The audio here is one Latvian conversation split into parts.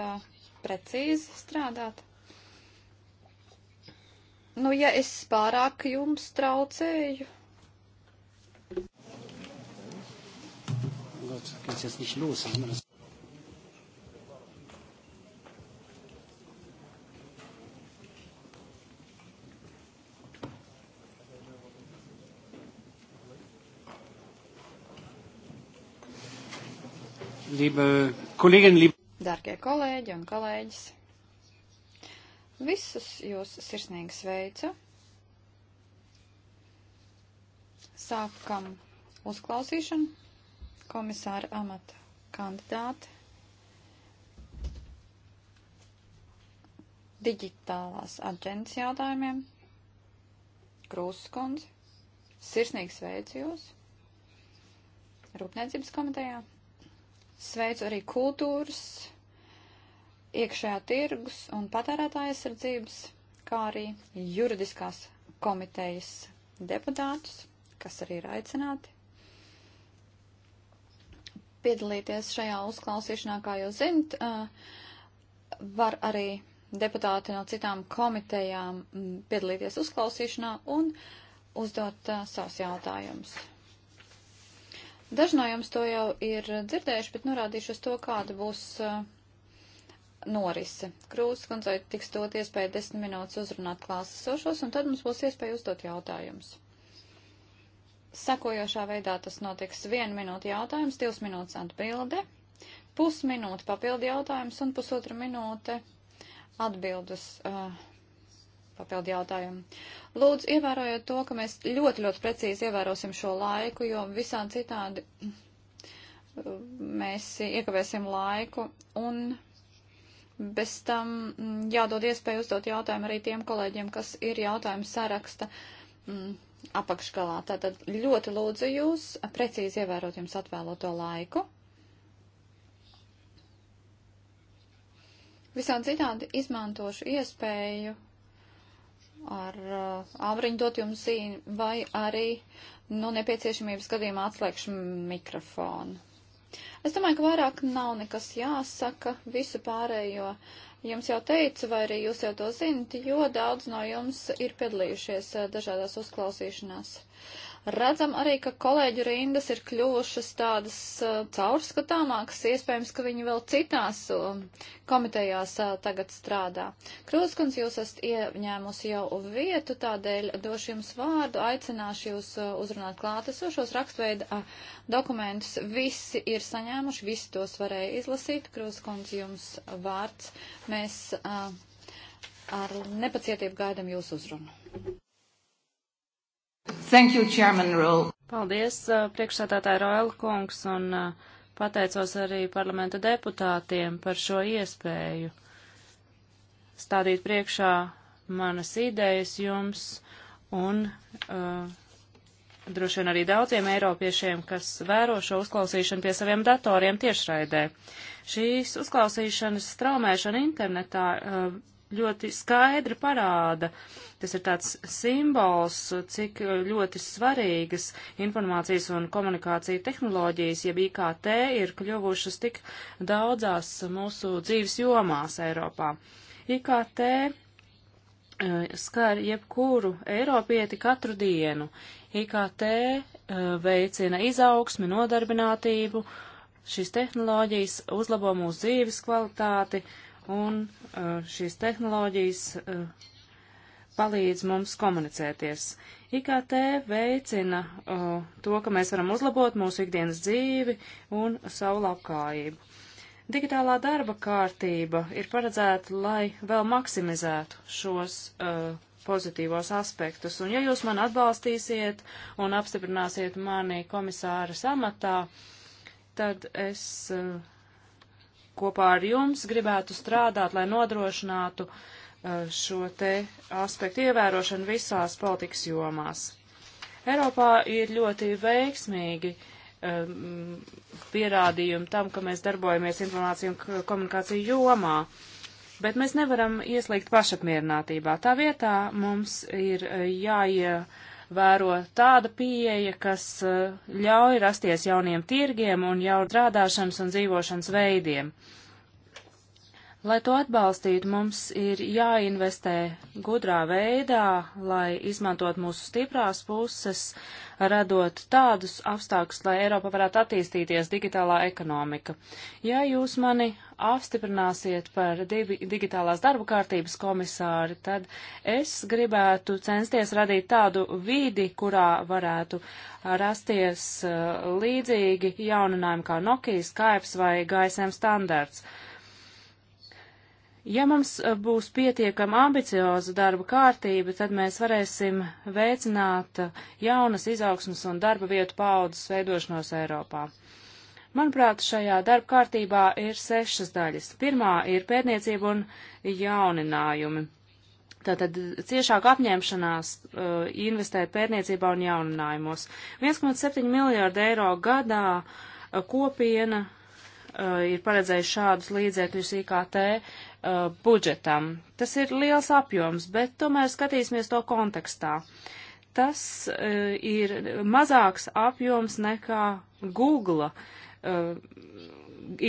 uh, precīzi strādāt. Nu, ja es pārāk jums traucēju. Gott, geht's jetzt nicht los? Ich meine, das liebe Kolleginnen, liebe dārgie kolēģi un kolēģis. Visus jūs sirsnīgi sveicu. Sākam uzklausīšanu komisāra amata kandidāti. Digitālās aģents jautājumiem. Krūskundze. Sirsnīgi sveicu jūs. Rūpniecības komitejā. Sveicu arī kultūras iekšējā tirgus un patērētāja aizsardzības, kā arī juridiskās komitejas deputātus, kas arī ir aicināti piedalīties šajā uzklausīšanā, kā jūs zinat, var arī deputāti no citām komitejām piedalīties uzklausīšanā un uzdot savus jautājumus. Daži no jums to jau ir dzirdējuši, bet norādīšu uz to, kāda būs uh, norise. Krūzes kundzei tiks dot iespēju desmit minūtes uzrunāt klāsas sošos, un tad mums būs iespēja uzdot jautājumus. Sekojošā veidā tas notiks vienu minūtu jautājums, divas minūtes atbilde, pusminūte papildu jautājums un pusotra minūte atbildus. Uh, papildu jautājumu. Lūdzu, ievērojiet to, ka mēs ļoti, ļoti precīzi ievērosim šo laiku, jo visādi citādi uh, mēs iekavēsim laiku un Bez tam mm, jādod iespēju uzdot jautājumu arī tiem kolēģiem, kas ir jautājumu saraksta mm, apakšgalā. Tātad ļoti lūdzu jūs precīzi ievērot jums atvēloto laiku. Visādi citādi izmantošu iespēju ar uh, āvriņu dot jums zīmi vai arī, nu, nepieciešamības gadījumā atslēgšu mikrofonu. Es domāju, ka vairāk nav nekas jāsaka, visu pārējo jums jau teicu, vai arī jūs jau to zinat, jo daudz no jums ir piedalījušies eh, dažādās uzklausīšanās. Uh, Redzam arī, ka kolēģu rindas ir kļuvušas tādas uh, caurskatāmākas, iespējams, ka viņi vēl citās uh, komitejās uh, tagad strādā. Krūskuns, jūs esat ieņēmusi jau vietu, tādēļ došu jums vārdu, aicināšu jūs uh, uzrunāt klātesošos rakstveida uh, dokumentus. Visi ir saņēmuši, visi tos varēja izlasīt. Krūskuns, jums vārds. Mēs uh, ar nepacietību gaidam jūsu uzrunu. Thank you, Chairman Rowe. Paldies, uh, priekšsētātāja Roela kungs, un uh, pateicos arī parlamenta deputātiem par šo iespēju stādīt priekšā manas idejas jums un uh, droši vien arī daudziem eiropiešiem, kas vēro šo uzklausīšanu pie saviem datoriem tiešraidē. Šīs uzklausīšanas straumēšana internetā uh, ļoti skaidri parāda. Tas ir tāds simbols, cik ļoti svarīgas informācijas un komunikācija tehnoloģijas, jeb IKT, ir kļuvušas tik daudzās mūsu dzīves jomās Eiropā. IKT eh, skar jebkuru Eiropieti katru dienu. IKT eh, veicina izaugsmi, nodarbinātību, šīs tehnoloģijas uzlabo mūsu dzīves kvalitāti, uh, un uh, šīs tehnoloģijas uh, palīdz mums komunicēties. IKT veicina uh, to, ka mēs varam uzlabot mūsu ikdienas dzīvi un savu labklājību. Digitālā darba kārtība ir paredzēta, lai vēl maksimizētu šos uh, pozitīvos aspektus. Un ja jūs man atbalstīsiet un apstiprināsiet mani komisāra samatā, tad es uh, kopā ar jums gribētu strādāt, lai nodrošinātu uh, šo te aspektu ievērošanu visās politikas jomās. Eiropā ir ļoti veiksmīgi um, pierādījumi tam, ka mēs darbojamies informāciju un komunikāciju jomā, bet mēs nevaram ieslīgt pašapmierinātībā. Tā vietā mums ir uh, jāie. Ja jāvēro tāda pieeja, kas eh, ļauj rasties jauniem tirgiem un jaunu strādāšanas un dzīvošanas veidiem. Uh, Lai to atbalstītu, mums ir jāinvestē gudrā veidā, lai izmantot mūsu stiprās puses, radot tādus apstākļus, lai Eiropa varētu attīstīties digitālā ekonomika. Ja jūs mani apstiprināsiet par digitālās darba kārtības komisāri, tad es gribētu censties radīt tādu vidi, kurā varētu rasties uh, līdzīgi jauninājumi kā Nokia, Skype vai GSM standarts Ja mums eh, būs pietiekama ambicioza darba kārtība, tad mēs varēsim veicināt eh, jaunas izaugsmas un darba vietu paudzes veidošanos Eiropā. Manuprāt, šajā darba kārtībā ir sešas daļas. Pirmā ir pētniecība un jauninājumi. Tātad ciešāk apņemšanās uh, investēt pētniecībā un jauninājumos. 1,7 miljārdu eiro gadā kopiena uh, ir paredzējuši šādus līdzekļus IKT uh, budžetam. Tas ir liels apjoms, bet tomēr skatīsimies to kontekstā. Tas uh, ir mazāks apjoms nekā Google uh,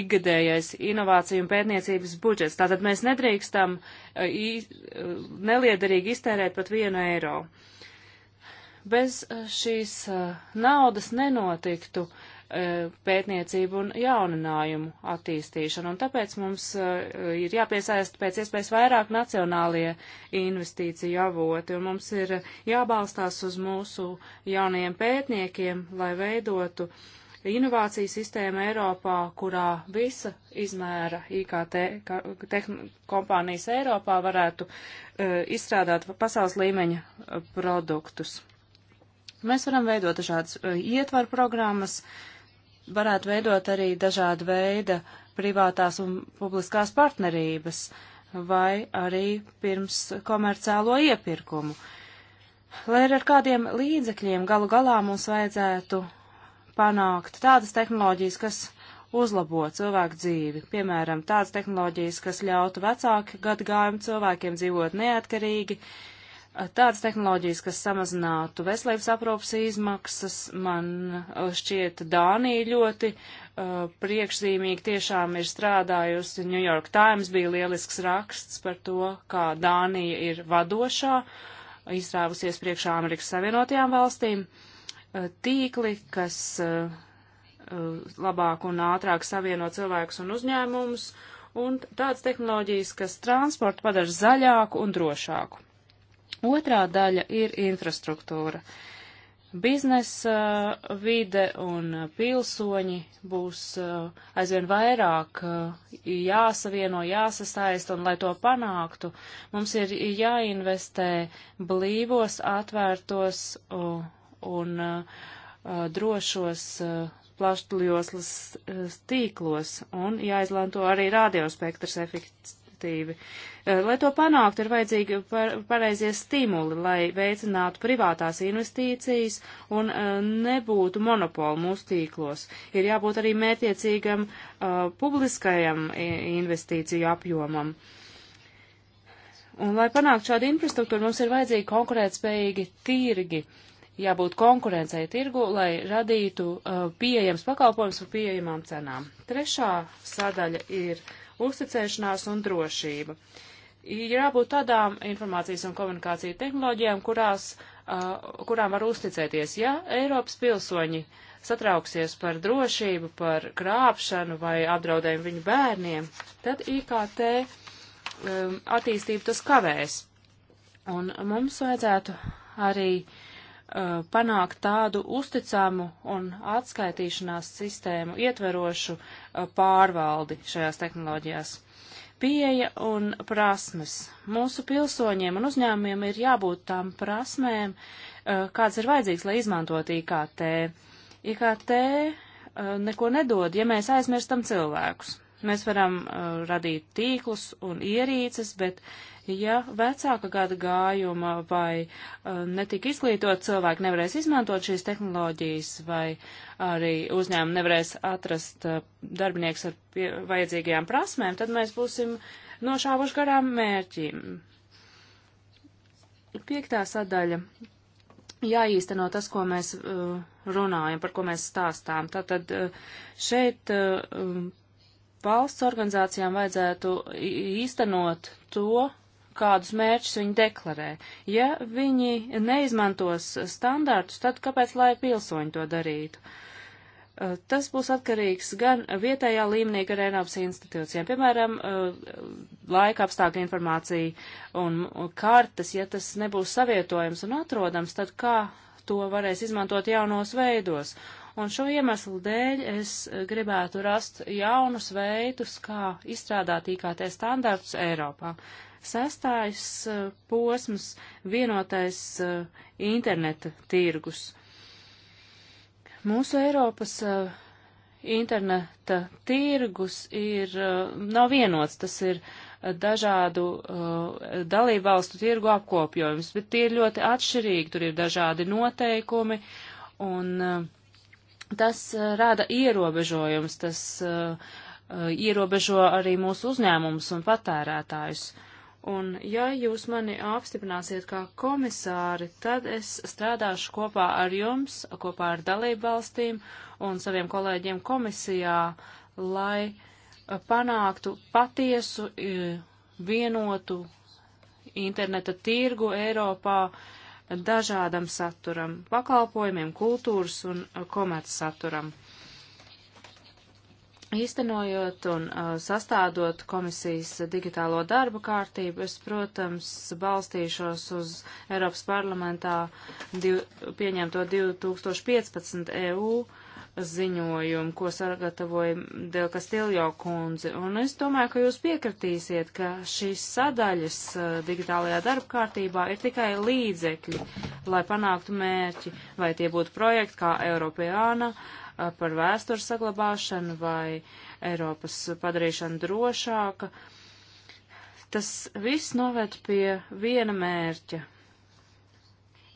ikgadējais inovāciju un pētniecības budžets. Tātad mēs nedrīkstam uh, uh, neliederīgi iztērēt pat vienu eiro. Bez uh, šīs naudas nenotiktu uh, E, pētniecību un jauninājumu attīstīšanu. Un tāpēc mums e, ir jāpiesaist pēc iespējas vairāk nacionālie investīciju avoti, un mums ir jābalstās uz mūsu jaunajiem pētniekiem, lai veidotu inovāciju sistēmu Eiropā, kurā visa izmēra IKT kompānijas Eiropā varētu uh, izstrādāt pasaules līmeņa uh, produktus. Mēs varam veidot dažādas uh, ietvaru programmas, uh, varētu veidot arī dažāda veida privātās un publiskās partnerības vai arī pirms komerciālo iepirkumu. Lai ar kādiem līdzekļiem galu galā mums vajadzētu panākt tādas tehnoloģijas, kas uzlabo cilvēku dzīvi, piemēram, tādas tehnoloģijas, kas ļautu vecāku gadgājumu cilvēkiem dzīvot neatkarīgi, uh, tādas tehnoloģijas, kas samazinātu veselības aprūpas izmaksas, man uh, šķiet Dānija ļoti uh, priekšzīmīgi tiešām ir strādājusi. New York Times bija lielisks raksts par to, kā Dānija ir vadošā, izrāvusies priekšā Amerikas Savienotajām valstīm. Uh, tīkli, kas uh, uh labāk un ātrāk savieno cilvēkus un uzņēmumus, un tādas tehnoloģijas, kas transportu padara zaļāku un drošāku. Otrā daļa ir infrastruktūra. Biznesa uh, vide un uh, pilsoņi būs uh, aizvien vairāk jāsavieno, jāsasaist, un lai to panāktu, mums ir jāinvestē blīvos, atvērtos un drošos plaštuljoslas tīklos un jāizlanto arī radiospektrs efekts, efektīvi. Eh, lai to panāktu, ir vajadzīgi par, pareizie stimuli, lai veicinātu privātās investīcijas un eh, nebūtu monopolu mūsu tīklos. Ir jābūt arī mētiecīgam eh, publiskajam investīciju apjomam. Un, lai panāktu šādu infrastruktūru, mums ir vajadzīgi konkurētspējīgi tirgi. Jābūt konkurencei tirgu, lai radītu uh, pieejams pakalpojums par pieejamām cenām. Trešā sadaļa ir uzticēšanās un drošība. Ir jābūt tādām informācijas un komunikāciju tehnoloģijām, kurās, uh, kurām var uzticēties. Ja Eiropas pilsoņi satrauksies par drošību, par krāpšanu vai apdraudējumu viņu bērniem, tad IKT um, attīstību tas kavēs. Un mums vajadzētu arī uh, Uh, panākt tādu uzticamu un atskaitīšanās sistēmu ietverošu uh, pārvaldi šajās tehnoloģijās. Pieeja un prasmes. Mūsu pilsoņiem un uzņēmumiem ir jābūt tām prasmēm, uh, kāds ir vajadzīgs, lai izmantot IKT. IKT neko nedod, ja mēs aizmirstam cilvēkus. Mēs varam radīt tīklus un ierīces, bet Ja vecāka gada gājuma vai uh, netika izglītot cilvēki nevarēs izmantot šīs tehnoloģijas vai arī uzņēmumi nevarēs atrast uh, darbinieks ar pie, vajadzīgajām prasmēm, tad mēs būsim nošāvuši garām mērķim. Piektā sadaļa. Jāīsteno tas, ko mēs uh, runājam, par ko mēs stāstām. Tātad uh, šeit uh, um, valsts organizācijām vajadzētu īstenot to, kādus mērķus viņi deklarē. Ja viņi neizmantos standārtus, tad kāpēc lai pilsoņi to darītu? Uh, tas būs atkarīgs gan vietējā līmenī, gan Eiropas institūcijām. Piemēram, uh, laika apstākļa informācija un kartas, ja tas nebūs savietojams un atrodams, tad kā to varēs izmantot jaunos veidos. Un šo iemeslu dēļ es gribētu rast jaunus veidus, kā izstrādāt IKT standartus Eiropā. Sestais e, posms - vienotais e, interneta tirgus. Mūsu Eiropas uh, interneta tirgus ir, uh, nav vienots, tas ir uh, dažādu dalību valstu tirgu apkopjojums, bet tie ir ļoti atšķirīgi, tur ir dažādi noteikumi un Tas uh, rada ierobežojums, tas uh, uh, ierobežo arī mūsu uzņēmumus un patērētājus. Un ja jūs mani apstiprināsiet kā komisāri, tad es strādāšu kopā ar jums, kopā ar dalību valstīm un saviem kolēģiem komisijā, lai panāktu patiesu vienotu interneta tirgu Eiropā, uh, dažādam saturam, pakalpojumiem, kultūras un uh, komerc saturam. Īstenojot un uh, sastādot komisijas digitālo darba kārtību, es, protams, balstīšos uz Eiropas parlamentā div, pieņemto 2015 EU ziņojumu, ko sagatavoja Delka Stiljo kundze. Un es domāju, ka jūs piekritīsiet, ka šīs sadaļas uh, digitālajā darba kārtībā ir tikai līdzekļi, lai panāktu mērķi, vai tie būtu projekti kā Eiropāna uh, par vēstures saglabāšanu vai Eiropas padarīšanu drošāka. Tas viss noved pie viena mērķa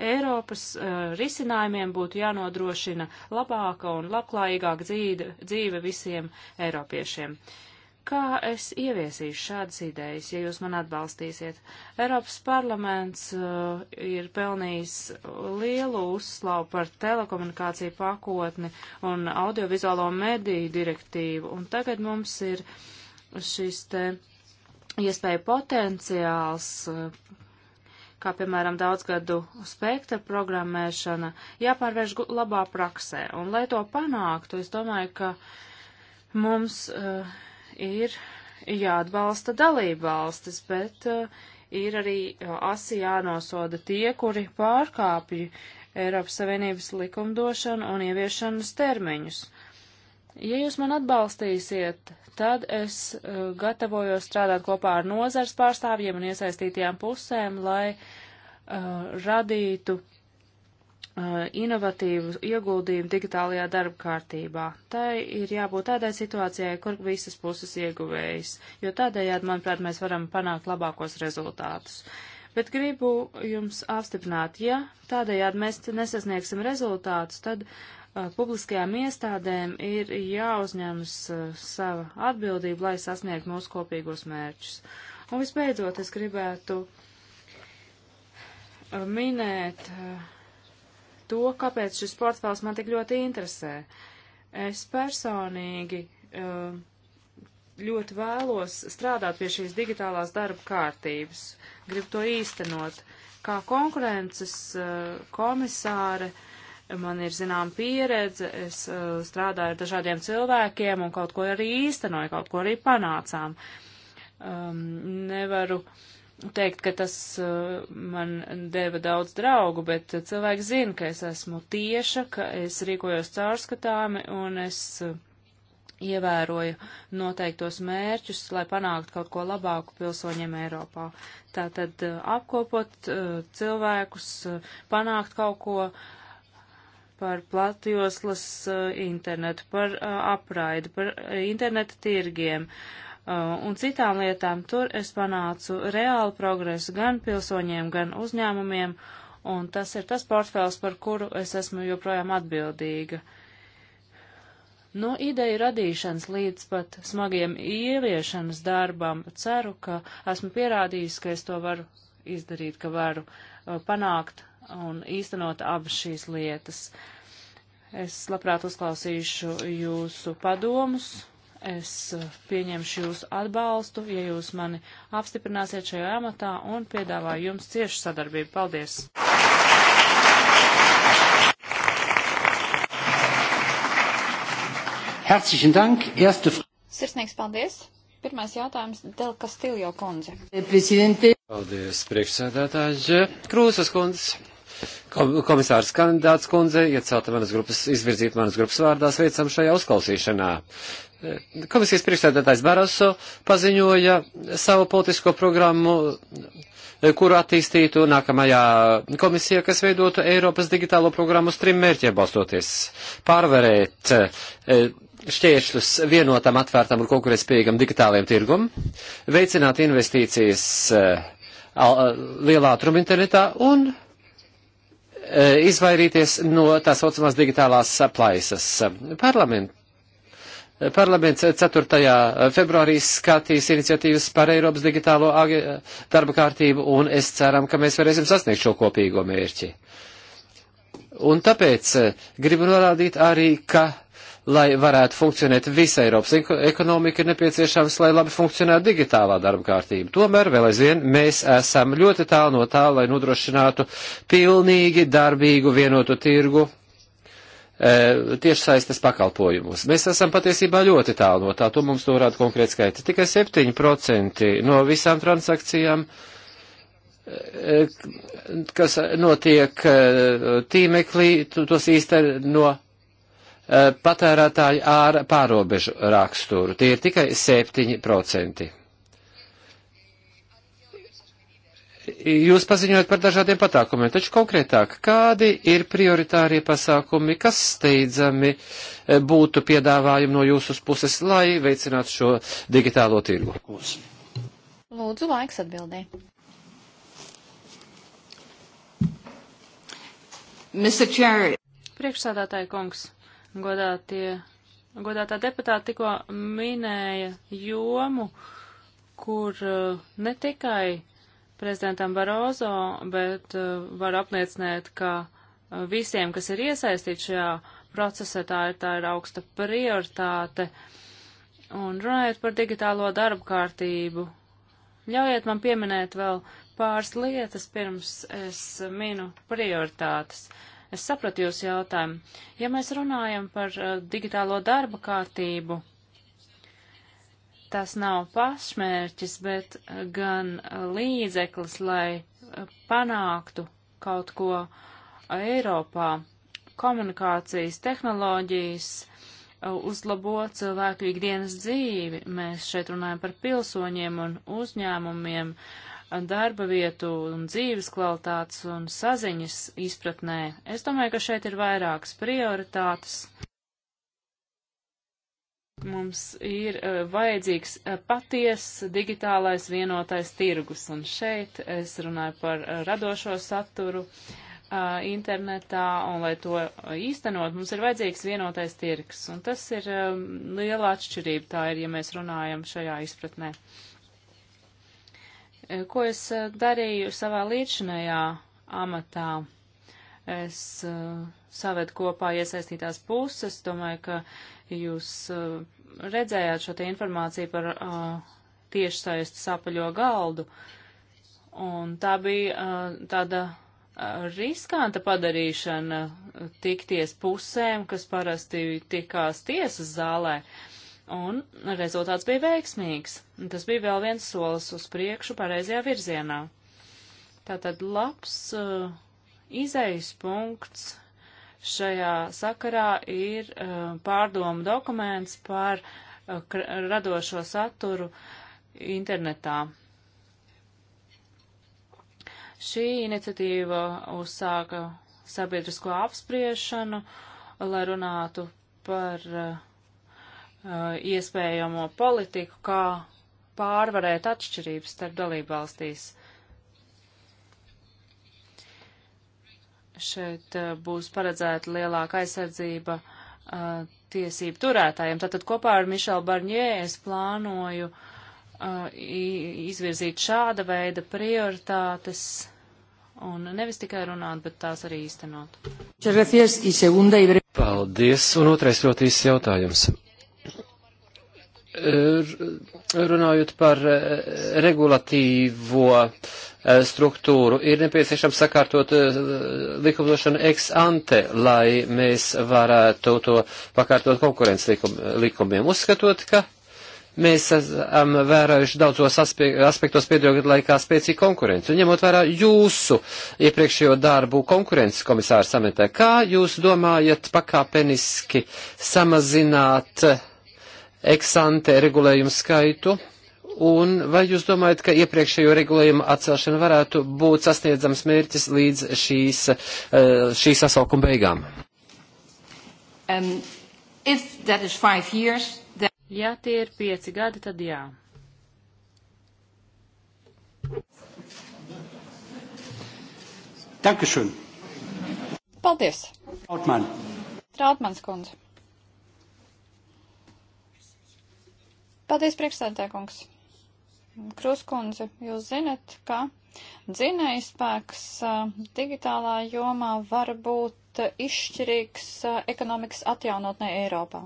Eiropas uh, risinājumiem būtu jānodrošina labāka un labklājīgāka dzīve, dzīve visiem eiropiešiem. Kā es ieviesīšu šādas idejas, ja jūs man atbalstīsiet? Eiropas parlaments uh, ir pelnījis lielu uzslavu par telekomunikāciju pakotni un audiovizuālo mediju direktīvu, un tagad mums ir šis te iespēja potenciāls uh, kā piemēram daudzgadu spektra programmēšana, jāpārvērš labā praksē. Un, lai to panāktu, es domāju, ka mums uh, ir jāatbalsta dalībvalstis, bet uh, ir arī eh, asi jānosoda tie, kuri pārkāpj Eiropas Savienības likumdošanu un ieviešanas termiņus. Uh, Ja jūs man atbalstīsiet, tad es uh, gatavojos strādāt kopā ar nozars pārstāvjiem un iesaistītajām pusēm, lai uh, radītu uh, inovatīvu ieguldījumu digitālajā darba kārtībā. Tai ir jābūt tādai situācijai, kur visas puses ieguvējas, jo tādējādi, manuprāt, mēs varam panākt labākos rezultātus. Bet gribu jums apstiprināt, ja tādējādi mēs nesasniegsim rezultātus, tad uh, Eh, publiskajām iestādēm ir jāuzņemas eh, sava atbildība, lai sasniegtu mūsu kopīgos mērķus. Un visbeidzot, es gribētu eh, minēt to, kāpēc šis portfels man tik ļoti interesē. Es personīgi ļoti vēlos strādāt pie šīs digitālās darba kārtības, gribu to īstenot. Kā konkurences komisāre, uh, man ir zinām pieredze, es uh, strādāju ar dažādiem cilvēkiem un kaut ko arī īstenoju, kaut ko arī panācām. Um, nevaru teikt, ka tas uh, man deva daudz draugu, bet cilvēki zina, ka es esmu tieša, ka es rīkojos caurskatāmi un es uh, ievēroju noteiktos mērķus, lai panāktu kaut ko labāku pilsoņiem Eiropā. Tātad uh, apkopot uh, cilvēkus, uh, panākt kaut ko, uh, par platjoslas eh, internetu, par eh, apraidi, par eh, interneta tirgiem un citām lietām. Tur es panācu reālu progresu gan pilsoņiem, gan uzņēmumiem, un tas ir tas portfels, par kuru es esmu joprojām atbildīga. No nu, ideju radīšanas līdz pat smagiem ieviešanas darbam ceru, ka esmu pierādījis, ka es to varu izdarīt, ka varu panākt un īstenot abas šīs lietas. Es labprāt uzklausīšu jūsu padomus, es uh, pieņemšu jūsu atbalstu, ja jūs mani apstiprināsiet šajā amatā un piedāvāju jums ciešu sadarbību. Paldies! Herzlichen Dank. Erste Sirsnīgs paldies. Pirmais jautājums Del Castillo kundze. Presidente. Paldies, priekšsēdētāji. Krūzes kundze komisārs kandidāts kundze, iecelta manas grupas, izvirzīt manas grupas vārdā, sveicam šajā uzklausīšanā. Eh, komisijas priekšsēdētājs Baraso paziņoja savu politisko programmu, eh, kuru attīstītu nākamajā komisija, kas veidotu Eiropas digitālo programmu uz trim mērķiem balstoties - pārvarēt eh, šķēršļus vienotam, atvērtam un konkurētspējīgam digitālajiem tirgum, veicināt investīcijas lielā ātruma internetā un Eh, izvairīties no tā saucamās digitālās plaisas. Parlament, eh, parlaments 4. februārī skatīs iniciatīvas par Eiropas digitālo darba kārtību, un es ceram, ka mēs varēsim sasniegt šo kopīgo mērķi. Un tāpēc eh, gribu norādīt arī, ka lai varētu funkcionēt visa Eiropas ekonomika, ir nepieciešams, lai labi funkcionētu digitālā darba kārtība. Tomēr vēl aizvien mēs esam ļoti tālu no tā, lai nodrošinātu pilnīgi darbīgu vienotu tirgu e, tiešsaistes pakalpojumus. Mēs esam patiesībā ļoti tālu no tā, to mums to rāda konkrēti skaiti. Tikai 7% no visām transakcijām, e, kas notiek e, tīmeklī, tos īsten no Eh, patērētāji ar pārobežu raksturu. Tie ir tikai 7%. Jūs paziņojat par dažādiem patākumiem, taču konkrētāk, kādi ir prioritārie pasākumi, kas steidzami eh, būtu piedāvājumi no jūsu puses, lai veicinātu šo digitālo tirgu? Lūdzu, laiks atbildē. Priekšsādātāja kungs, godātie, godātā deputāta tikko minēja jomu, kur eh, ne tikai prezidentam Barozo, bet eh, var apliecināt, ka eh, visiem, kas ir iesaistīti šajā procesā, tā ir, tā ir augsta prioritāte. Un runājot par digitālo darbu kārtību, ļaujiet man pieminēt vēl pāris lietas, pirms es minu prioritātes. Uh, Es sapratu jūs jautājumu. Ja mēs runājam par uh, digitālo darba kārtību, tas nav pašmērķis, bet uh, gan uh, līdzeklis, lai uh, panāktu kaut ko uh, Eiropā. Komunikācijas tehnoloģijas uh, uzlabo cilvēku ikdienas dzīvi. Mēs šeit runājam par pilsoņiem un uzņēmumiem. Uh, darba vietu un dzīves kvalitātes un saziņas izpratnē. Es domāju, ka šeit ir vairākas prioritātes. Mums ir uh, vajadzīgs uh, paties digitālais vienotais tirgus, un šeit es runāju par uh, radošo saturu internetā, un lai to īstenot, mums ir vajadzīgs vienotais tirgs, un tas ir liela atšķirība, tā ir, ja mēs runājam šajā izpratnē. Uh, Eh, ko es eh, darīju savā līdzinējā amatā? Es eh, savedu kopā iesaistītās puses, domāju, ka jūs redzējāt šo te informāciju par tiešsaistes apaļo galdu. Un tā bija tāda riskanta padarīšana tikties pusēm, kas parasti tikās tiesas zālē. Uh, un rezultāts bija veiksmīgs. Un tas bija vēl viens solis uz priekšu pareizajā virzienā. Tātad labs uh, izējas punkts šajā sakarā ir uh, pārdomu dokuments par uh, radošo saturu internetā. Šī iniciatīva uzsāka sabiedrisko apspriešanu, lai runātu par uh, Uh, iespējamo politiku, kā pārvarēt atšķirības starp dalībvalstīs. Šeit uh, būs paredzēta lielāka aizsardzība uh, tiesību turētājiem. Tātad kopā ar Mišelu Barņē es plānoju uh, izvirzīt šāda veida prioritātes un nevis tikai runāt, bet tās arī īstenot. Paldies, un otrais ļoti īsts jautājums runājot par e, regulatīvo e, struktūru, ir nepieciešams sakārtot e, likumdošanu ex ante, lai mēs varētu to pakārtot konkurences likum, likumiem. Uzskatot, ka mēs esam vērojuši daudzos aspektos pēdējo gadu laikā spēcīgu konkurenci. Un ņemot vērā jūsu iepriekšējo darbu konkurences komisāra sametē, kā jūs domājat pakāpeniski samazināt uh, eksante regulējumu skaitu, un vai jūs domājat, ka iepriekšējo regulējumu atcelšana varētu būt sasniedzams mērķis līdz šīs, eh, šī sasaukuma beigām? Um, years, then... Ja tie ir pieci gadi, tad jā. Dankeschön. Paldies. Trautmann. Trautmanns kundze. Paldies, priekšstādātā kungs. Kruskundze, jūs zinat, ka dzinēja spēks digitālā jomā var būt izšķirīgs ekonomikas atjaunotnē Eiropā.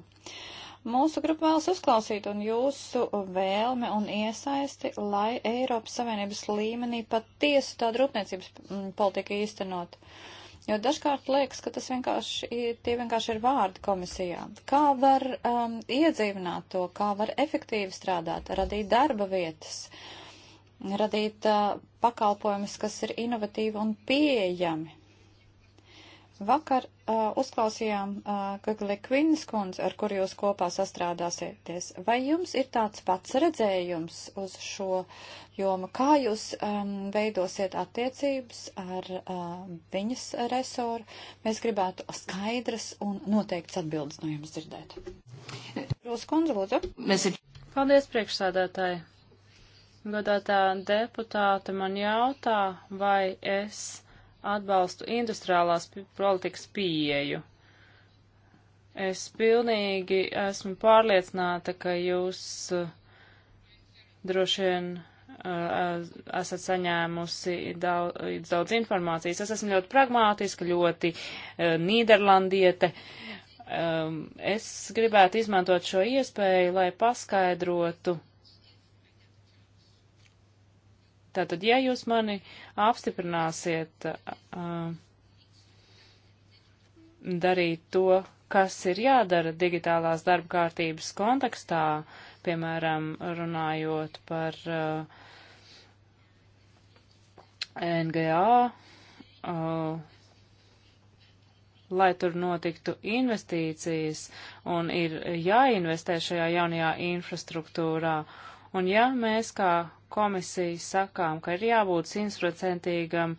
Mūsu grupa vēlas uzklausīt un jūsu vēlme un iesaisti, lai Eiropas Savienības līmenī patiesu tādu rūpniecības politiku īstenot. Uh, Jo dažkārt liekas, ka tas vienkārši ir, tie vienkārši ir vārdi komisijā. Kā var um, iedzīvināt to, kā var efektīvi strādāt, radīt darba vietas, radīt uh, pakalpojumus, kas ir inovatīvi un pieejami. Vakar uh, uzklausījām uh, Gagle Kvinnas kundzi, ar kur jūs kopā sastrādāsieties. Vai jums ir tāds pats redzējums uz šo jomu? Kā jūs um, veidosiet attiecības ar uh, viņas resoru? Mēs gribētu skaidras un noteikts atbildes no jums dzirdēt. Rūs kundze, lūdzu. Mēs ir. Paldies, priekšsādātāji. Godātā deputāte man jautā, vai es atbalstu industriālās politikas pieeju. Es pilnīgi esmu pārliecināta, ka jūs eh, droši vien eh, esat saņēmusi daudz, daudz informācijas. Es esmu ļoti pragmātiska, ļoti eh, nīderlandiete. Ehm, es gribētu izmantot šo iespēju, lai paskaidrotu Tātad, ja jūs mani apstiprināsiet uh, darīt to, kas ir jādara digitālās darba kārtības kontekstā, piemēram, runājot par uh, NGA, uh, lai tur notiktu investīcijas un ir jāinvestē šajā jaunajā infrastruktūrā. Un ja mēs kā komisijas sakām, ka ir jābūt simtprocentīgam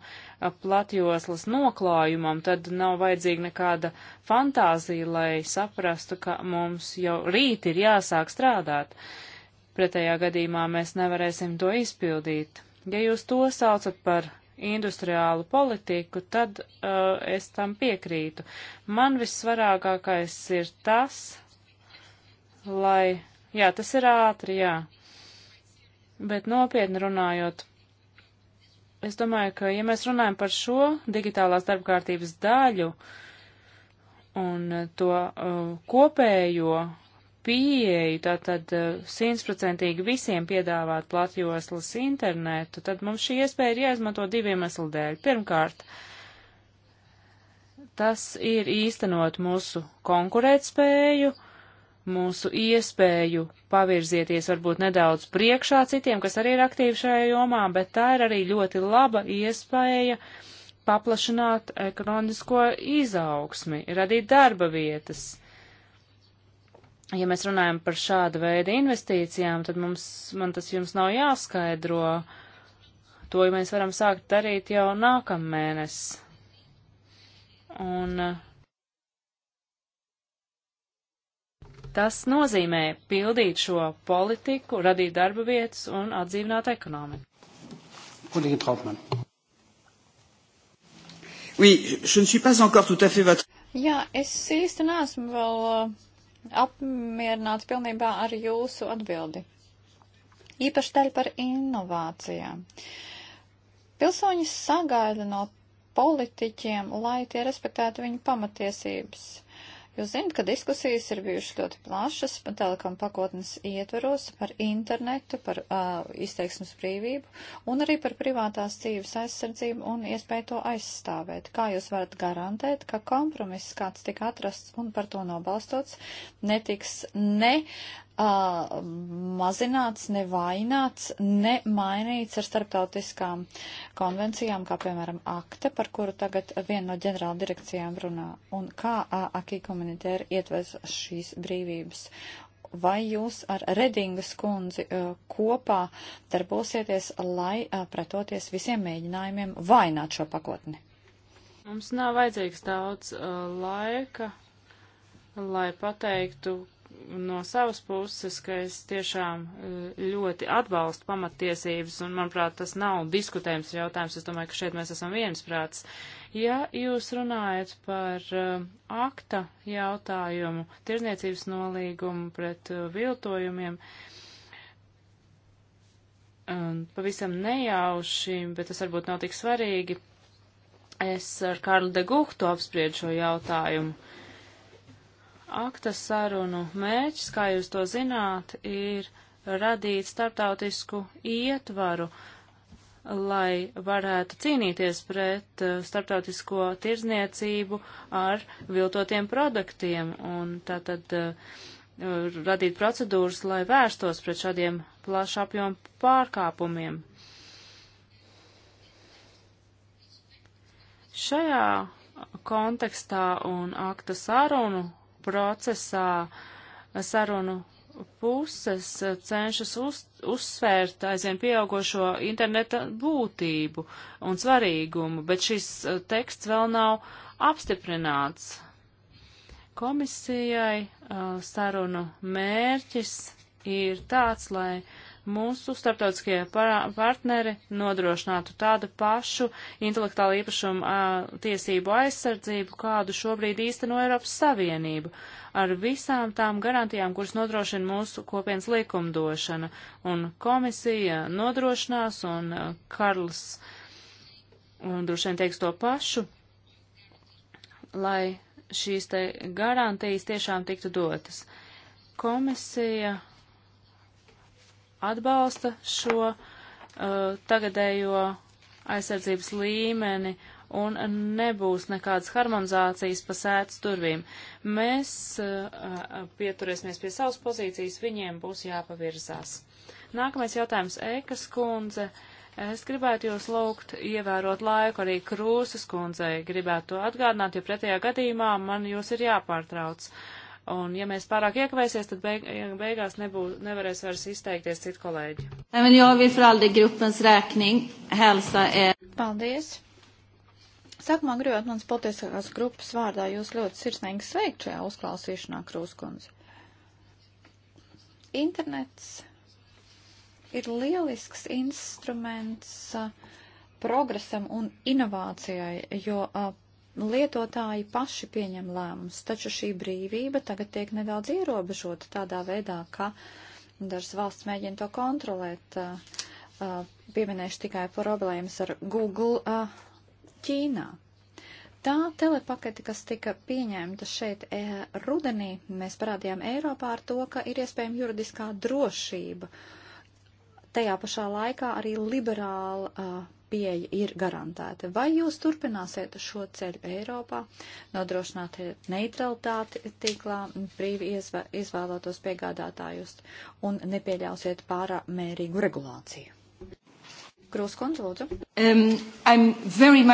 platjoslas noklājumam, tad nav vajadzīga nekāda fantāzija, lai saprastu, ka mums jau rīt ir jāsāk strādāt. Pretējā gadījumā mēs nevarēsim to izpildīt. Ja jūs to saucat par industriālu politiku, tad uh, es tam piekrītu. Man vissvarīgākais ir tas, lai. Jā, tas ir ātri, jā Bet nopietni runājot, es domāju, ka ja mēs runājam par šo digitālās darbkārtības daļu un to uh, kopējo pieeju, tātad uh, simtprocentīgi visiem piedāvāt platjoslas internetu, tad mums šī iespēja ir jāizmanto diviem eslu dēļ. Pirmkārt, tas ir īstenot mūsu konkurētspēju, uh, mūsu iespēju pavirzieties varbūt nedaudz priekšā citiem, kas arī ir aktīvi šajā jomā, bet tā ir arī ļoti laba iespēja paplašināt ekonomisko izaugsmi, radīt darba vietas. Ja mēs runājam par šādu veidu investīcijām, tad mums, man tas jums nav jāskaidro. To ja mēs varam sākt darīt jau nākamēnes. Un uh, Tas nozīmē pildīt šo politiku, radīt darba vietas un atdzīvināt ekonomiku. Kolēģi Trautmann. Oui, je ne suis pas encore tout à fait votre. Jā, es īsti neesmu vēl uh, apmierināts pilnībā ar jūsu atbildi. Īpaši daļa par inovācijām. Pilsoņi sagaida no politiķiem, lai tie respektētu viņu pamatiesības. Jūs zināt, ka diskusijas ir bijušas ļoti plašas telekom pakotnes ietveros par internetu, par uh, izteiksmes brīvību un arī par privātās dzīves aizsardzību un iespēju to aizstāvēt. Kā jūs varat garantēt, ka kompromiss, kāds tika atrasts un par to nobalstots, netiks ne uh, mazināts, nevaināts, nemainīts ar starptautiskām konvencijām, kā piemēram akte, par kuru tagad viena no ģenerāla direkcijām runā, un kā uh, akī komunitēri ietver šīs brīvības. Vai jūs ar Redingas kundzi uh, kopā darbosieties, lai uh, pretoties visiem mēģinājumiem vainot šo pakotni? Mums nav vajadzīgs daudz uh, laika, lai pateiktu, no savas puses, ka es tiešām eh, ļoti atbalstu pamatiesības, un, manuprāt, tas nav diskutējums jautājums. Es domāju, ka šeit mēs esam viensprāts. Ja jūs runājat par eh, akta jautājumu, tirzniecības nolīgumu pret eh, viltojumiem, pavisam nejauši, bet tas varbūt nav tik svarīgi, es ar Karlu de Guhtu apspriedu šo jautājumu Akta sarunu mērķis, kā jūs to zināt, ir radīt starptautisku ietvaru, lai varētu cīnīties pret uh, starptautisko tirzniecību ar viltotiem produktiem un tātad uh, radīt procedūras, lai vērstos pret šādiem plašu apjomu pārkāpumiem. Šajā kontekstā un akta sarunu procesā sarunu puses cenšas uz, uzsvērt aizvien pieaugošo interneta būtību un svarīgumu, bet šis eh, teksts vēl nav apstiprināts. Komisijai eh, sarunu mērķis ir tāds, lai uh, mūsu starptautiskie partneri nodrošinātu tādu pašu intelektuālu īpašumu a, tiesību aizsardzību, kādu šobrīd īsteno Eiropas Savienību, ar visām tām garantijām, kuras nodrošina mūsu kopienas likumdošana. Un komisija nodrošinās, un a, Karls un droši vien teiks to pašu, lai šīs te garantijas tiešām tiktu dotas. Komisija atbalsta šo uh, tagadējo aizsardzības līmeni un nebūs nekādas harmonizācijas pa sēdz durvīm. Mēs uh, uh, pieturēsimies pie savas pozīcijas, viņiem būs jāpavirzās. Nākamais jautājums Eikas kundze. Es gribētu jūs lūgt ievērot laiku arī Krūzes kundzei. Gribētu to atgādināt, jo pretējā gadījumā man jūs ir jāpārtrauc. Uh, Un ja mēs pārāk iekavēsies, tad beig beigās nebūs, nevarēs vairs izteikties citu kolēģi. Er. Paldies! Sākumā gribētu mans politiskās grupas vārdā jūs ļoti sirsnīgi sveikt šajā uzklausīšanā, Krūskundze. Internets ir lielisks instruments progresam un inovācijai, jo Nu, lietotāji paši pieņem lēmumus, taču šī brīvība tagad tiek nedaudz ierobežota tādā veidā, ka dažas valsts mēģina to kontrolēt. Pieminēšu tikai problēmas ar Google Ķīnā. Tā telepakete, kas tika pieņemta šeit e, rudenī, mēs parādījām Eiropā ar to, ka ir iespējama juridiskā drošība. Tajā pašā laikā arī liberāla uh, pieeja ir garantēta. Vai jūs turpināsiet šo ceļu Eiropā, nodrošināt neutralitāti tīklā, brīvi izvē, izvēlētos piegādātājus un nepieļausiet pārmērīgu regulāciju? Krūskundze, lūdzu. Um,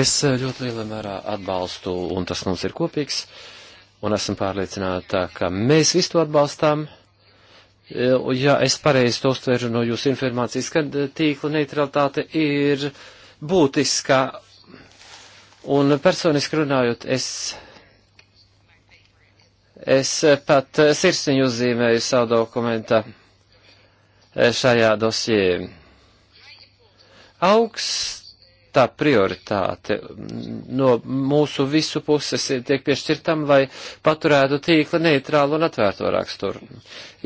es ļoti lielā mērā atbalstu, un tas mums ir kopīgs, un esmu pārliecināta, ka mēs visu to atbalstām Eh, ja es pareizi to uztveru no jūsu informācijas, kad eh, tīkla neutralitāte ir būtiska. Un personiski runājot, es, es pat sirsniņu uzzīmēju savu dokumentu eh, šajā dosjē. Augsts augstā prioritāte no mūsu visu puses tiek piešķirtam, lai paturētu tīkla neitrālu un atvērto raksturu.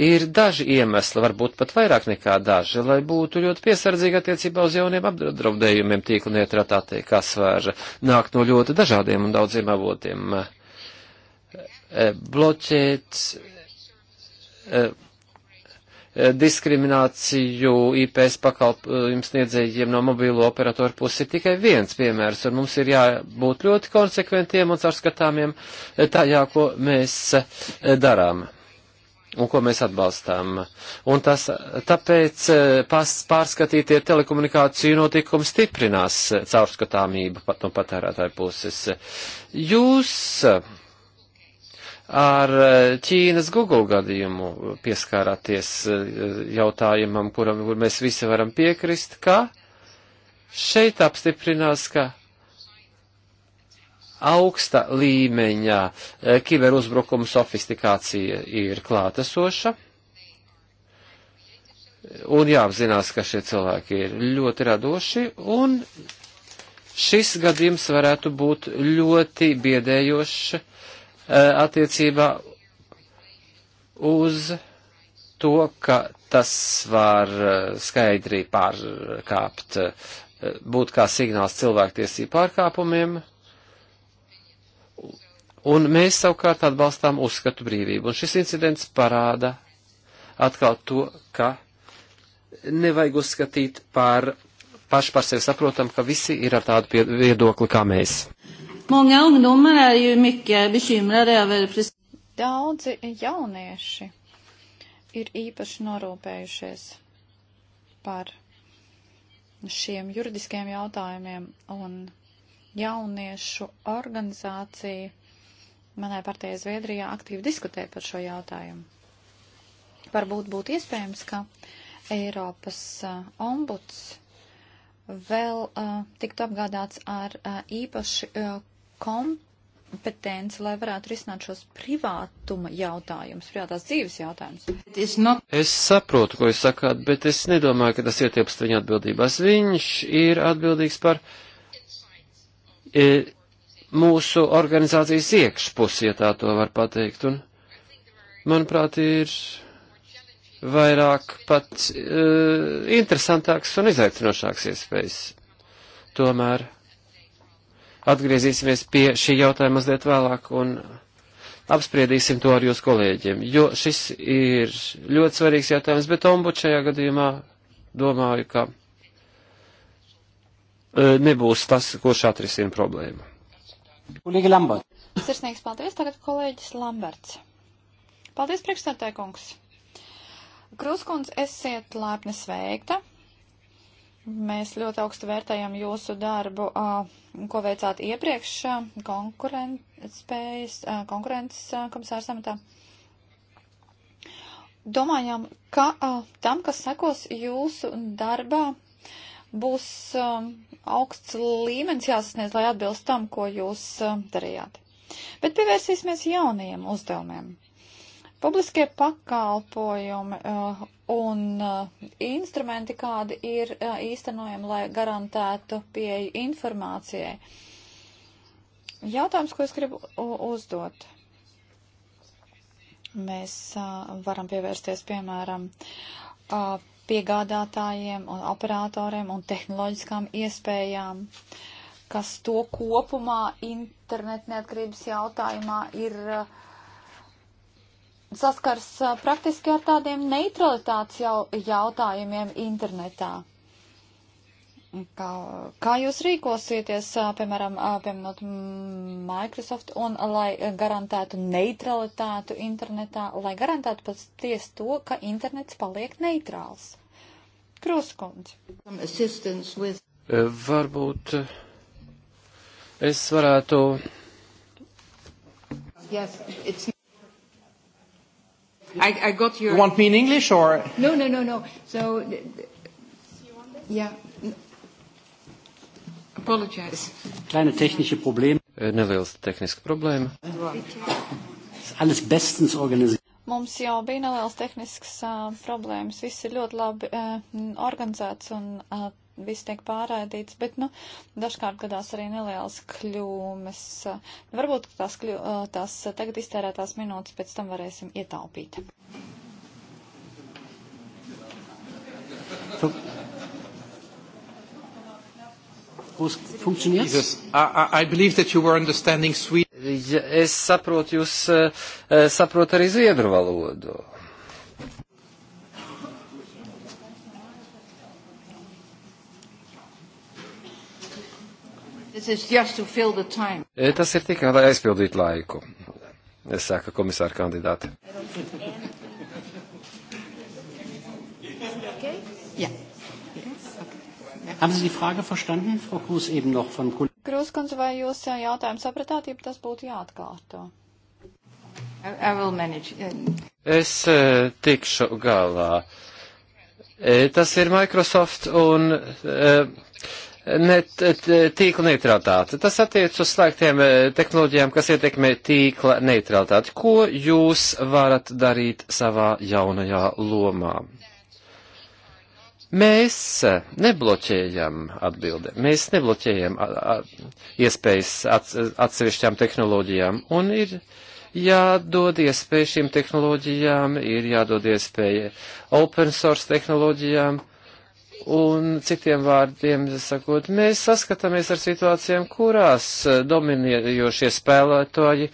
Ir daži iemesli, varbūt pat vairāk nekā daži, lai būtu ļoti piesardzīgi attiecībā uz jauniem apdraudējumiem tīkla neitrātātei, kas var nākt no ļoti dažādiem un daudziem avotiem. Eh, Bloķēts eh, diskrimināciju IPS pakalpojumu sniedzējiem no mobīlo operatoru puses ir tikai viens piemērs, un mums ir jābūt ļoti konsekventiem un caurskatāmiem tajā, ko mēs darām un ko mēs atbalstām. Un tas, tāpēc eh, pas, pārskatītie telekomunikāciju notikumi stiprinās caurskatāmību pat no patērētāju puses. Jūs ar eh, Ķīnas Google gadījumu pieskārāties eh, jautājumam, kuram kur mēs visi varam piekrist, ka šeit apstiprinās, ka augsta līmeņa eh, kiberuzbrukuma sofistikācija ir klātesoša. Un jāapzinās, ka šie cilvēki ir ļoti radoši, un šis gadījums varētu būt ļoti biedējošs Eh, attiecībā uz to, ka tas var eh, skaidri pārkāpt, eh, būt kā signāls cilvēktiesību pārkāpumiem, un mēs savukārt atbalstām uzskatu brīvību. Un šis incidents parāda atkal to, ka nevajag uzskatīt par paši par sevi saprotam, ka visi ir ar tādu viedokli kā mēs. Många ungdomar är ju mycket bekymrade över Daudzi jaunieši ir īpaši norūpējušies par šiem juridiskiem jautājumiem un jauniešu organizācija manai partijai Zviedrijā aktīvi diskutē par šo jautājumu. Varbūt būtu iespējams, ka Eiropas uh, ombuds vēl uh, tiktu apgādāts ar uh, īpaši uh, kompetenci, lai varētu risināt šos privātuma jautājumus, privātās dzīves jautājumus. Not... Es saprotu, ko jūs sakāt, bet es nedomāju, ka tas ietilpst viņa atbildībās. Viņš ir atbildīgs par. E, mūsu organizācijas iekšpusi, ja tā to var pateikt. Un, manuprāt, ir vairāk pat uh, interesantāks un izaicinošāks iespējas. Tomēr atgriezīsimies pie šī jautājuma mazliet vēlāk un apspriedīsim to ar jūsu kolēģiem, jo šis ir ļoti svarīgs jautājums, bet ombuds šajā gadījumā domāju, ka e, nebūs tas, kurš atrisina problēmu. Kolēģi Lamberts. Sirsnīgs paldies tagad kolēģis Lamberts. Paldies priekšstādātāji kungs. Krūskunds, esiet laipni sveikta. Mēs ļoti augstu vērtējam jūsu darbu, ko veicāt iepriekš konkurentspējas, konkurences komisāra samatā. Domājam, ka tam, kas sekos jūsu darbā, būs augsts līmenis jāsasniedz, lai atbilst tam, ko jūs darījāt. Bet pievērsīsimies jaunajiem uzdevumiem. Publiskie pakalpojumi uh, un uh, instrumenti, kādi ir uh, īstenojami, lai garantētu pieeju informācijai. Jautājums, ko es gribu uzdot. Mēs uh, varam pievērsties, piemēram, uh, piegādātājiem un operatoriem un tehnoloģiskām iespējām, kas to kopumā internet neatkarības jautājumā ir. Uh, saskars praktiski ar tādiem neutralitātes jau jautājumiem internetā. Kā, kā jūs rīkosieties, piemēram, piemērot Microsoft, un lai garantētu neutralitātu internetā, lai garantētu pats ties to, ka internets paliek neitrāls? Krūskundze. With... Varbūt es varētu. Yes, it's... I, I got your. You want me in English or? No, no, no, no. So, th- th- yeah. Apologize. Kleine technische probleem. Äh, neliels tehniska problēma. Alles bestens organizēts. Mums jau bija nelielas tehniskas uh, äh, problēmas. Viss ir ļoti labi uh, organizēts un uh, viss tiek pārraidīts, bet, nu, dažkārt gadās arī nelielas kļūmes. Varbūt tās, kļu, tās tagad iztērētās minūtes pēc tam varēsim ietaupīt. Ja, es saprotu, jūs saprotu arī zviedru valodu. E, tas ir tikai, lai aizpildītu laiku. Es saku komisāra kandidāti. Haben Sie die Frage verstanden, Frau Kruse, eben noch von Kollegen? Krūskundze, vai jūs e, jautājumu sapratāt, ja tas būtu jāatkārto? I, I uh, es e, tikšu galā. Tas ir Microsoft un net, tīkla neutralitāte. Tas attiec uz slēgtiem e, tehnoloģijām, kas ietekmē tīkla neutralitāti. Ko jūs varat darīt savā jaunajā lomā? Mēs nebloķējam atbildi, mēs nebloķējam iespējas atsevišķām tehnoloģijām, un ir jādod iespēja šīm tehnoloģijām, ir jādod iespēja open source tehnoloģijām, Un citiem vārdiem sakot, mēs saskatāmies ar situācijām, kurās eh, dominējošie spēlētāji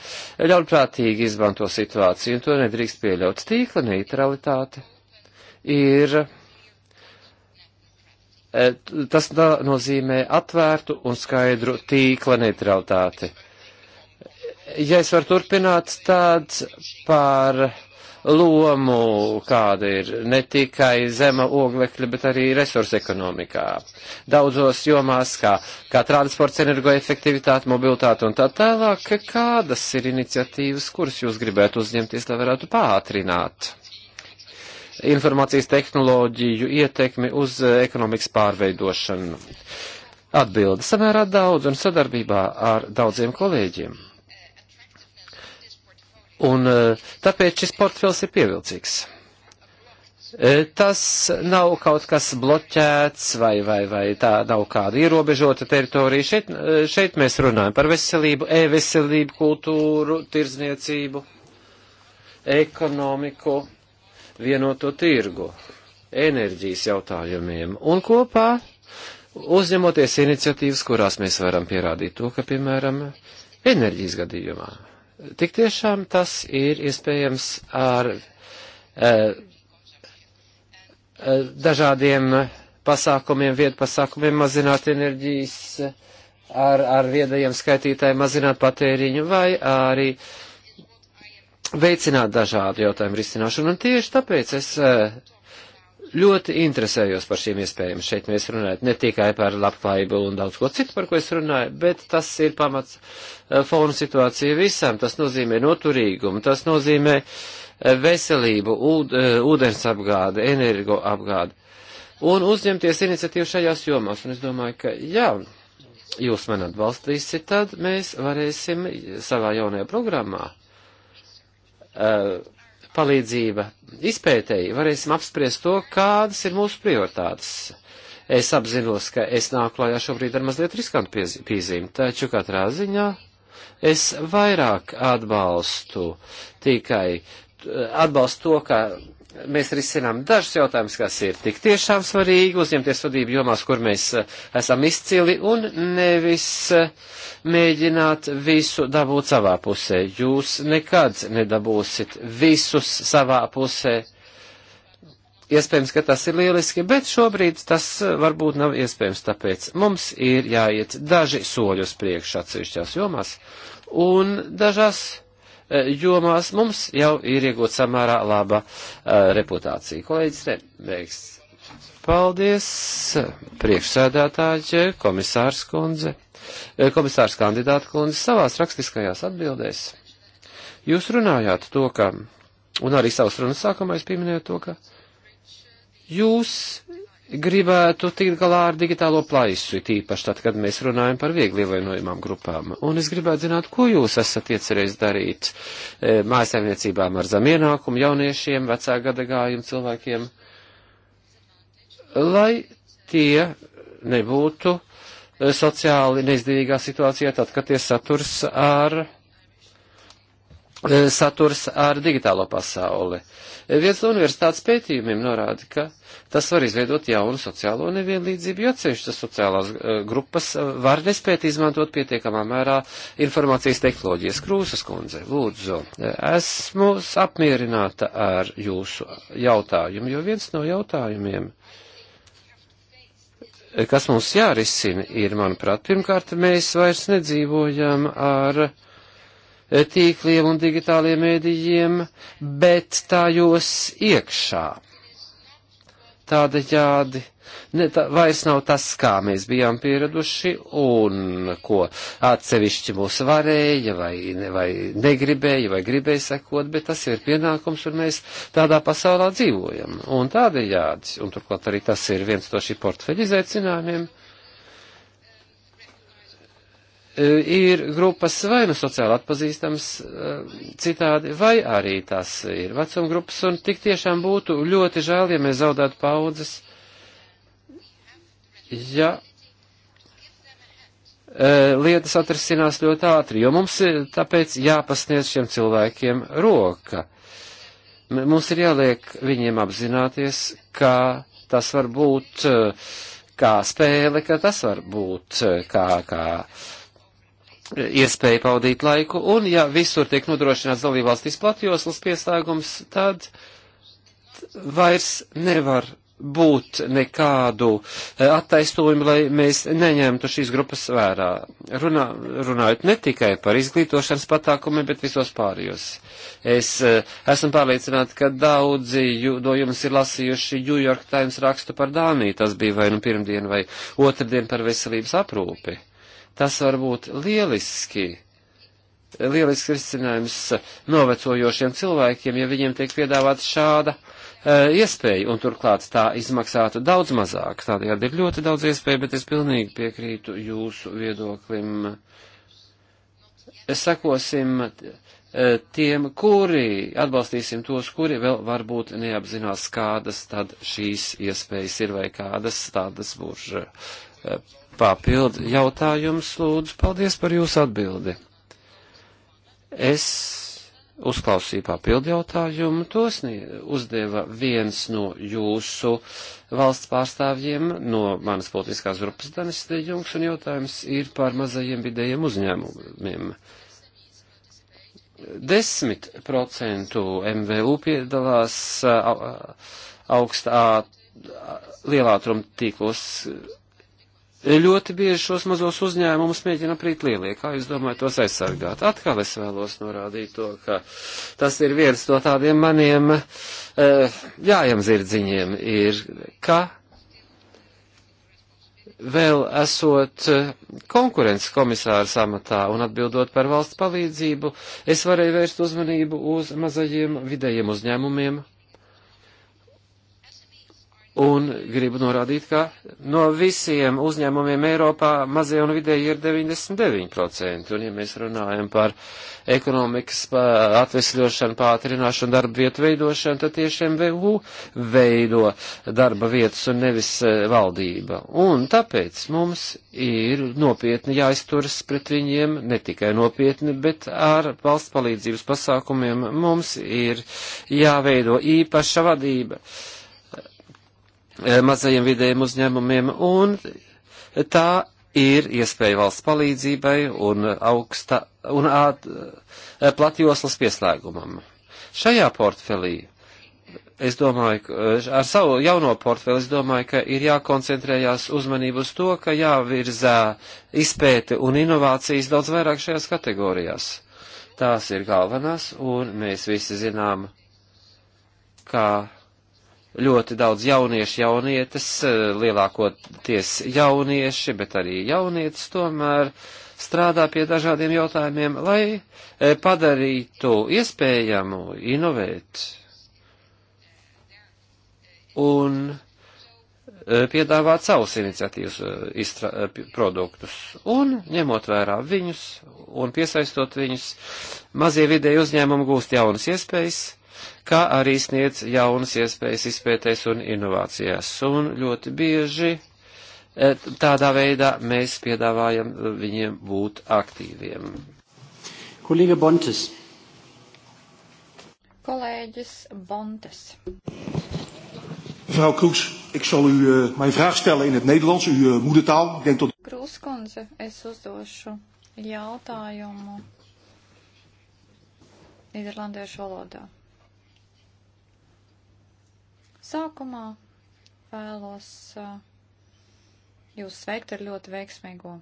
ļaunprātīgi izmanto situāciju, un to nedrīkst pieļaut. Tīkla neutralitāte ir. Eh, tas nozīmē atvērtu un skaidru tīkla neutralitāti. Ja es varu turpināt, tad par lomu, kāda ir ne tikai zema oglekļa, bet arī resursa ekonomikā. Daudzos jomās, kā, kā transports, energoefektivitāte, mobilitāte un tā tālāk, kādas ir iniciatīvas, kuras jūs gribētu uzņemties, lai varētu pātrināt? informācijas tehnoloģiju ietekmi uz eh, ekonomikas pārveidošanu. Atbilde samērā daudz un sadarbībā ar daudziem kolēģiem. Un e, tāpēc šis portfels ir pievilcīgs. E, tas nav kaut kas bloķēts vai, vai, vai tā nav kāda ierobežota teritorija. Šeit, e, šeit mēs runājam par veselību, e-veselību, kultūru, tirdzniecību, ekonomiku, vienoto tirgu, enerģijas jautājumiem un kopā uzņemoties iniciatīvas, kurās mēs varam pierādīt to, ka, piemēram, enerģijas gadījumā Tik tiešām tas ir iespējams ar eh, dažādiem pasākumiem, vietu pasākumiem mazināt enerģijas, ar, ar viedajiem skaitītājiem mazināt patēriņu vai arī veicināt dažādu jautājumu risināšanu. Un tieši tāpēc es eh, ļoti interesējos par šīm iespējām. Šeit mēs runājam ne tikai par labklājību un daudz ko citu, par ko es runāju, bet tas ir pamats eh, fonu situācija visam. Tas nozīmē noturīgumu, tas nozīmē eh, veselību, ūd, eh, ūdens apgāde, energo apgāde. Un uzņemties iniciatīvu šajās jomās. Un es domāju, ka jā, jūs man atbalstīsiet, tad mēs varēsim savā jaunajā programmā palīdzība izpētēji varēsim apspriest to, kādas ir mūsu prioritātes. Es apzinos, ka es nāku klājā šobrīd ar mazliet riskantu piezīmi, taču katrā ziņā es vairāk atbalstu tikai atbalstu to, ka mēs risinām dažus jautājumus, kas ir tik tiešām svarīgi uzņemties vadību jomās, kur mēs eh, esam izcili, un nevis eh, mēģināt visu dabūt savā pusē. Jūs nekad nedabūsit visus savā pusē. Iespējams, ka tas ir lieliski, bet šobrīd tas eh, varbūt nav iespējams, tāpēc mums ir jāiet daži soļus priekš atsevišķās jomās, un dažās Eh, jomās mums jau ir iegūt samērā laba uh, reputācija. Kolēģis Rebeks. Paldies, priekšsēdētāji, komisārs kundze, eh, komisārs kandidāta kundze, savās rakstiskajās atbildēs. Jūs runājāt to, ka, un arī savas runas sākumā jūs pieminējāt to, ka jūs gribētu tikt galā ar digitālo plaisu, it īpaši tad, kad mēs runājam par viegli ievainojumām grupām. Un es gribētu zināt, ko jūs esat iecerējis darīt e, mājasēmniecībām ar zem ienākumu jauniešiem, vecā gadagājumu cilvēkiem, lai tie nebūtu e, sociāli neizdevīgā situācijā tad, kad tie saturs ar E, saturs ar digitālo pasauli. E, viens no universitātes pētījumiem norāda, ka tas var izveidot jaunu sociālo nevienlīdzību, jo atsevišķas sociālās e, grupas var nespēt izmantot pietiekamā mērā informācijas tehnoloģijas. Krūsas kundze, lūdzu, esmu apmierināta ar jūsu jautājumu, jo viens no jautājumiem, kas mums jārisina, ir, manuprāt, pirmkārt, mēs vairs nedzīvojam ar tīkliem un digitāliem mēdījiem, bet tajos iekšā. Tādējādi ne, tā, vairs nav tas, kā mēs bijām pieraduši un ko atsevišķi mūs varēja vai, ne, vai negribēja vai gribēja sekot, bet tas ir pienākums un mēs tādā pasaulā dzīvojam. Un tādējādi, un turklāt arī tas ir viens no šī portfeļa izaicinājumiem Eh, ir grupas vai nu sociāli atpazīstams eh, citādi, vai arī tās ir vecuma grupas, un tik tiešām būtu ļoti žēl, ja mēs zaudētu paudzes, ja eh, lietas atrisinās ļoti ātri, jo mums ir tāpēc jāpasniedz šiem cilvēkiem roka. Mums ir jāliek viņiem apzināties, ka tas var būt kā spēle, ka tas var būt kā, kā uh, iespēja paudīt laiku, un ja visur tiek nodrošināts dalībvalstīs platjoslas pieslēgums, tad vairs nevar būt nekādu eh, attaistojumu, lai mēs neņemtu šīs grupas vērā. Runā, runājot ne tikai par izglītošanas patākumiem, bet visos pārējos. Es eh, esmu pārliecināta, ka daudzi no jums ir lasījuši New York Times rakstu par Dāniju. Tas bija vai nu pirmdien vai otrdien par veselības aprūpi. Uh, Tas var būt lieliski, lielisks risinājums novecojošiem cilvēkiem, ja viņiem tiek piedāvāta šāda uh, iespēja, un turklāt tā izmaksātu daudz mazāk. Tādējādi ir ļoti daudz iespēju, bet es pilnīgi piekrītu jūsu viedoklim. Sekosim e, tiem, kuri atbalstīsim tos, kuri vēl varbūt neapzinās, kādas tad šīs iespējas ir vai kādas tādas būs e, papildu jautājums, lūdzu. Paldies par jūsu atbildi. Es uzklausīju papildu jautājumu, tos uzdeva viens no jūsu valsts pārstāvjiem no manas politiskās grupas Danis Dejungs, un jautājums ir par mazajiem vidējiem uzņēmumiem. 10% MVU piedalās augstā lielātrum tīklos Ļoti bieži šos mazos uzņēmumus mēģina aprīt lielie. Kā jūs domājat tos aizsargāt? Atkal es vēlos norādīt to, ka tas ir viens no tādiem maniem uh, jājam zirdziņiem, ir, ka vēl esot eh, konkurences komisāra samatā un atbildot par valsts palīdzību, es varēju vērst uzmanību uz mazajiem vidējiem uzņēmumiem, Un gribu norādīt, ka no visiem uzņēmumiem Eiropā mazie un vidēji ir 99%. Un ja mēs runājam par ekonomikas atvesļošanu, pātrināšanu, darba vietu veidošanu, tad tiešām VU veido darba vietas un nevis e, valdība. Un tāpēc mums ir nopietni jāizturas pret viņiem, ne tikai nopietni, bet ar valsts palīdzības pasākumiem mums ir jāveido īpaša vadība Eh, mazajiem vidējiem uzņēmumiem, un tā ir iespēja valsts palīdzībai un augsta un āt, eh, platjoslas pieslēgumam. Šajā portfelī, es domāju, eh, ar savu jauno portfeli, es domāju, ka ir jākoncentrējās uzmanību uz to, ka jāvirzā izpēte un inovācijas daudz vairāk šajās kategorijās. Tās ir galvenās, un mēs visi zinām, kā ļoti daudz jauniešu jaunietes, eh, lielākoties jaunieši, bet arī jaunietes tomēr strādā pie dažādiem jautājumiem, lai eh, padarītu iespējamu inovēt un eh, piedāvāt savus iniciatīvas produktus un ņemot vērā viņus un piesaistot viņus, mazie vidēji uzņēmumi gūst jaunas iespējas, kā arī sniedz jaunas iespējas izpētēs un inovācijās. Un ļoti bieži eh, tādā veidā mēs piedāvājam eh, viņiem būt aktīviem. Kolīga Bontes. Kolēģis Bontes. Mevrouw Kroes, ik zal u uh, mijn vraag stellen in het Nederlands, uw uh, moedertaal. Ik denk tot... Kroeskundze, es uzdošu jautājumu Nīderlandiešu valodā. Sākumā vēlos uh, jūs sveikt ar ļoti veiksmīgo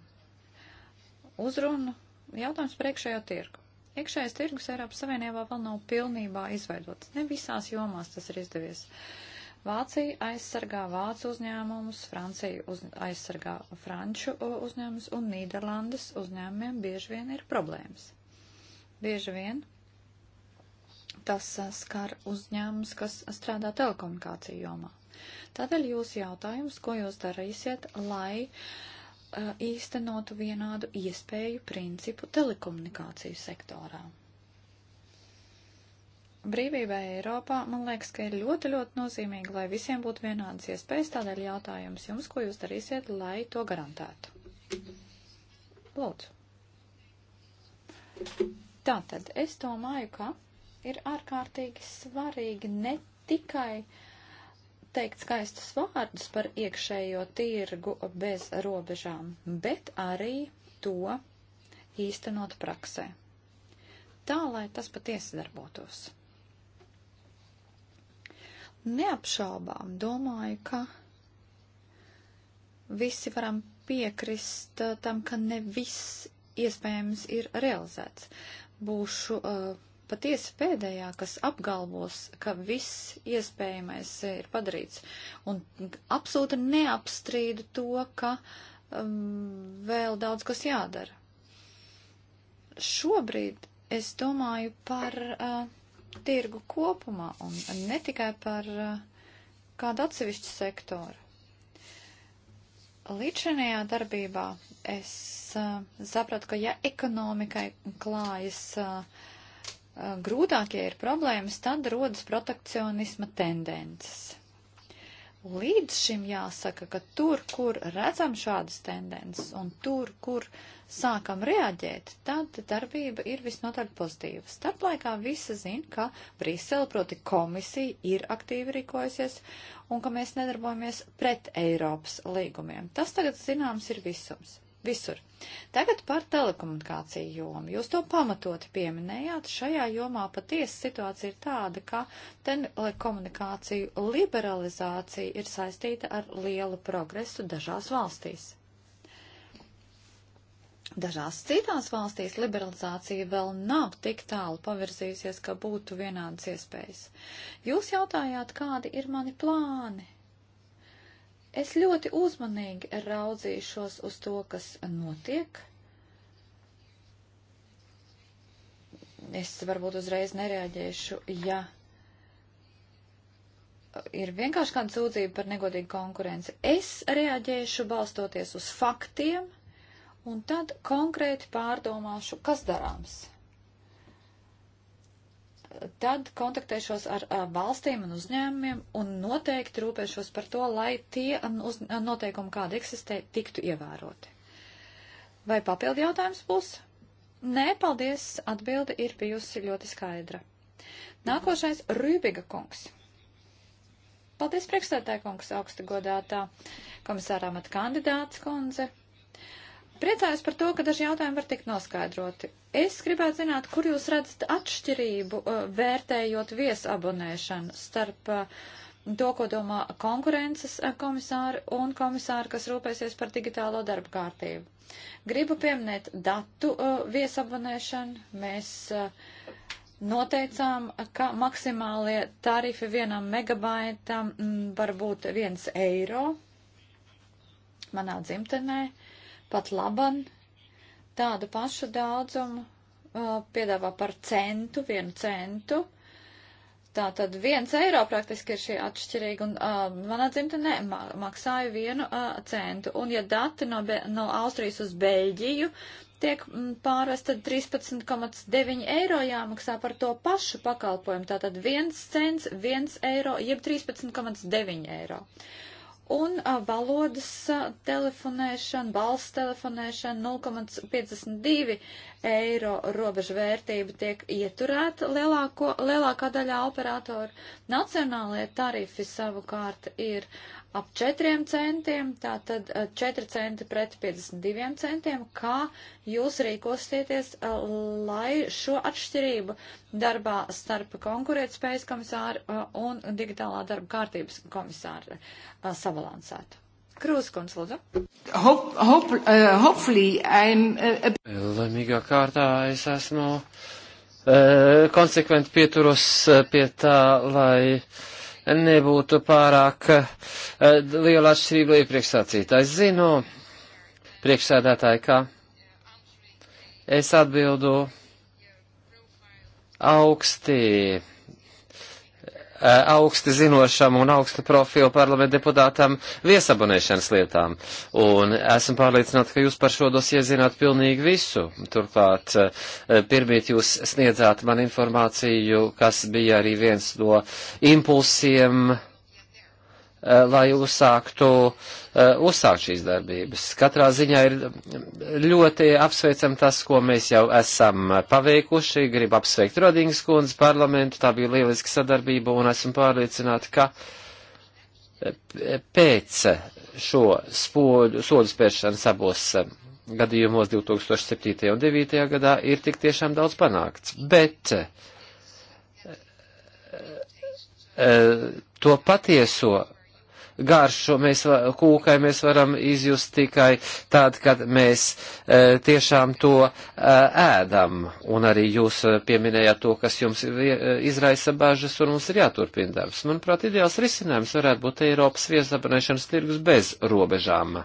uzrunu. Jautājums par iekšējo tirgu. Iekšējais tirgus Eiropas Savienībā vēl nav pilnībā izveidots. Ne visās jomās tas ir izdevies. Vācija aizsargā vācu uzņēmumus, Francija uz, aizsargā franču uh, uzņēmumus un Nīderlandes uzņēmumiem bieži vien ir problēmas. Bieži vien Tas eh, skar uzņēmums, kas strādā telekomunikāciju jomā. Tādēļ jūs jautājums, ko jūs darīsiet, lai eh, īstenotu vienādu iespēju principu telekomunikāciju sektorā. Brīvībai Eiropā, man liekas, ka ir ļoti, ļoti nozīmīgi, lai visiem būtu vienādas iespējas, tādēļ jautājums jums, ko jūs darīsiet, lai to garantētu. Lūdzu. Tātad, es domāju, ka ir ārkārtīgi svarīgi ne tikai teikt skaistus vārdus par iekšējo tirgu bez robežām, bet arī to īstenot praksē. Tā, lai tas patiesi darbotos. Neapšaubām domāju, ka visi varam piekrist uh, tam, ka ne viss iespējams ir realizēts. Būšu uh, patiesi pēdējā, kas apgalvos, ka viss iespējamais ir padarīts. Un absolūti neapstrīdu to, ka um, vēl daudz kas jādara. Šobrīd es domāju par uh, tirgu kopumā un ne tikai par uh, kādu atsevišķu sektoru. Līdzinējā darbībā es uh, sapratu, ka ja ekonomikai klājas uh, Eh, grūtākie ir problēmas, tad rodas protekcionisma tendences. Līdz šim jāsaka, ka tur, kur redzam šādas tendences un tur, kur sākam reaģēt, tad darbība ir visnotaļ pozitīva. Starplaikā visi zin, ka Brisele, proti komisija, ir aktīvi rīkojusies un ka mēs nedarbojamies pret Eiropas līgumiem. Tas tagad zināms ir visums visur. Tagad par telekomunikāciju jomu. Jūs to pamatoti pieminējāt. Šajā jomā patiesa situācija ir tāda, ka telekomunikāciju liberalizācija ir saistīta ar lielu progresu dažās valstīs. Dažās citās valstīs liberalizācija vēl nav tik tālu pavirzījusies, ka būtu vienādas iespējas. Jūs jautājāt, kādi ir mani plāni? Es ļoti uzmanīgi raudzīšos uz to, kas notiek. Es varbūt uzreiz nereaģēšu, ja ir vienkārši kāda sūdzība par negodīgu konkurenci. Es reaģēšu balstoties uz faktiem un tad konkrēti pārdomāšu, kas darāms tad kontaktēšos ar valstīm un uzņēmumiem un noteikti rūpēšos par to, lai tie uz, noteikumi, kādi eksistē, tiktu ievēroti. Vai papildi jautājums būs? Nē, paldies, atbilde ir bijusi ļoti skaidra. Nākošais - Rībiga kungs. Paldies, priekšstādāja kungs, augsta godātā komisārā mat kandidāts kundze. Priecājos par to, ka daži jautājumi var tikt noskaidroti. Es gribētu zināt, kur jūs redzat atšķirību uh, vērtējot viesabonēšanu starp uh, to, ko domā konkurences uh, komisāri un komisāri, kas rūpēsies par digitālo darba kārtību. Gribu pieminēt datu viesabonēšanu. Mēs noteicām, ka maksimālie tarifi vienam megabaitam mm, var būt viens eiro manā dzimtenē. Uh, pat laban tādu pašu daudzumu uh, piedāvā par centu, vienu centu. Tā tad viens eiro praktiski ir šī atšķirīga, un uh, manā dzimtenē ma maksāju vienu uh, centu. Un ja dati no, Be no Austrijas uz Beļģiju tiek mm, pārvesta 13,9 eiro jāmaksā par to pašu pakalpojumu. Tātad viens cents, viens eiro, jeb 13,9 eiro. Uh, un a, valodas telefonēšana, balss telefonēšana 0,52 eiro robežu vērtība tiek ieturēta lielāko, lielākā daļā operatoru. Nacionālajie tarifi savukārt ir ap 4 centiem, tātad 4 eh, centi pret 52 centiem, kā jūs rīkosieties, eh, lai šo atšķirību darbā starp konkurētspējas komisāru eh, un digitālā darba kārtības komisāru sabalansētu. Krūz, kundz, lūdzu. Hope, hope, uh, hopefully I'm... Uh, Laimīgā kārtā es esmu uh, konsekventi pieturos pie tā, lai. Uh, nebūtu pārāk eh, liela atšķirība iepriekš sacītais. Zinu, priekšsēdētāji, kā es atbildu augstī Eh, augsti zinošam un augsta profilu parlamentu deputātam viesabonēšanas lietām. Un esmu pārliecināta, ka jūs par šo dosie zināt pilnīgi visu. Turklāt eh, pirmīt jūs sniedzāt man informāciju, kas bija arī viens no impulsiem, Eh, lai uzsāktu, eh, uzsākt šīs darbības. Katrā ziņā ir ļoti apsveicam tas, ko mēs jau esam paveikuši. Gribu apsveikt Rodīgas kundzes parlamentu, tā bija lieliska sadarbība un esmu pārliecināti, ka eh, pēc šo spodu, sodu spēršanas abos gadījumos 2007. un 2009. gadā ir tik tiešām daudz panākts. Bet to patieso garšu mēs, kūkai mēs varam izjust tikai tad, kad mēs e, tiešām to e, ēdam. Un arī jūs e, pieminējāt to, kas jums e, izraisa bažas, un mums ir jāturpina darbs. Manuprāt, ideāls risinājums varētu būt Eiropas viesabonēšanas tirgus bez robežām.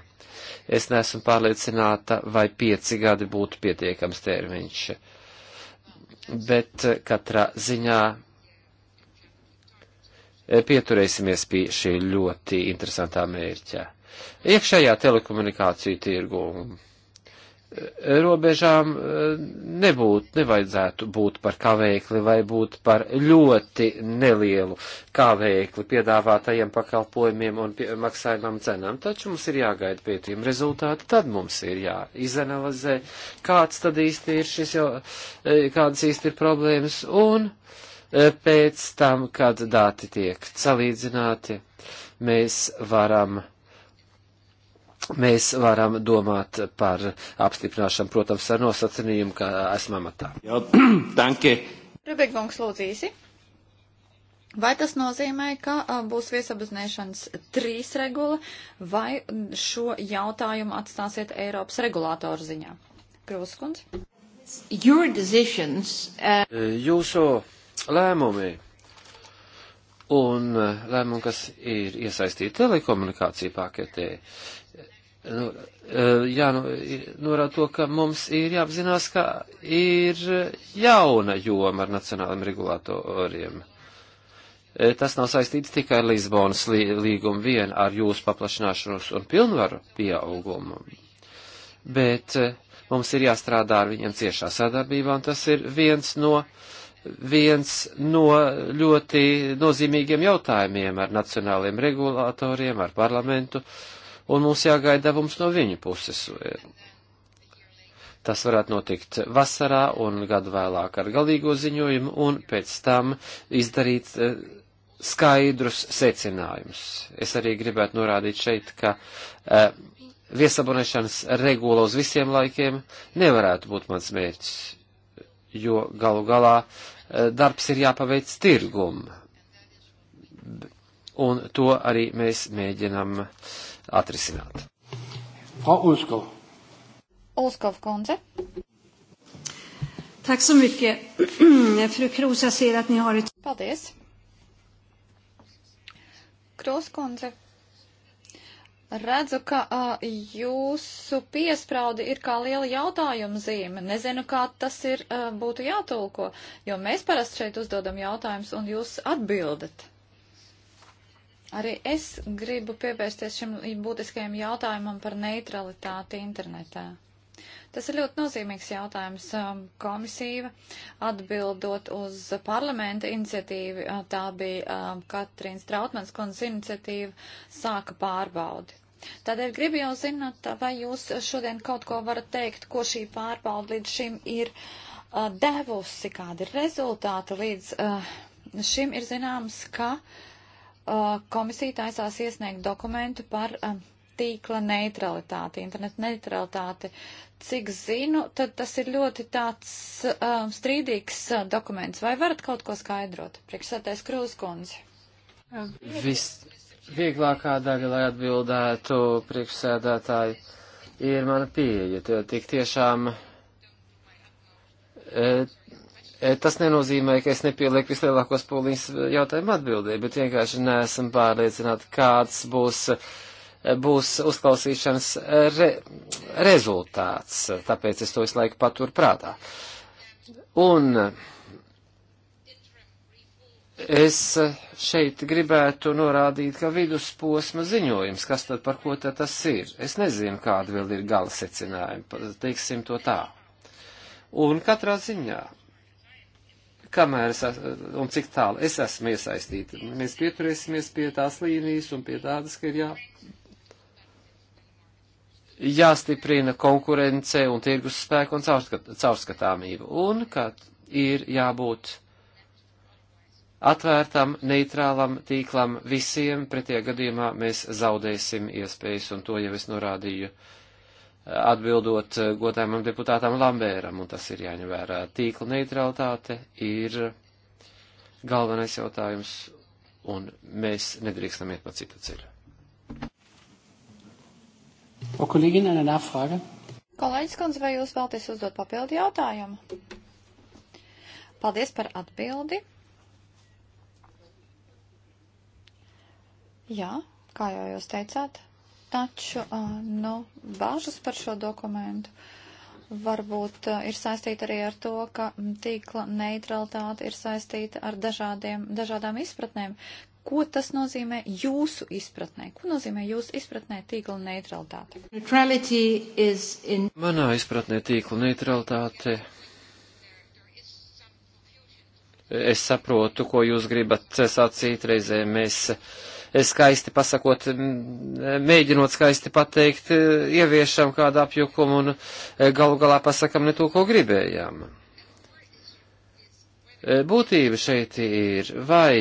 Es neesmu pārliecināta, vai pieci gadi būtu pietiekams termiņš. Bet e, katrā ziņā E, pieturēsimies pie šī ļoti interesantā mērķa. Iekšējā telekomunikāciju tirgu e, robežām e, nebūtu, nevajadzētu būt par kavēkli vai būt par ļoti nelielu kavēkli piedāvātajiem pakalpojumiem un pie, maksājumam cenām. Taču mums ir jāgaida pētījuma rezultāti, tad mums ir jāizanalizē, kāds tad īsti ir šis jau, kādas īsti ir problēmas un E, pēc tam, kad dati tiek salīdzināti, mēs varam mēs varam domāt par apstiprināšanu, protams, ar nosacījumu, ka esmu amatā. Jā, tanki. Rubikungs lūdzīsi. Vai tas nozīmē, ka a, būs viesabuzināšanas trīs regula, vai šo jautājumu atstāsiet Eiropas regulātoru ziņā? Krūskunds. Uh... E, jūsu lēmumi un eh, lēmumi, kas ir iesaistīti telekomunikāciju paketē, nu, eh, jā, nu, norāda to, ka mums ir jāapzinās, ka ir jauna joma ar nacionāliem regulātoriem. Eh, tas nav saistīts tikai ar Lisbonas līgumu vien ar jūsu paplašināšanos un pilnvaru pieaugumu, bet mums ir jāstrādā ar viņiem ciešā sadarbībā, un tas ir viens no uh, viens no ļoti nozīmīgiem jautājumiem ar nacionāliem regulātoriem, ar parlamentu, un mums jāgaida mums no viņu puses. Tas varētu notikt vasarā un gadu vēlāk ar galīgo ziņojumu un pēc tam izdarīt eh, skaidrus secinājumus. Es arī gribētu norādīt šeit, ka eh, viesabonēšanas regula uz visiem laikiem nevarētu būt mans mērķis jo galu galā eh, darbs ir jāpaveic tirgumu. Un to arī mēs mēģinam atrisināt. Frau Ulskov. Ulskov kundze. Tack så mycket. Fru Kroos, jag ser att ni har ett... Paldies. Kroos kundze, redzu, ka uh, jūsu piespraudi ir kā liela jautājuma zīme. Nezinu, kā tas ir, uh, būtu jātulko, jo mēs parasti šeit uzdodam jautājumus un jūs atbildat. Arī es gribu pievērsties šim būtiskajam jautājumam par neutralitāti internetā. Tas ir ļoti nozīmīgs jautājums. Um, komisija atbildot uz parlamenta iniciatīvu, uh, tā bija um, Katrīnas Trautmans kundzes iniciatīva, sāka pārbaudi. Tādēļ gribu jau zināt, vai jūs šodien kaut ko varat teikt, ko šī pārbauda līdz šim ir uh, devusi, kādi ir rezultāti līdz uh, šim ir zināms, ka komisija taisās iesniegt dokumentu par um, tīkla neutralitāti, interneta neutralitāti. Cik zinu, tad tas ir ļoti tāds um, strīdīgs uh, dokuments. Vai varat kaut ko skaidrot? Priekšsētais Krūskundze. Um, Visvieglākā daļa, lai atbildētu priekšsēdētāji, ir mana pieeja. Tik tiešām. E, e, Tas nenozīmē, ka es nepielieku vislielākos pūliņus jautājumu atbildēju, bet vienkārši neesam pārliecināti, kāds būs uh, būs uzklausīšanas re, rezultāts, tāpēc es to visu laiku paturu prātā. Un es šeit gribētu norādīt, ka vidusposma ziņojums, kas tad par ko tad tas ir. Es nezinu, kāda vēl ir gala secinājuma, teiksim to tā. Un katrā ziņā, kamēr es, un cik tālu es esmu iesaistīta, mēs pieturēsimies pie tās līnijas un pie tādas, ka ir jā, jāstiprina konkurence un tirgus spēku un caurskatā, caurskatāmību, un ka ir jābūt atvērtam, neitrālam tīklam visiem, pretie gadījumā mēs zaudēsim iespējas, un to jau es norādīju atbildot eh, godājumam deputātam Lambēram, un tas ir jāņem vērā. Tīkla neutralitāte ir galvenais jautājums, un mēs nedrīkstam iet pa citu ceļu. Frau Kollegin, eine Nachfrage. Kolēģis Kundze, vai jūs vēlties uzdot papildu jautājumu? Paldies par atbildi. Jā, kā jau jūs teicāt, taču, nu, bāžas par šo dokumentu varbūt ir saistīta arī ar to, ka tīkla neutralitāte ir saistīta ar dažādiem, dažādām izpratnēm, Ko tas nozīmē jūsu izpratnē? Ko nozīmē jūsu izpratnē tīkla neutralitāte? In... Manā izpratnē tīkla neutralitāte. Es saprotu, ko jūs gribat sacīt reizē. Mēs skaisti pasakot, mēģinot skaisti pateikt, ieviešam kādu apjukumu un e, galu galā pasakam ne to, ko gribējām. E, būtība šeit ir vai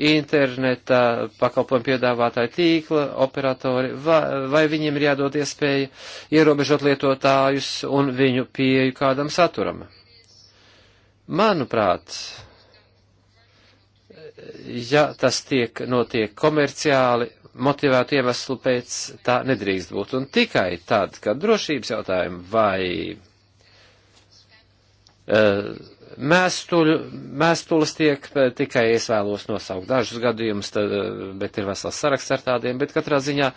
interneta pakalpojumu piedāvātāju tīkla operatori, vai, vai viņiem ir jādod iespēja ierobežot lietotājus un viņu pieeju kādam saturam. Manuprāt, ja tas tiek notiek komerciāli, motivētu iemeslu pēc tā nedrīkst būt. Un tikai tad, kad drošības jautājumi vai uh, Mēstuļu, mēstulis tiek tikai es vēlos nosaukt dažus gadījumus, tad, bet ir vesels saraksts ar tādiem, bet katrā ziņā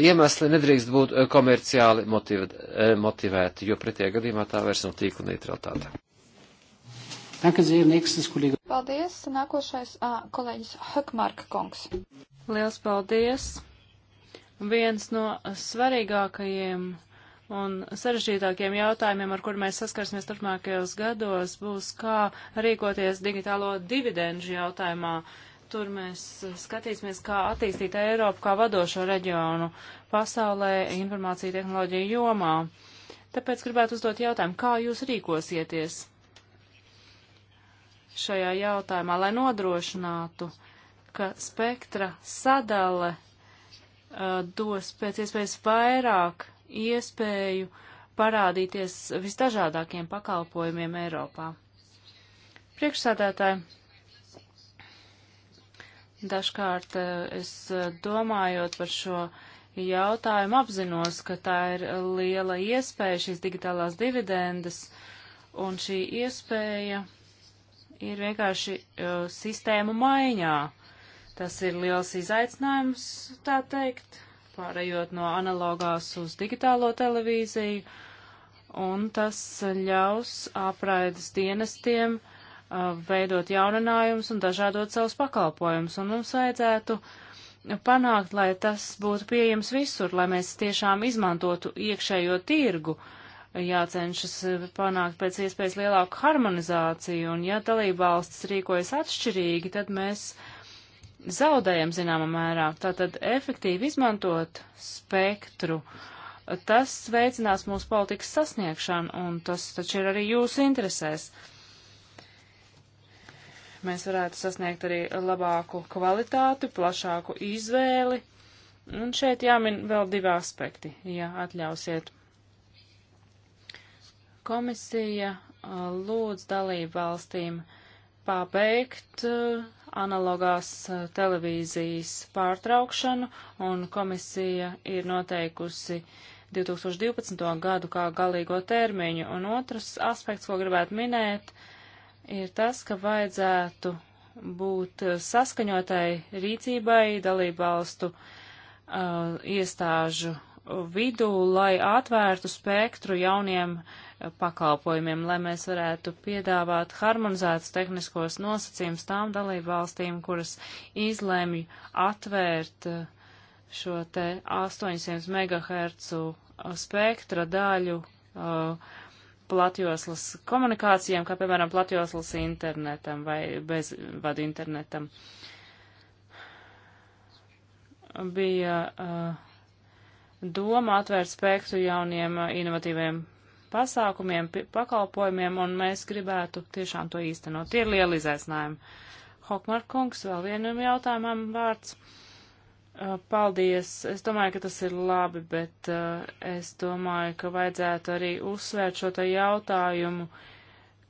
iemesli nedrīkst būt e, komerciāli motiv, e, motivēti, jo pretie gadījumā tā vairs nav tīkla neutralitāte. Paldies, nākošais kolēģis Hakmarka kungs. Liels paldies! Viens no svarīgākajiem Un sarežģītākiem jautājumiem, ar kur mēs saskarsimies turpmākajos gados, būs kā rīkoties digitālo dividendžu jautājumā. Tur mēs skatīsimies, kā attīstīt Eiropu kā vadošo reģionu pasaulē informāciju tehnoloģiju jomā. Tāpēc gribētu uzdot jautājumu, kā jūs rīkosieties šajā jautājumā, lai nodrošinātu, ka spektra sadale uh, dos pēc iespējas vairāk iespēju parādīties visdažādākiem pakalpojumiem Eiropā. Priekšsādātāji, dažkārt eh, es eh, domājot par šo jautājumu apzinos, ka tā ir liela iespēja šīs digitālās dividendes, un šī iespēja ir vienkārši eh, sistēmu maiņā. Tas ir liels izaicinājums, tā teikt, pārējot no analogās uz digitālo televīziju, un tas ļaus apraides dienestiem uh, veidot jauninājumus un dažādot savus pakalpojumus, un mums vajadzētu panākt, lai tas būtu pieejams visur, lai mēs tiešām izmantotu iekšējo tirgu, jācenšas panākt pēc iespējas lielāku harmonizāciju, un ja dalībvalstis rīkojas atšķirīgi, tad mēs uh, zaudējam zināmā mērā. Tātad efektīvi izmantot spektru, tas veicinās mūsu politikas sasniegšanu, un tas taču ir arī jūsu interesēs. Mēs varētu sasniegt arī labāku kvalitāti, plašāku izvēli, un šeit jāmin vēl divi aspekti, ja atļausiet. Komisija uh, lūdz dalību valstīm pabeigt uh, analogās televīzijas pārtraukšanu, un komisija ir noteikusi 2012. gadu kā galīgo termiņu. Un otrs aspekts, ko gribētu minēt, ir tas, ka vajadzētu būt saskaņotai rīcībai dalībvalstu uh, iestāžu vidū, lai atvērtu spektru jauniem eh, pakalpojumiem, lai mēs varētu piedāvāt harmonizētus tehniskos nosacījumus tām dalību valstīm, kuras izlemj atvērt eh, šo te 800 MHz eh, spektra daļu uh, platjoslas komunikācijām, kā piemēram platjoslas internetam vai bezvadu internetam. Bija uh, doma atvērt spektru jauniem inovatīviem pasākumiem, pakalpojumiem, un mēs gribētu tiešām to īstenot. Tie ir lieli izaicinājumi. Hokmar kungs, vēl vienam jautājumam vārds. Paldies. Es domāju, ka tas ir labi, bet uh, es domāju, ka vajadzētu arī uzsvērt šo te jautājumu,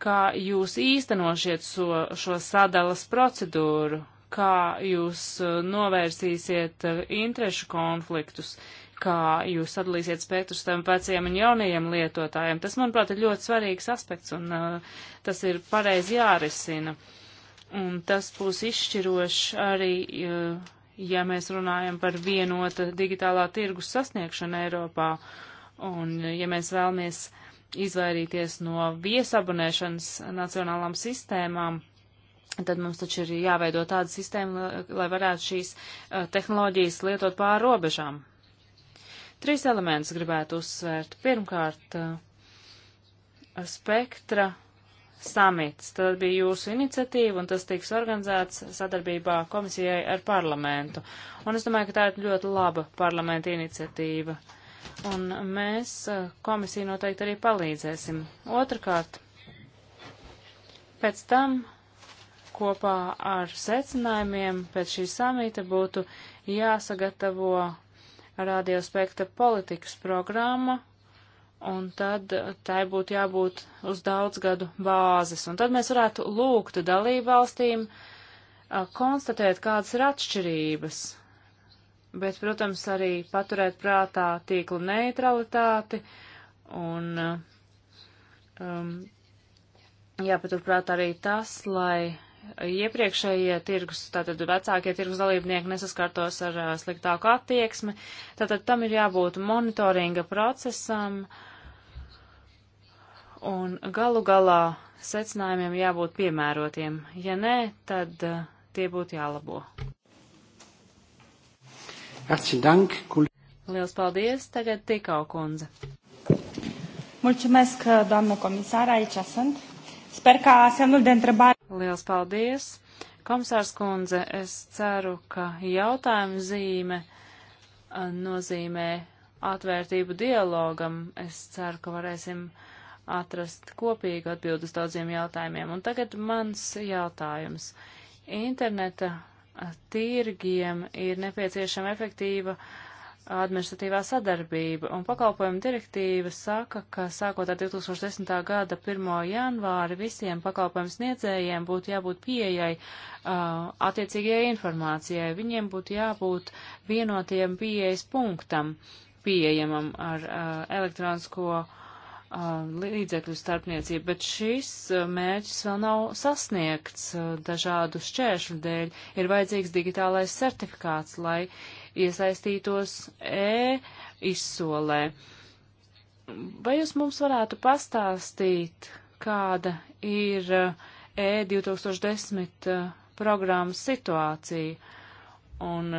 kā jūs īstenošiet so, šo sadalas procedūru, kā jūs novērsīsiet interešu konfliktus. Uh, kā jūs sadalīsiet spektru starp veciem un jaunajiem lietotājiem. Tas, manuprāt, ir ļoti svarīgs aspekts un uh, tas ir pareizi jārisina. Un tas būs izšķiroši arī, uh, ja mēs runājam par vienota digitālā tirgus sasniegšanu Eiropā. Un, uh, ja mēs vēlamies izvairīties no viesabunēšanas nacionālām sistēmām, tad mums taču ir jāveido tāda sistēma, lai varētu šīs uh, tehnoloģijas lietot pāri robežām. Trīs elementus gribētu uzsvērt. Pirmkārt, spektra samits. Tad bija jūsu iniciatīva, un tas tiks organizēts sadarbībā komisijai ar parlamentu. Un es domāju, ka tā ir ļoti laba parlamenta iniciatīva. Un mēs komisiju noteikti arī palīdzēsim. Otrakārt, pēc tam kopā ar secinājumiem pēc šī samīta būtu jāsagatavo radiospektra politikas programma, un tad tai būtu jābūt uz daudz gadu bāzes. Un tad mēs varētu lūgt dalībvalstīm konstatēt, kādas ir atšķirības, bet, protams, arī paturēt prātā tīkla neutralitāti un um, jāpaturprāt arī tas, lai iepriekšējie tirgus, tātad vecākie tirgus dalībnieki nesaskartos ar uh, sliktāku attieksmi. Tātad tam ir jābūt monitoringa procesam un galu galā secinājumiem jābūt piemērotiem. Ja nē, tad uh, tie būtu jālabo. Liels paldies, tagad tikau kundze. Mulțumesc, doamnă comisar, aici sunt. Sper, kā semnul de întrebare. Liels paldies! Komisārs kundze, es ceru, ka jautājuma zīme nozīmē atvērtību dialogam. Es ceru, ka varēsim atrast kopīgu atbildu uz daudziem jautājumiem. Un tagad mans jautājums. Interneta tirgiem ir nepieciešama efektīva uh, administratīvā sadarbība, un pakalpojumu direktīva saka, ka sākot ar 2010. gada 1. janvāri visiem pakalpojumu sniedzējiem būtu jābūt pieejai uh, attiecīgajai informācijai, viņiem būtu jābūt vienotiem pieejas punktam pieejamam ar uh, elektronisko uh, līdzekļu starpniecību, bet šis mērķis vēl nav sasniegts dažādu šķēršļu dēļ. Ir vajadzīgs digitālais certifikāts, lai uh, iesaistītos e-izsolē. Vai jūs mums varētu pastāstīt, kāda ir e-2010 eh, eh, programmas situācija un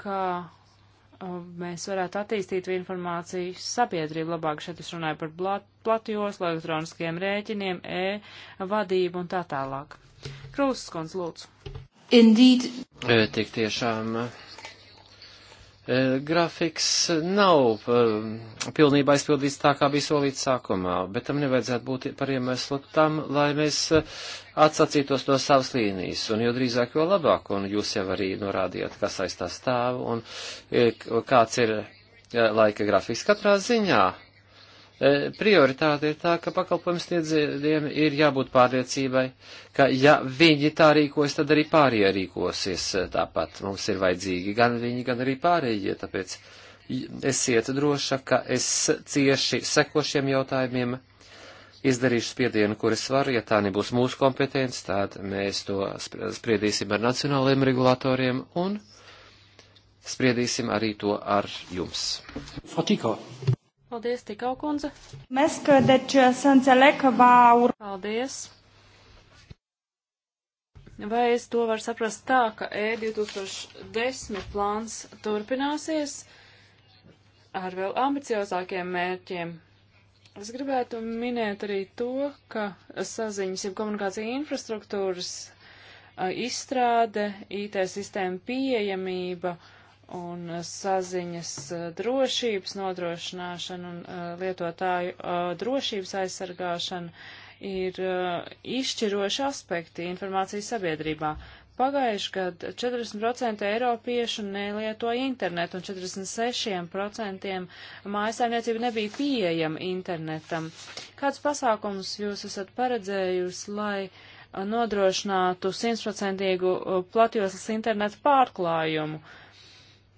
kā eh, mēs varētu attīstīt informāciju sabiedrību labāk. Šeit es runāju par blat, platjoslu, elektroniskiem rēķiniem, e-vadību un tā tālāk. Krūsas kundz, lūdzu. Indeed. E, tik tiešām E, grafiks nav e, pilnībā izpildīts tā, kā bija solīts sākumā, bet tam nevajadzētu būt par iemeslu tam, lai mēs e, atsacītos no savas līnijas, un jo drīzāk, jo labāk, un jūs jau arī norādījāt, kas aiz tā stāv, un kāds ir laika grafiks katrā ziņā E, prioritāte ir tā, ka pakalpojums sniedzējiem ir jābūt pārliecībai, ka ja viņi tā rīkos, tad arī pārējie rīkosies e, tāpat. Mums ir vajadzīgi gan viņi, gan arī pārējie, tāpēc esiet droša, ka es cieši sekošiem jautājumiem izdarīšu spiedienu, kur es varu, ja tā nebūs mūsu kompetence, tad mēs to spriedīsim ar nacionālajiem regulatoriem un spriedīsim arī to ar jums. Fatiko. Paldies, Tikau kundze. Mēs, ka deci să înțeleg că va ur... Paldies. Vai es to varu saprast tā, ka E2010 plāns turpināsies ar vēl ambiciozākiem mērķiem? Es gribētu minēt arī to, ka saziņas jau komunikācija infrastruktūras izstrāde, IT sistēma pieejamība, uh, un saziņas eh, drošības nodrošināšana un eh, lietotāju eh, drošības aizsargāšana ir izšķiroši aspekti informācijas sabiedrībā. Pagājuši gadu 40% eiropiešu nelietoja internetu un 46% mājasēmniecība nebija pieejama internetam. Kāds pasākums jūs esat paredzējusi, lai nodrošinātu 100% platjoslas internetu pārklājumu? Uh,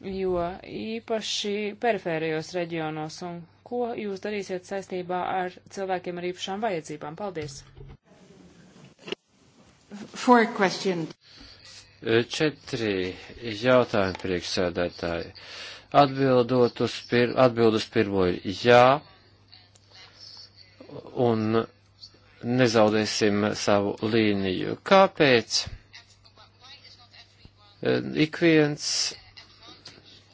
jo īpaši perifērijos reģionos, un ko jūs darīsiet saistībā ar cilvēkiem ar īpašām vajadzībām? Paldies! E, četri jautājumi priekšsēdētāji. Atbildot uz, pir, atbild uz pirmo ir jā, un nezaudēsim savu līniju. Kāpēc e, ik viens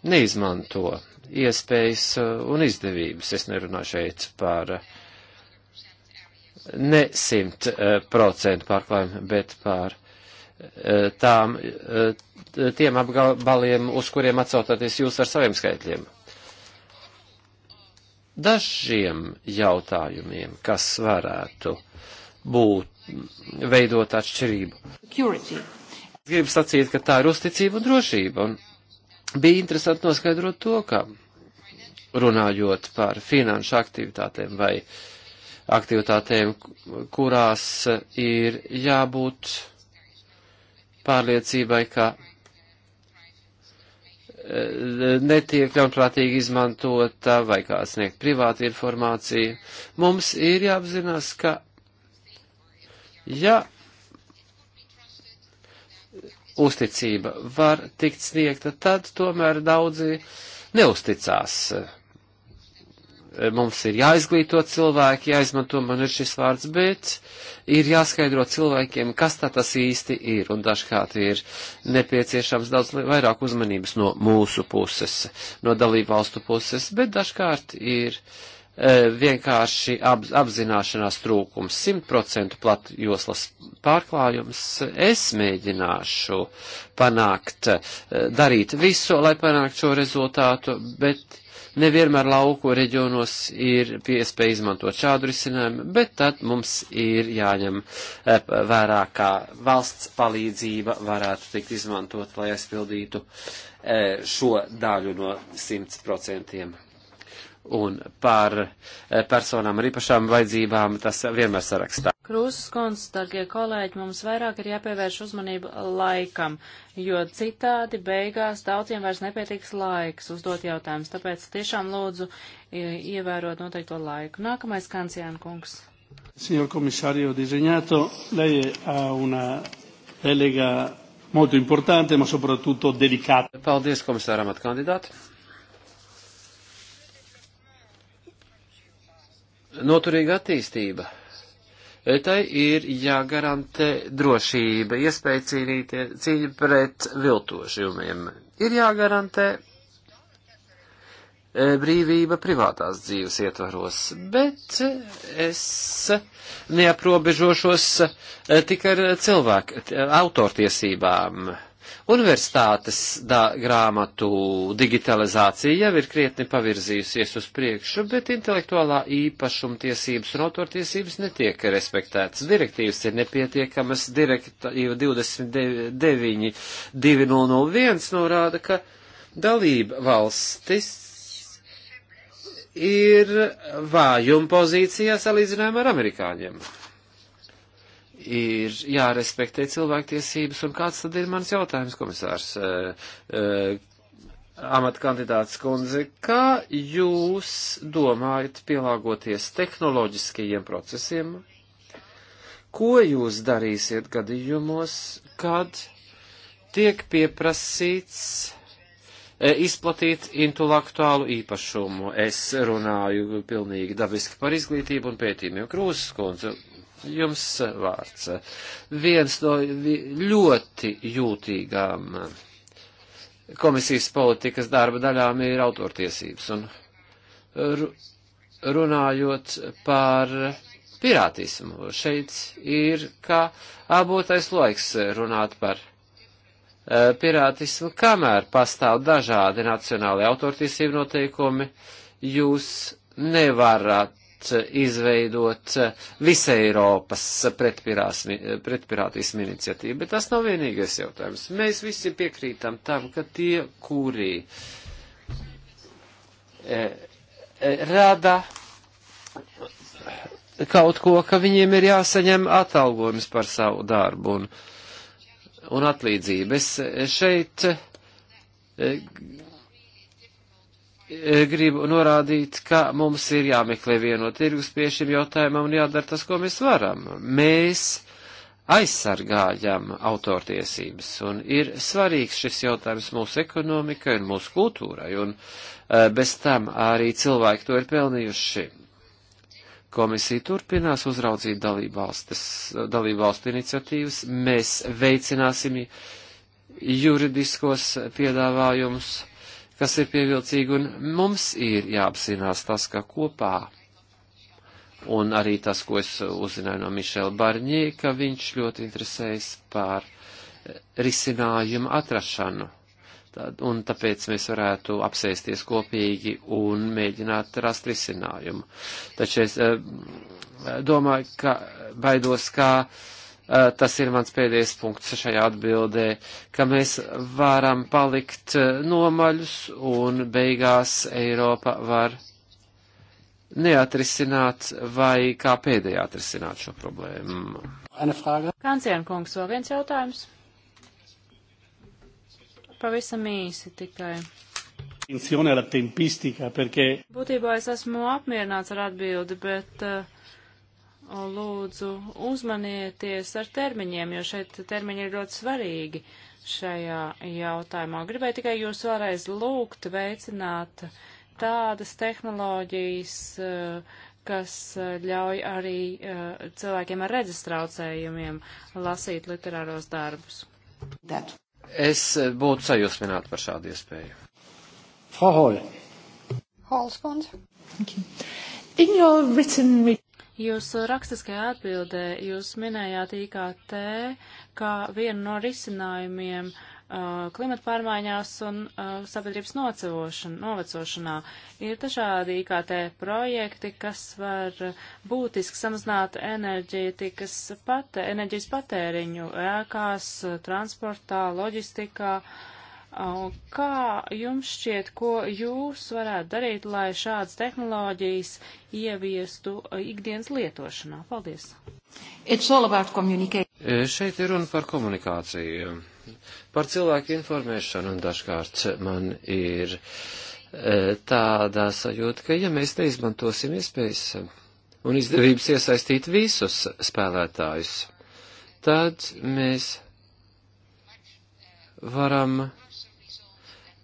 neizmanto iespējas uh, un izdevības. Es nerunāju šeit par uh, ne simt uh, procentu pārklājumu, bet par tām, tiem apgabaliem, uz kuriem atsautāties jūs ar saviem skaitļiem. Dažiem jautājumiem, kas varētu būt, veidot atšķirību. Security. Gribu sacīt, ka tā ir uzticība un drošība, un bija interesanti noskaidrot to, ka runājot par finanšu aktivitātēm vai aktivitātēm, kurās ir jābūt pārliecībai, ka eh, netiek ļaunprātīgi izmantota vai kā sniegt privātu informāciju. Mums ir jāapzinās, ka ja uzticība var tikt sniegta, tad tomēr daudzi neusticās. Mums ir jāizglīto cilvēki, jāizmanto man ir šis vārds, bet ir jāskaidro cilvēkiem, kas tā tas īsti ir, un dažkārt ir nepieciešams daudz vairāk uzmanības no mūsu puses, no dalību valstu puses, bet dažkārt ir uh, Eh, vienkārši ap, apzināšanās trūkums, 100% platjoslas pārklājums. Es mēģināšu panākt, eh, darīt visu, lai panāktu šo rezultātu, bet nevienmēr lauku reģionos ir iespēja izmantot šādu risinājumu, bet tad mums ir jāņem eh, vērā, kā valsts palīdzība varētu tikt izmantot, lai aizpildītu šo daļu no 100% un par eh, personām ar īpašām vajadzībām, tas vienmēr sarakstā. Krūzes kundze, darbie kolēģi, mums vairāk ir jāpievērš uzmanība laikam, jo citādi beigās daudziem vairs nepietiks laiks uzdot jautājumus, tāpēc tiešām lūdzu ievērot noteikto laiku. Nākamais kancijāna kungs. Signor komisario disegnato, lei ha una delega molto importante, ma soprattutto delicata. Paldies komisāram atkandidātu. noturīga attīstība. E, tai ir jāgarantē drošība, iespēja cīnīties, cīņa pret viltošumiem. Ir jāgarantē e, brīvība privātās dzīves ietvaros, bet es neaprobežošos e, tik ar cilvēku autortiesībām. Universitātes da, grāmatu digitalizācija jau ir krietni pavirzījusies uz priekšu, bet intelektuālā īpašuma tiesības un autortiesības netiek respektētas. Direktīvas ir nepietiekamas, direktīva 29.201 norāda, ka dalība valstis ir vājuma pozīcijā salīdzinājumā ar amerikāņiem ir jārespektē cilvēktiesības, un kāds tad ir mans jautājums, komisārs? Uh, uh, Amatkandidāts kundze, kā jūs domājat pielāgoties tehnoloģiskajiem procesiem? Ko jūs darīsiet gadījumos, kad tiek pieprasīts eh, izplatīt intelektuālu īpašumu. Es runāju pilnīgi dabiski par izglītību un pētījumiem. Krūzes kundze, jums vārds. Viens no ļoti jūtīgām komisijas politikas darba daļām ir autortiesības. Un runājot par pirātismu, šeit ir kā abotais laiks runāt par e, pirātismu, kamēr pastāv dažādi nacionāli autortiesību noteikumi, jūs nevarat Eh, izveidot eh, visai Eiropas eh, pretpirātismu iniciatīvu, bet tas nav vienīgais jautājums. Mēs visi piekrītam tam, ka tie, kuri rada kaut ko, ka viņiem ir jāsaņem atalgojums par savu darbu un, un atlīdzību. Es šeit E, gribu norādīt, ka mums ir jāmeklē vieno tirgus pie šim jautājumam un jādara tas, ko mēs varam. Mēs aizsargājam autortiesības, un ir svarīgs šis jautājums mūsu ekonomikai un mūsu kultūrai, un e, bez tam arī cilvēki to ir pelnījuši. Komisija turpinās uzraudzīt dalību valstu iniciatīvas, mēs veicināsim juridiskos piedāvājumus kas ir pievilcīgi, un mums ir jāapzinās tas, ka kopā, un arī tas, ko es uzzināju no Mišela Barņī, ka viņš ļoti interesējas par eh, risinājumu atrašanu. Tad, un tāpēc mēs varētu apsēsties kopīgi un mēģināt rast risinājumu. Taču es eh, domāju, ka baidos, ka Eh, tas ir mans pēdējais punkts šajā atbildē, ka mēs varam palikt eh, nomaļus un beigās Eiropa var neatrisināt vai kā pēdējā atrisināt šo problēmu. Kancien kungs, vēl viens jautājums? Pavisam īsi tikai. Būtībā es esmu apmierināts ar atbildi, bet uh, lūdzu uzmanieties ar termiņiem, jo šeit termiņi ir ļoti svarīgi šajā jautājumā. Gribēju tikai jūs vēlreiz lūgt veicināt tādas tehnoloģijas, eh, kas eh, ļauj arī eh, cilvēkiem ar redzes traucējumiem lasīt literāros darbus. That. Es būtu sajūsmināta par šādu iespēju. Frau Hol. Holskundze. Thank you. In your written Jūsu uh, rakstiskajā atbildē jūs minējāt IKT kā vienu no risinājumiem uh, klimata pārmaiņās un uh, sabiedrības novecošanā. Ir dažādi IKT projekti, kas var uh, būtiski samazināt enerģētikas patē, enerģijas patēriņu ēkās, uh, transportā, loģistikā. Uh, Kā jums šķiet, ko jūs varētu darīt, lai šādas tehnoloģijas ieviestu uh, ikdienas lietošanā? Paldies! E, šeit ir runa par komunikāciju, par cilvēku informēšanu, un dažkārt man ir e, tādā sajūta, ka ja mēs neizmantosim iespējas un izdevības iesaistīt visus spēlētājus, tad mēs varam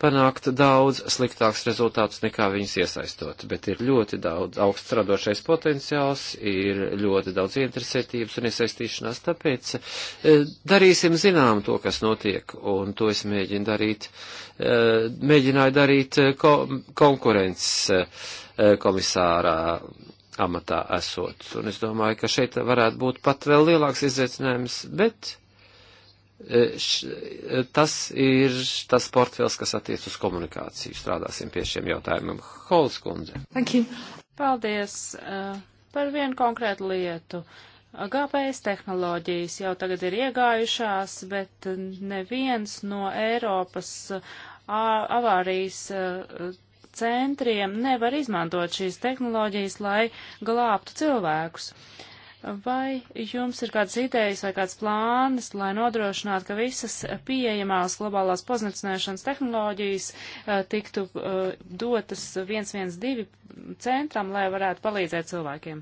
panākt daudz sliktāks rezultāts nekā viņus iesaistot, bet ir ļoti daudz augsts radošais potenciāls, ir ļoti daudz interesētības un iesaistīšanās, tāpēc e, darīsim zinām to, kas notiek, un to es mēģinu darīt, e, mēģināju darīt e, ko, konkurences komisārā amatā esot, un es domāju, ka šeit varētu būt pat vēl lielāks izaicinājums, bet E, š, e, tas ir tas portfels, kas attiec uz komunikāciju. Strādāsim pie šiem jautājumiem. Hols kundze. Paldies uh, par vienu konkrētu lietu. GPS tehnoloģijas jau tagad ir iegājušās, bet neviens no Eiropas avārijas centriem nevar izmantot šīs tehnoloģijas, lai glābtu cilvēkus. Uh, Vai jums ir kādas idejas vai kāds plāns, lai nodrošinātu, ka visas pieejamās globālās pozicionēšanas tehnoloģijas uh, tiktu uh, dotas 112 centram, lai varētu palīdzēt cilvēkiem?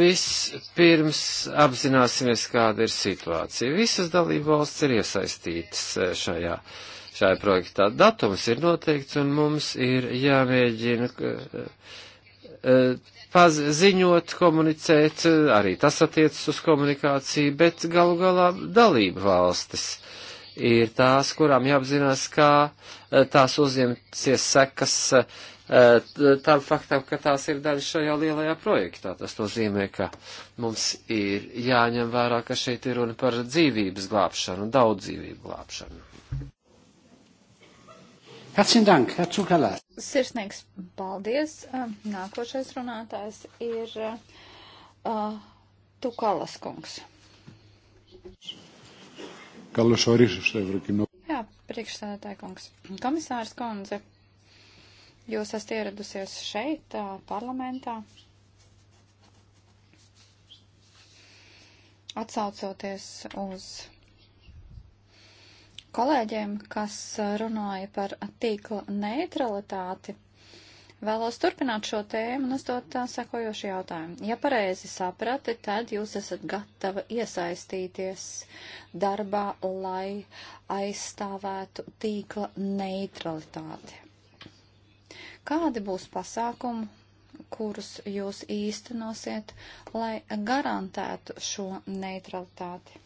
Vispirms apzināsimies, kāda ir situācija. Visas dalība valsts ir iesaistītas eh, šajā šajā projektā. Datums ir noteikts un mums ir jāmēģina ziņot, komunicēt, arī tas attiecas uz komunikāciju, bet galu galā dalība valstis ir tās, kurām jāapzinās, kā eh, tās uzņemsies sekas eh, tam faktam, ka tās ir daļa šajā lielajā projektā. Tas nozīmē, ka mums ir jāņem vērā, ka šeit ir runa par dzīvības glābšanu, daudz dzīvību glābšanu. Herzlichen Dank, Herr Cukalas. Sirsnīgs paldies. Nākošais runātājs ir uh, Tukalas kungs. Καλώς ορίσατε στο Ευρωκοινό. Jā, priekšsēdētāja kungs. Komisārs kundze, jūs esat ieradusies šeit, parlamentā, atsaucoties uz kolēģiem, kas eh, runāja par tīkla neutralitāti. Vēlos turpināt šo tēmu un uzdot eh, sekojošu jautājumu. Ja pareizi saprati, tad jūs esat gatava iesaistīties darbā, lai aizstāvētu tīkla neutralitāti. Kādi būs pasākumi, kurus jūs īstenosiet, lai garantētu šo neutralitāti?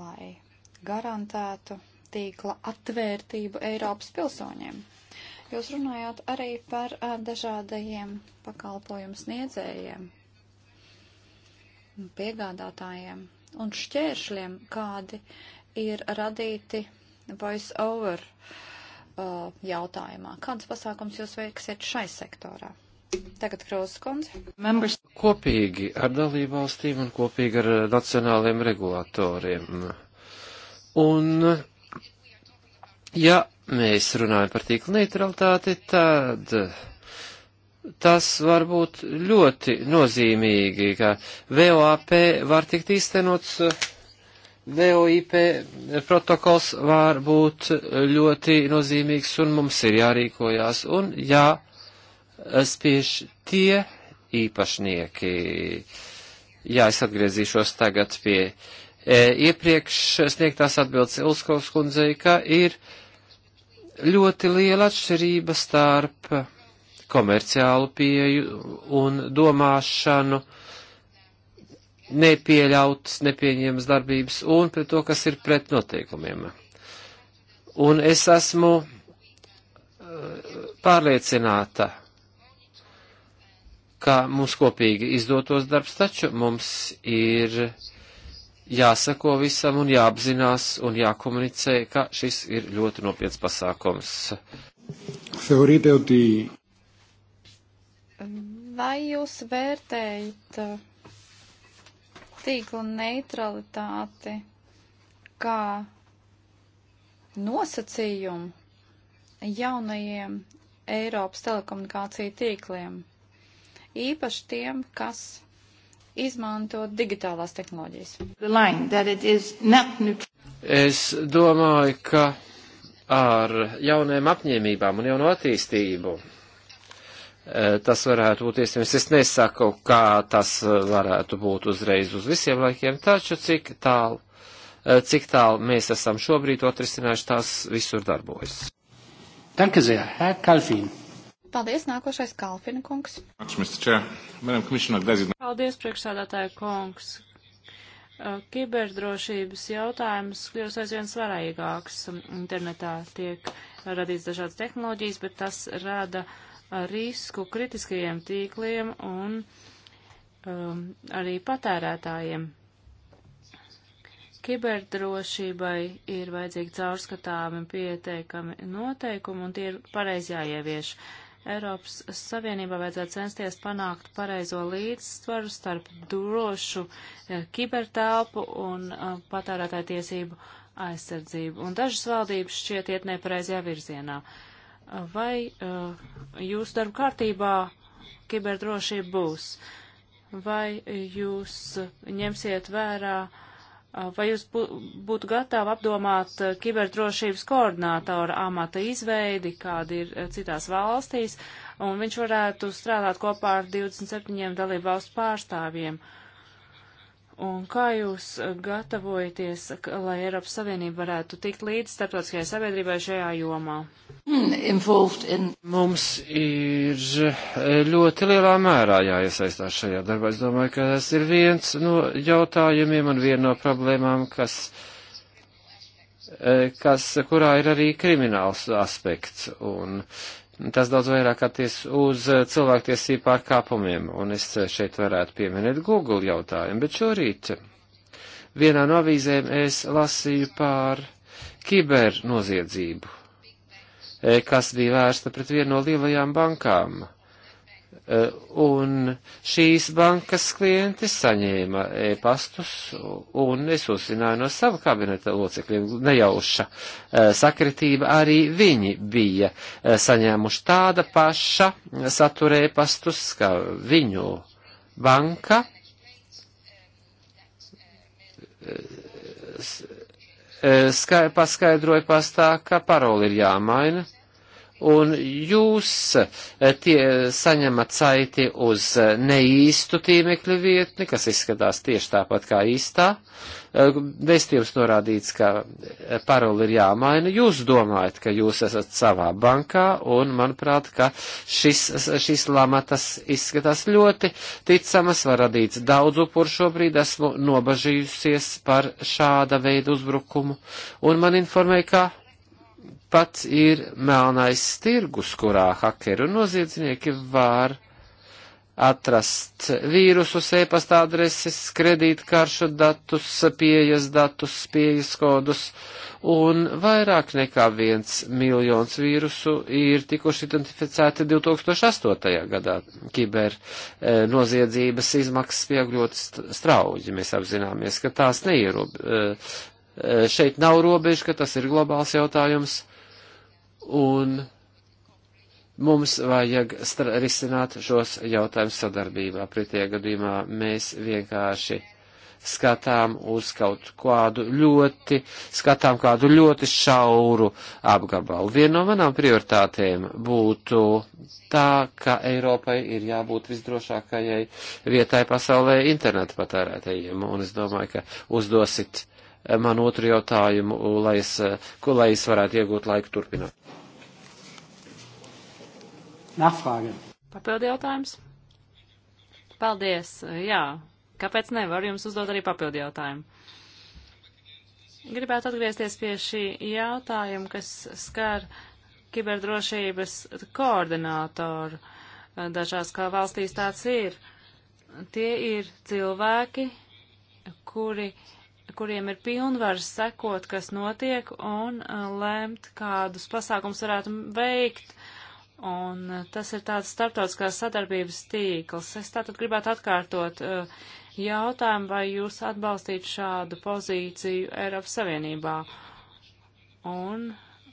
Lai garantētu tīkla atvērtību Eiropas pilsoņiem. Jūs runājāt arī par dažādajiem pakalpojumu sniedzējiem, piegādātājiem un šķēršļiem, kādi ir radīti voice over uh, jautājumā. Kādas pasākums jūs veiksiet šai sektorā? Tagad Krūzes kundze. Members. Kopīgi ar dalībvalstīm un kopīgi ar nacionāliem regulātoriem Un, ja mēs runājam par tīkla neutralitāti, tad tas var būt ļoti nozīmīgi, ka VOAP var tikt īstenots, VOIP protokols var būt ļoti nozīmīgs un mums ir jārīkojās un jāspiež tie īpašnieki. Jā, es atgriezīšos tagad pie E, iepriekš sniegtās atbildes Ilskovs kundzei, ka ir ļoti liela atšķirība starp komerciālu pieju un domāšanu, nepieļautas, nepieņemas darbības un pret to, kas ir pret noteikumiem. Un es esmu e, pārliecināta, ka mums kopīgi izdotos darbs, taču mums ir jāsako visam un jāapzinās un jākomunicē, ka šis ir ļoti nopietns pasākums. Θεωρείτε ότι Vai jūs vērtējat uh, tīkla neutralitāti kā nosacījumu jaunajiem Eiropas telekomunikāciju tīkliem? Īpaši tiem, kas izmantot digitālās tehnoloģijas. Es domāju, ka ar jauniem apņēmībām un jaunu attīstību e, tas varētu būt iespējams. Es nesaku, kā tas varētu būt uzreiz uz visiem laikiem, taču cik tālu, e, cik tālu mēs esam šobrīd atrisinājuši, tās visur darbojas. Danke sehr, Herr Kalfin. Paldies, nākošais Kalfina kungs. Paldies, priekšsādātāja kungs. Kiberdrošības jautājums kļūst aizvien svarīgāks. Internetā tiek radīts dažādas tehnoloģijas, bet tas rada risku kritiskajiem tīkliem un um, arī patērētājiem. Kiberdrošībai ir vajadzīgi caurskatāmi pieteikami noteikumi, un tie ir pareizi jāievieš. Uh, Eiropas Savienībā vajadzētu censties panākt pareizo līdzsvaru starp drošu eh, kibertelpu un eh, patērētāju tiesību aizsardzību. Un dažas valdības šķiet iet nepareizajā virzienā. Vai eh, jūsu darba kārtībā kiberdrošība būs? Vai jūs ņemsiet vērā uh, Vai jūs būtu gatavi apdomāt kiberdrošības koordinātora amata izveidi, kāda ir citās valstīs, un viņš varētu strādāt kopā ar 27 dalību valstu pārstāvjiem? Uh, Un kā jūs eh, gatavojaties, lai Eiropas Savienība varētu tikt līdz starptautiskajai sabiedrībai šajā jomā? Hmm, in... Mums ir eh, ļoti lielā mērā jāiesaistās šajā darbā. Es domāju, ka tas ir viens no jautājumiem un viena no problēmām, kas, eh, kas, kurā ir arī krimināls aspekts. Un tas daudz vairāk attiec uz eh, cilvēktiesību pārkāpumiem, un es eh, šeit varētu pieminēt Google jautājumu, bet šorīt vienā no avīzēm es lasīju pār kibernoziedzību, eh, kas bija vērsta pret vienu no lielajām bankām Eh, un šīs bankas klienti saņēma e-pastus, un es uzzināju no sava kabineta locekļiem nejauša eh, sakritība, arī viņi bija eh, saņēmuši tāda paša satura e-pastus, kā viņu banka paskaidroja pastā, ka paroli ir jāmaina un jūs eh, tie saņemat saiti uz eh, neīstu tīmekļa vietni, kas izskatās tieši tāpat kā īstā. Eh, vēstījums norādīts, ka paroli ir jāmaina. Jūs domājat, ka jūs esat savā bankā, un manuprāt, ka šis, šis lamatas izskatās ļoti ticamas, var radīt daudz upuru šobrīd. Esmu nobažījusies par šāda veida uzbrukumu, un man informēja, ka pat ir melnais tirgus, kurā hakeri un noziedznieki var atrast vīrusus, e-pasta adreses, kredītkaršu datus, pieejas datus, pieejas kodus, un vairāk nekā viens miljons vīrusu ir tikuši identificēti 2008. gadā. Kiber e, noziedzības izmaksas pieaug ļoti strauji, mēs apzināmies, ka tās neierob, e, e, šeit nav robeža, ka tas ir globāls jautājums un mums vajag risināt šos jautājumus sadarbībā. Pretējā gadījumā mēs vienkārši skatām uz kaut kādu ļoti, skatām kādu ļoti šauru apgabalu. Viena no manām prioritātēm būtu tā, ka Eiropai ir jābūt visdrošākajai vietai pasaulē interneta patērētājiem, un es domāju, ka uzdosit man otru jautājumu, lai es, ko, lai es varētu iegūt laiku turpināt. Nachfrage. Papildi jautājums? Paldies, jā. Kāpēc nevar jums uzdot arī papildi jautājumu? Gribētu atgriezties pie šī jautājuma, kas skar kiberdrošības koordinātoru. Dažās kā valstīs tāds ir. Tie ir cilvēki, kuri, kuriem ir pilnvaras sekot, kas notiek, un uh, lēmt, kādus pasākums varētu veikt, Un eh, tas ir tāds starptautiskās sadarbības tīkls. Es tātad gribētu atkārtot eh, jautājumu, vai jūs atbalstītu šādu pozīciju Eiropas Savienībā. Un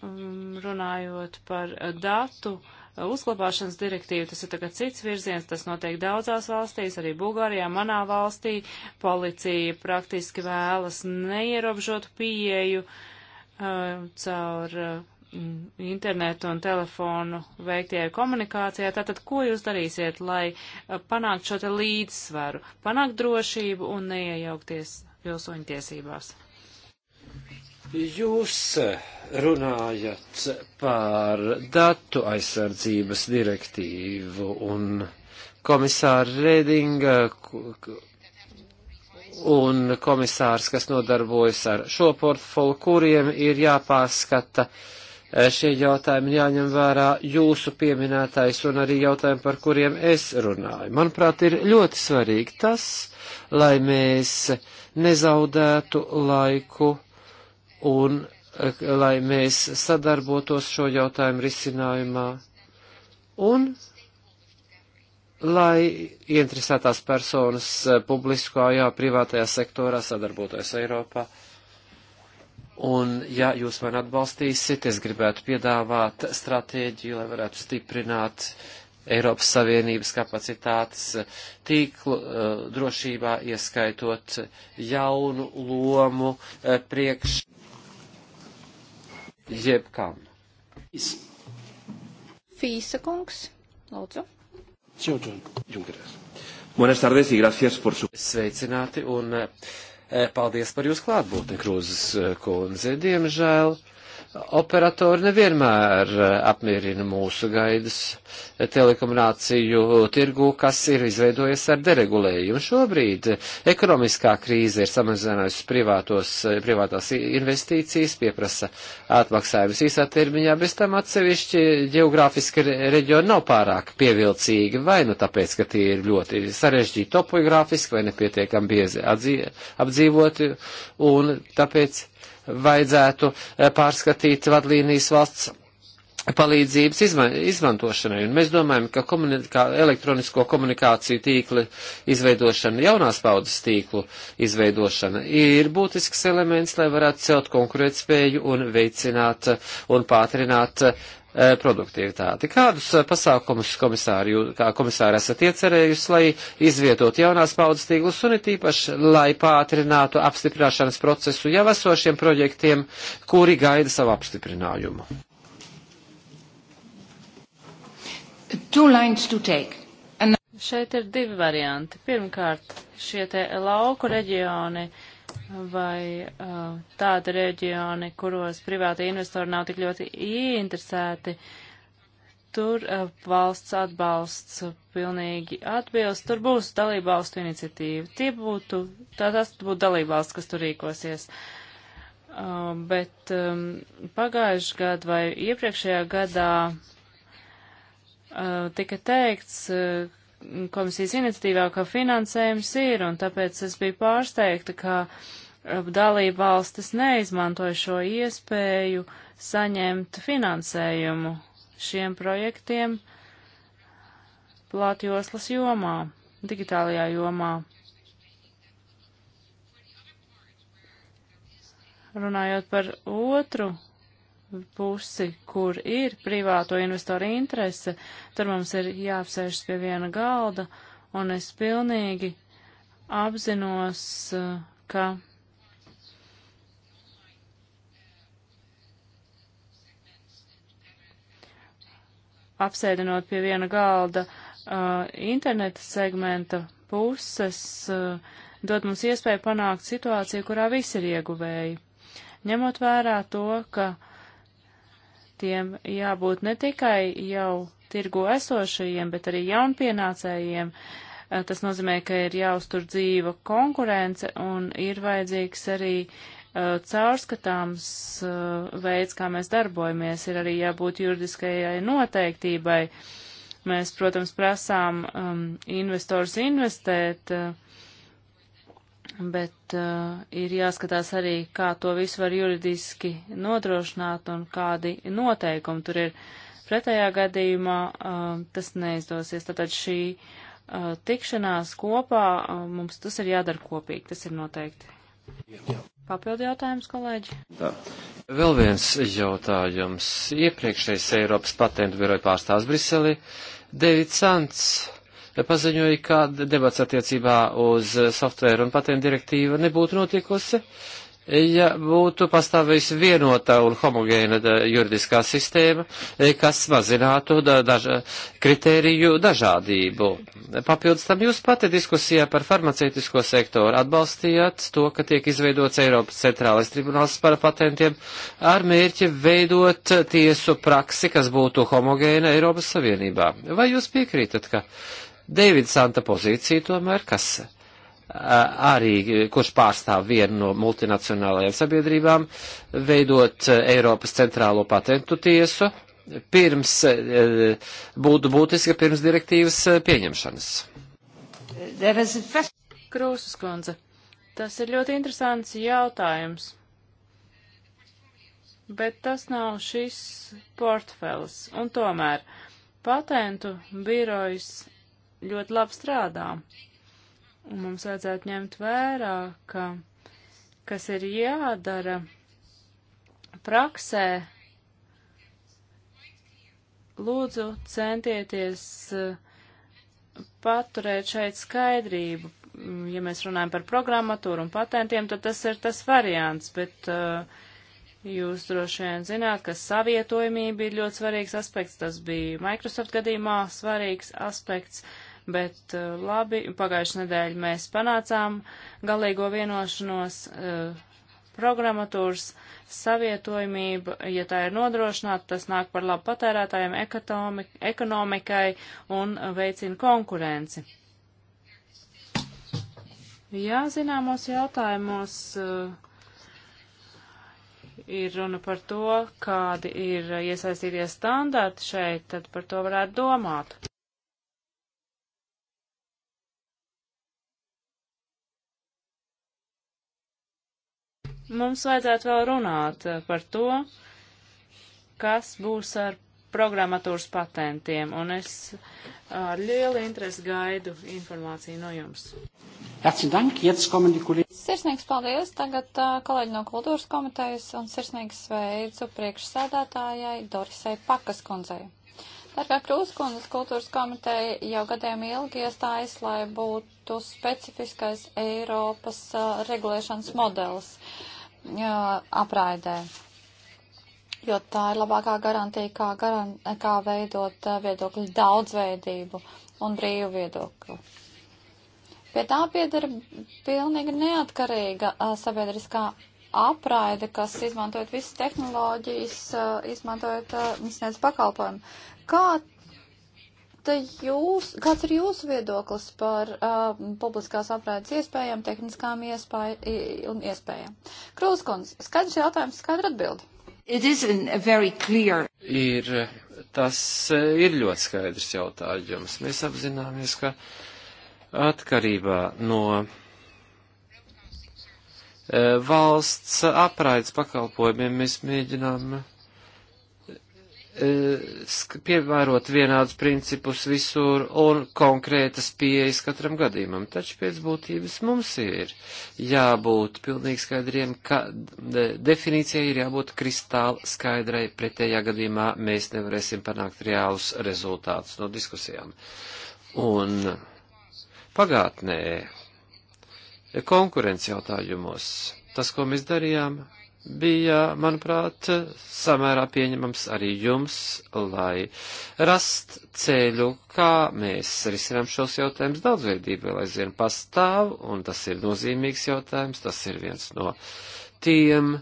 mm, runājot par eh, datu uzglabāšanas direktīvu, tas ir tagad cits virziens, tas notiek daudzās valstīs, arī Bulgārijā, manā valstī. Policija praktiski vēlas neierobežotu pieeju uh, caur uh, Mm, internetu un telefonu veiktajai komunikācijai. Tātad, ko jūs darīsiet, lai uh, panākt šo te līdzsvaru, panākt drošību un neiejaukties pilsoņu tiesībās? Jūs runājat par datu aizsardzības direktīvu un komisāra Redinga un komisārs, kas nodarbojas ar šo portfolu, kuriem ir jāpārskata uh, Eh, šie jautājumi jāņem vērā jūsu pieminētais un arī jautājumi, par kuriem es runāju. Manuprāt, ir ļoti svarīgi tas, lai mēs nezaudētu laiku un eh, lai mēs sadarbotos šo jautājumu risinājumā un lai ieinteresētās personas eh, publiskajā, privātajā sektorā sadarbotos Eiropā. Un, ja jūs mani atbalstīsiet, es gribētu piedāvāt stratēģiju, lai varētu stiprināt Eiropas Savienības kapacitātes tīklu eh, drošībā, ieskaitot jaunu lomu eh, priekš jebkam. Fīsa kungs, lūdzu. Buenas tardes y gracias por su. Sveicināti un uh, Paldies par jūsu klātbūtni, Krūzes eh, kundze. Diemžēl operatori nevienmēr eh, apmierina mūsu gaidas telekomunikāciju tirgu, kas ir izveidojies ar deregulējumu. Šobrīd ekonomiskā krīze ir samazinājusi privātos, eh, privātās investīcijas, pieprasa atmaksājumus īsā termiņā, bez tam atsevišķi geogrāfiski reģioni nav pārāk pievilcīgi, vai nu tāpēc, ka tie ir ļoti sarežģīti topogrāfiski vai nepietiekami biezi apdzīvoti, un tāpēc vajadzētu eh, pārskatīt vadlīnijas valsts palīdzības izma izmantošanai. Un mēs domājam, ka komunikā elektronisko komunikāciju tīkla izveidošana, jaunās paudzes tīklu izveidošana ir būtisks elements, lai varētu celt konkurētspēju un veicināt eh, un pātrināt eh, E, produktivitāti. Kādus e, pasākumus komisāri, kā komisāri esat iecerējusi, lai izvietot jaunās paudzes tīklus un it īpaši, lai pātrinātu apstiprināšanas procesu jau esošiem projektiem, kuri gaida savu apstiprinājumu? And... Šeit ir divi varianti. Pirmkārt, šie te lauku reģioni. Uh, vai uh, tādi reģioni, kuros privāti investori nav tik ļoti ieinteresēti, tur uh, valsts atbalsts pilnīgi atbilst, tur būs dalībvalstu iniciatīva. Tie būtu, tā tas būtu dalībvalsts, kas tur rīkosies. Uh, bet um, pagājuši gadu vai iepriekšējā gadā uh, tika teikts, uh, komisijas iniciatīvā, ka finansējums ir, un tāpēc es biju pārsteigta, ka e, dalība valstis neizmantoja šo iespēju saņemt finansējumu šiem projektiem plātjoslas jomā, digitālajā jomā. Runājot par otru pusi, kur ir privāto investoru interese, tur mums ir jāapsēžas pie viena galda, un es pilnīgi apzinos, eh, ka apsēdinot pie viena galda uh, interneta segmenta puses, uh, dod mums iespēju panākt situāciju, kurā visi ir ieguvēji. Ņemot vērā to, ka uh, tiem jābūt ne tikai jau tirgu esošajiem, bet arī jaunpienācējiem. Eh, tas nozīmē, ka ir jāuztur dzīva konkurence un ir vajadzīgs arī uh, caurskatāms uh, veids, kā mēs darbojamies, ir arī jābūt juridiskajai noteiktībai. Mēs, protams, prasām um, investors investēt, uh, bet uh, ir jāskatās arī, kā to visu var juridiski nodrošināt un kādi noteikumi tur ir. Pretējā gadījumā uh, tas neizdosies. Tātad šī uh, tikšanās kopā uh, mums tas ir jādara kopīgi, tas ir noteikti. Papildu jautājums, kolēģi? Tā. Vēl viens jautājums. Iepriekšējais Eiropas patentu biroja pārstāvs Briselī, Devits Sants paziņoja, ka debats attiecībā uz softvēru un patentu direktīvu nebūtu notiekusi, ja būtu pastāvējusi vienota un homogēna juridiskā sistēma, e, kas mazinātu daža, kritēriju dažādību. Papildus tam jūs pati diskusijā par farmaceitisko sektoru atbalstījāt to, ka tiek izveidots Eiropas centrālais tribunāls par patentiem ar mērķi veidot tiesu praksi, kas būtu homogēna Eiropas Savienībā. Vai jūs piekrītat, ka Deivida Santa pozīcija tomēr, kas arī, kurš pārstāv vienu no multinacionālajām sabiedrībām, veidot Eiropas centrālo patentu tiesu pirms, būtu būtiski pirms direktīvas pieņemšanas. Krūsas kundze, tas ir ļoti interesants jautājums. Bet tas nav šis portfels. Un tomēr patentu birojs ļoti labi strādā. Un mums vajadzētu ņemt vērā, ka kas ir jādara praksē, lūdzu centieties uh, paturēt šeit skaidrību. Ja mēs runājam par programmatūru un patentiem, tad tas ir tas variants, bet uh, Jūs droši vien zināt, ka savietojamība ir ļoti svarīgs aspekts. Tas bija Microsoft gadījumā svarīgs aspekts bet uh, labi, pagājušajā nedēļā mēs panācām galīgo vienošanos. Uh, programmatūras savietojamība, ja tā ir nodrošināta, tas nāk par labu patērētājiem, ekonomikai un veicina konkurenci. Jā, zināmos jautājumos uh, ir runa par to, kādi ir iesaistīties standarti šeit, tad par to varētu domāt. Mums vajadzētu vēl runāt eh, par to, kas būs ar programmatūras patentiem, un es ar eh, lielu interesi gaidu informāciju no jums. Sirsnīgs paldies tagad uh, kolēģi no kultūras komitejas un sirsnīgs sveicu priekšsēdētājai Dorisai Pakas kundzei. Dargā Krūskundas kultūras komiteja jau gadiem ilgi iestājas, lai būtu specifiskais Eiropas uh, regulēšanas modelis. Uh, apraidē. Jo tā ir labākā garantija, kā, garan, kā veidot eh, viedokļu daudzveidību un brīvu viedokli. Pie tā piedara pilnīgi neatkarīga eh, sabiedriskā apraide, kas izmantojot visas tehnoloģijas, eh, izmantojot sniedz pakalpojumu. Kā Kāda jūs, kāds ir jūsu viedoklis par uh, publiskās apraides iespējām, tehniskām iespēj, iespējām? Krūskons, skaidrs jautājums, skaidra atbildi. Ir, tas eh, ir ļoti skaidrs jautājums. Mēs apzināmies, ka atkarībā no eh, valsts apraides pakalpojumiem mēs mēģinām pievērot vienādus principus visur un konkrētas pieejas katram gadījumam. Taču pēc būtības mums ir jābūt pilnīgi skaidriem, ka definīcijai ir jābūt kristāli skaidrai, pretējā gadījumā mēs nevarēsim panākt reālus rezultātus no diskusijām. Un pagātnē konkurence jautājumos tas, ko mēs darījām, bija, manuprāt, samērā pieņemams arī jums, lai rast ceļu, kā mēs risinām šos jautājumus. Daudzveidība vēl aizvien pastāv, un tas ir nozīmīgs jautājums, tas ir viens no tiem,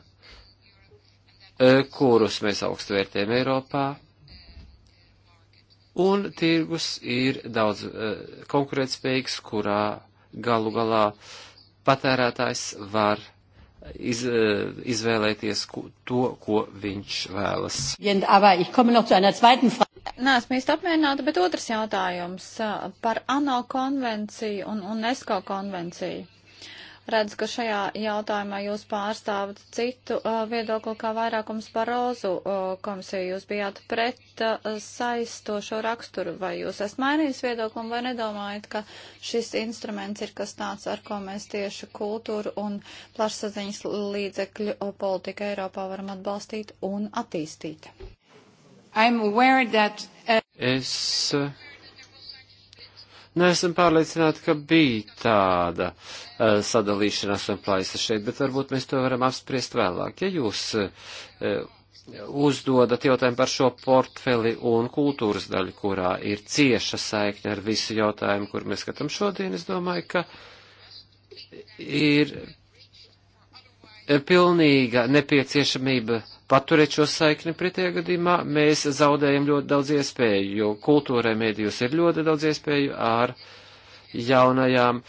eh, kurus mēs augstu vērtējam Eiropā. Un tirgus ir daudz eh, konkurētspējīgs, kurā galu galā patērētājs var iz, eh, izvēlēties to, ko viņš vēlas. Nē, esmu īsti apmierināta, bet otrs jautājums eh, par ANO konvenciju un UNESCO konvenciju redzu, ka šajā jautājumā jūs pārstāvat citu uh, viedokli kā vairākums Barozu uh, komisiju. Jūs bijāt pret uh, saistošo raksturu. Vai jūs esat mainījis viedokli vai nedomājat, ka šis instruments ir kas tāds, ar ko mēs tieši kultūru un plašsaziņas līdzekļu uh, politiku Eiropā varam atbalstīt un attīstīt? That, uh... Es. Uh Neesam pārliecināti, ka bija tāda uh, sadalīšanās un plaisa šeit, bet varbūt mēs to varam apspriest vēlāk. Ja jūs uh, uzdodat jautājumu par šo portfeli un kultūras daļu, kurā ir cieša saikne ar visu jautājumu, kur mēs skatām šodien, es domāju, ka ir pilnīga nepieciešamība paturēt šo saikni pretējā gadījumā, mēs zaudējam ļoti daudz iespēju, jo kultūrai mēdījus ir ļoti daudz iespēju ar jaunajām,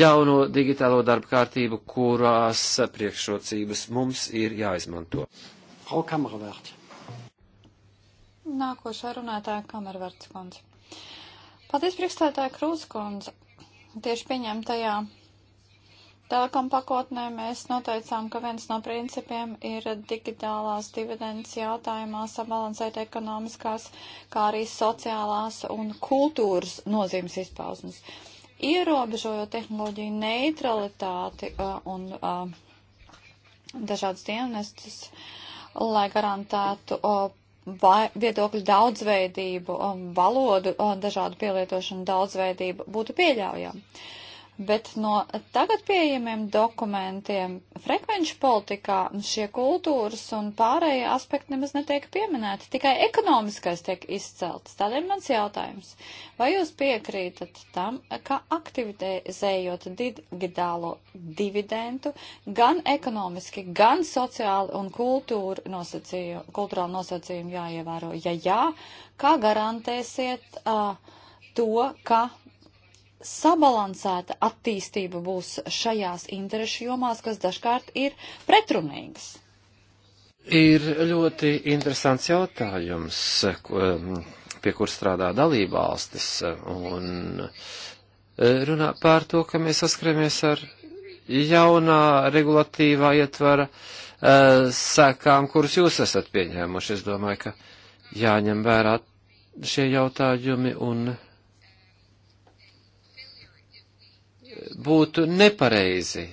jauno digitālo darbu kārtību, kurās priekšrocības mums ir jāizmanto. Frau Kamervērt. Nākošā runātāja Kamervērts kundze. Paldies, priekšstādātāja Krūz kundze. Tieši pieņemtajā Telekom pakotnē mēs noteicām, ka viens no principiem ir digitālās dividendes jautājumā sabalansēt ekonomiskās, kā arī sociālās un kultūras nozīmes izpausmes. Ierobežojot tehnoloģiju neutralitāti uh, un uh, dažādas dienestus, lai garantētu uh, vai viedokļu daudzveidību, um, valodu uh, dažādu pielietošanu daudzveidību būtu pieļaujama bet no tagad pieejamiem dokumentiem frekvenču politikā šie kultūras un pārējie aspekti nemaz netiek pieminēti, tikai ekonomiskais tiek izcelts. Tādēļ mans jautājums, vai jūs piekrītat tam, ka aktivizējot digitālo dividendu gan ekonomiski, gan sociāli un kultūra nosacīju, kultūrāli nosacījumi jāievēro? Ja jā, kā garantēsiet uh, to, ka sabalansēta attīstība būs šajās interešu jomās, kas dažkārt ir pretrunīgas? Ir ļoti interesants jautājums, ko, um, pie kur strādā dalībvalstis, un uh, runā pār to, ka mēs saskaramies ar jaunā regulatīvā ietvara uh, sekām, kurus jūs esat pieņēmuši. Es domāju, ka jāņem vērā šie jautājumi un būtu nepareizi,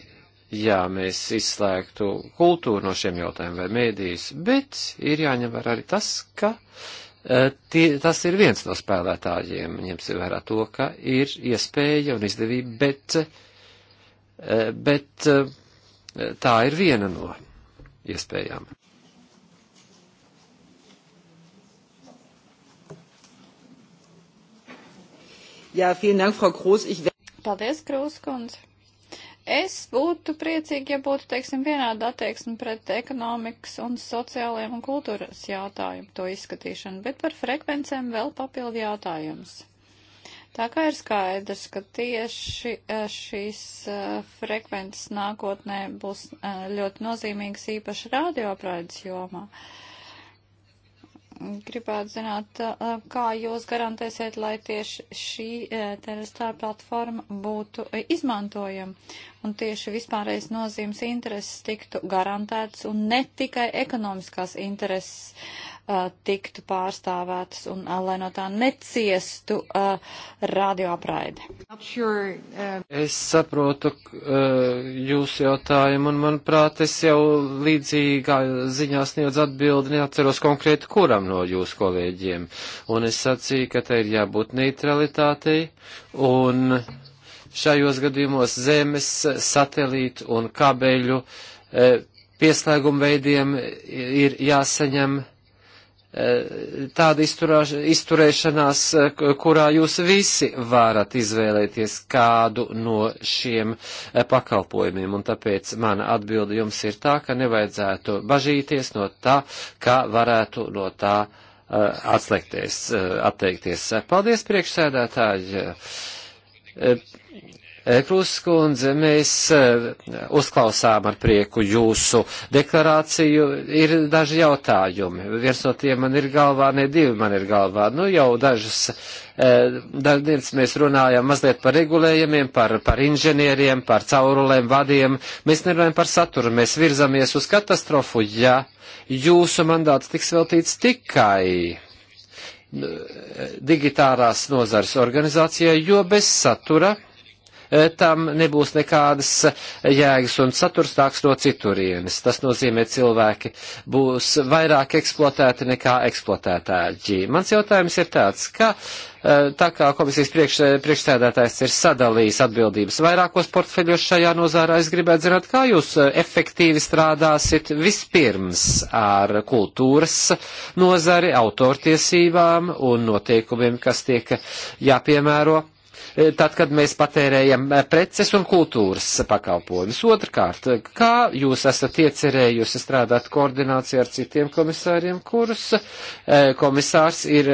ja mēs izslēgtu kultūru no šiem jautājumiem vai mēdījus, bet ir jāņem vērā arī tas, ka eh, tie, tas ir viens no spēlētājiem, ņemsim vērā to, ka ir iespēja un izdevība, bet, eh, bet eh, tā ir viena no iespējām. Ja, vielen Dank, Frau Groß. Ich Paldies, Krūskundze! Es būtu priecīgi, ja būtu, teiksim, vienāda attieksme pret ekonomikas un sociālajiem un kultūras jautājumu to izskatīšanu, bet par frekvencēm vēl papildu jautājums. Tā kā ir skaidrs, ka tieši eh, šīs eh, frekvences nākotnē būs eh, ļoti nozīmīgas īpaši radioapraides jomā. Uh, Gribētu zināt, kā jūs garantēsiet, lai tieši šī telestāra platforma būtu izmantojama un tieši vispārreiz nozīmes intereses tiktu garantētas un ne tikai ekonomiskās intereses tiktu pārstāvētas un lai no tā neciestu radioapraide. Sure, uh... Es saprotu jūsu jautājumu un, manuprāt, es jau līdzīgā ziņā sniedz atbildi, neatceros konkrēti kuram no jūsu kolēģiem. Un es sacīju, ka te ir jābūt neutralitātei un šajos gadījumos zemes, satelītu un kabeļu pieslēguma veidiem ir jāsaņem Eh, tāda izturēšanās, eh, kurā jūs visi varat izvēlēties kādu no šiem eh, pakalpojumiem. Un tāpēc mana atbilde jums ir tā, ka nevajadzētu bažīties no tā, kā varētu no tā atslēgties, atteikties. Paldies, priekšsēdētāji! Kruskundze, mēs eh, uzklausām ar prieku jūsu deklarāciju. Ir daži jautājumi. Viens no tiem man ir galvā, ne divi man ir galvā. Nu, jau dažas eh, dienas mēs runājam mazliet par regulējumiem, par, par inženieriem, par caurulēm, vadiem. Mēs nerunājam par saturu, mēs virzamies uz katastrofu, ja jūsu mandāts tiks veltīts tikai eh, digitārās nozars organizācijai, jo bez satura E, tam nebūs nekādas jēgas un saturs nāks no citurienes. Tas nozīmē, cilvēki būs vairāk eksploatēti nekā eksploatētāji. Mans jautājums ir tāds, ka e, tā kā komisijas priekš, priekšsēdētājs ir sadalījis atbildības vairākos portfeļos šajā nozārā, es gribētu zināt, kā jūs efektīvi strādāsit vispirms ar kultūras nozari, autortiesībām un noteikumiem, kas tiek jāpiemēro E, tad, kad mēs patērējam e, preces un kultūras pakalpojumus. Otrkārt, kā jūs esat iecerējusi strādāt koordinācijā ar citiem komisāriem, kurus e, komisārs ir,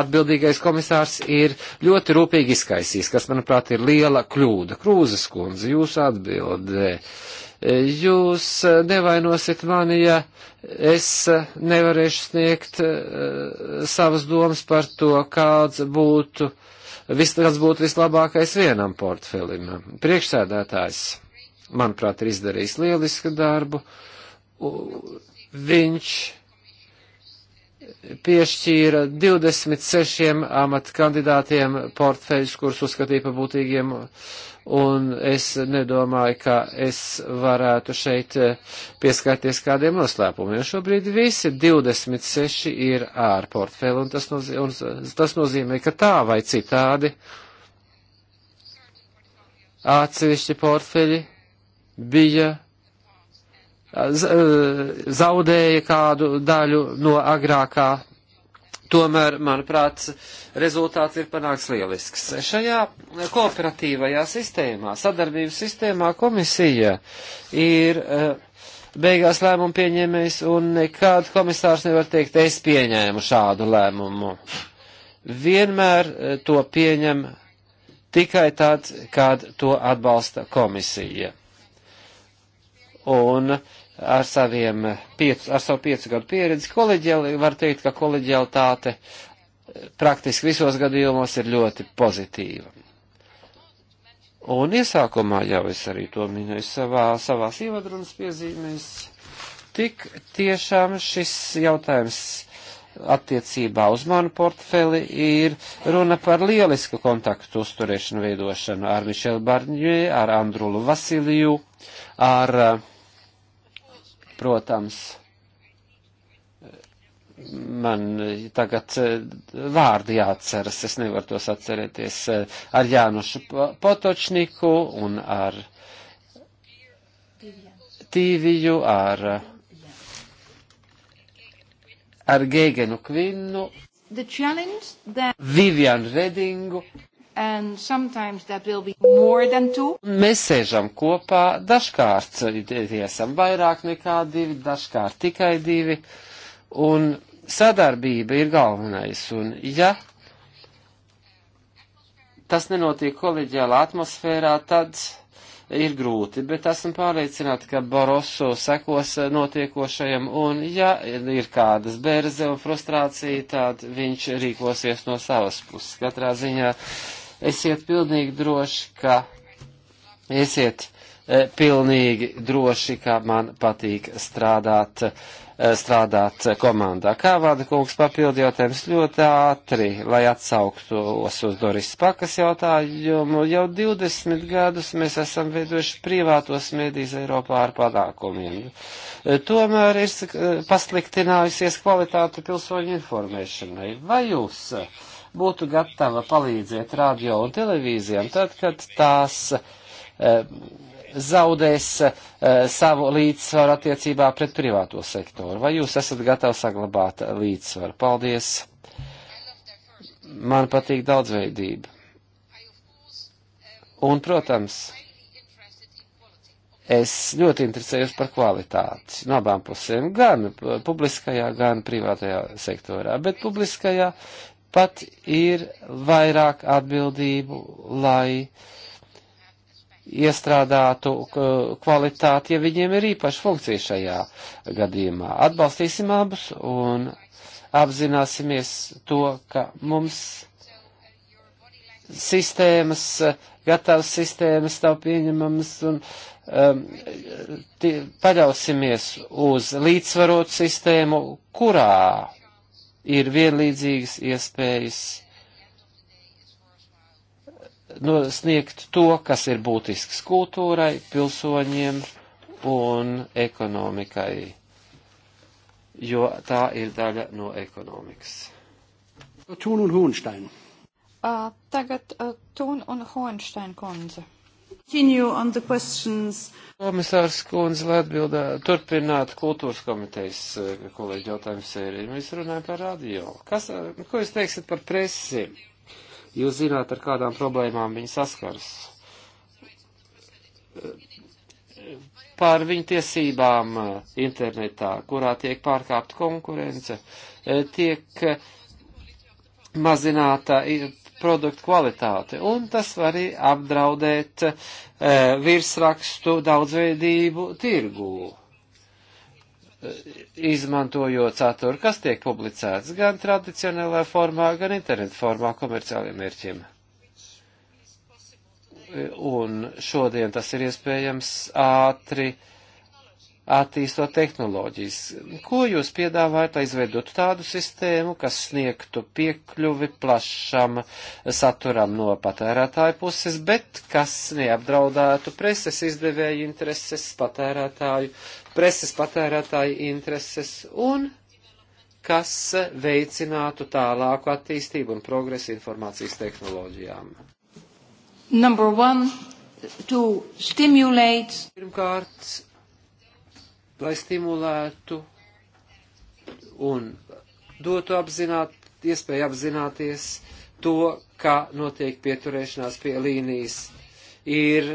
atbildīgais komisārs ir ļoti rūpīgi izkaisījis, kas, manuprāt, ir liela kļūda. Krūzes kundze, jūs atbildē. Jūs nevainosiet mani, ja es nevarēšu sniegt savas domas par to, kāds būtu uh, vis, tas būtu vislabākais vienam portfelim. Priekšsēdētājs, manuprāt, ir izdarījis lielisku darbu. Viņš piešķīra 26 amata kandidātiem portfeļus, kurus uzskatīja par būtīgiem, un es nedomāju, ka es varētu šeit eh, pieskaities kādiem noslēpumiem. Šobrīd visi 26 ir ār portfeļu, un tas, nozīmē, un tas nozīmē, ka tā vai citādi atsevišķi portfeļi bija E, zaudēja kādu daļu no agrākā. Tomēr, manuprāt, rezultāts ir panāks lielisks. Šajā kooperatīvajā sistēmā, sadarbības sistēmā komisija ir e, beigās lēmumu pieņēmējs un nekād komisārs nevar teikt, es pieņēmu šādu lēmumu. Vienmēr e, to pieņem tikai tad, kad to atbalsta komisija. Un uh, ar, saviem, piec, ar savu piecu gadu pieredzi koleģiāli, var teikt, ka koleģialitāte eh, praktiski visos gadījumos ir ļoti pozitīva. Un iesākumā jau es arī to minēju savā, savās ievadrunas piezīmēs. Tik tiešām šis jautājums attiecībā uz manu portfeli ir runa par lielisku kontaktu uzturēšanu veidošanu ar Mišelu Barņē, ar Andrulu Vasiliju, ar uh, protams, man tagad eh, vārdi jāatceras, es nevaru tos atcerēties eh, ar Jānušu Potočniku un ar Tīviju, ar, ar Gēgenu Kvinnu, that... Vivian Redingu. Mēs sēžam kopā, dažkārt esam vairāk nekā divi, dažkārt tikai divi, un sadarbība ir galvenais, un ja tas nenotiek koleģiālā atmosfērā, tad ir grūti, bet esmu pārliecināti, ka Baroso sekos notiekošajam, un ja ir kādas bērze un frustrācija, tad viņš rīkosies no savas puses. Katrā ziņā Esiet pilnīgi droši, ka esiet e, pilnīgi droši, ka man patīk strādāt, e, strādāt komandā. Kā vada kungs papildi jautājums ļoti ātri, lai atsauktos uz Doris Pakas jautājumu. Jau 20 gadus mēs esam veidojuši privātos medijas Eiropā ar panākumiem. E, tomēr ir e, pasliktinājusies kvalitāte pilsoņu informēšanai. Vai jūs? būtu gatava palīdzēt radio un televīzijām tad, kad tās e, zaudēs e, savu līdzsvaru attiecībā pret privāto sektoru. Vai jūs esat gatavi saglabāt līdzsvaru? Paldies! Man patīk daudzveidība. Un, protams, es ļoti interesējos par kvalitāti no abām pusēm, gan publiskajā, gan privātajā sektorā. Bet publiskajā pat ir vairāk atbildību, lai iestrādātu uh, kvalitāti, ja viņiem ir īpaša funkcija šajā gadījumā. Atbalstīsim abus un apzināsimies to, ka mums sistēmas, gatavas sistēmas nav pieņemamas un um, tie, paļausimies uz līdzsvarotu sistēmu, kurā ir vienlīdzīgas iespējas sniegt to, kas ir būtisks kultūrai, pilsoņiem un ekonomikai, jo tā ir daļa no ekonomikas. Tūn un Hohenstein. Uh, tagad uh, Tūn un Hohenstein kundze. Komisārs Kundze, lai atbildā, turpinātu kultūras komitejas eh, kolēģi jautājumu sēriju. Mēs runājam par radio. Kas, eh, ko jūs teiksiet par presi? Jūs zināt, ar kādām problēmām viņi saskars. Eh, par viņu tiesībām internetā, kurā tiek pārkāpta konkurence, tiek mazināta produktu kvalitāti. Un tas var arī apdraudēt e, virsrakstu daudzveidību tirgū. E, izmantojot saturu, kas tiek publicēts gan tradicionālajā formā, gan internetu formā komerciāliem mērķiem. E, un šodien tas ir iespējams ātri uh, attīstot tehnoloģijas. Ko jūs piedāvājat, lai izveidotu tādu sistēmu, kas sniegtu piekļuvi plašam saturam no patērētāja puses, bet kas neapdraudētu preses izdevēju intereses, patērētāju, preses patērētāju intereses un kas veicinātu tālāku attīstību un progresu informācijas tehnoloģijām? Number one, to stimulate. Pirmkārt, lai stimulētu un dotu apzināt, iespēju apzināties to, kā notiek pieturēšanās pie līnijas, ir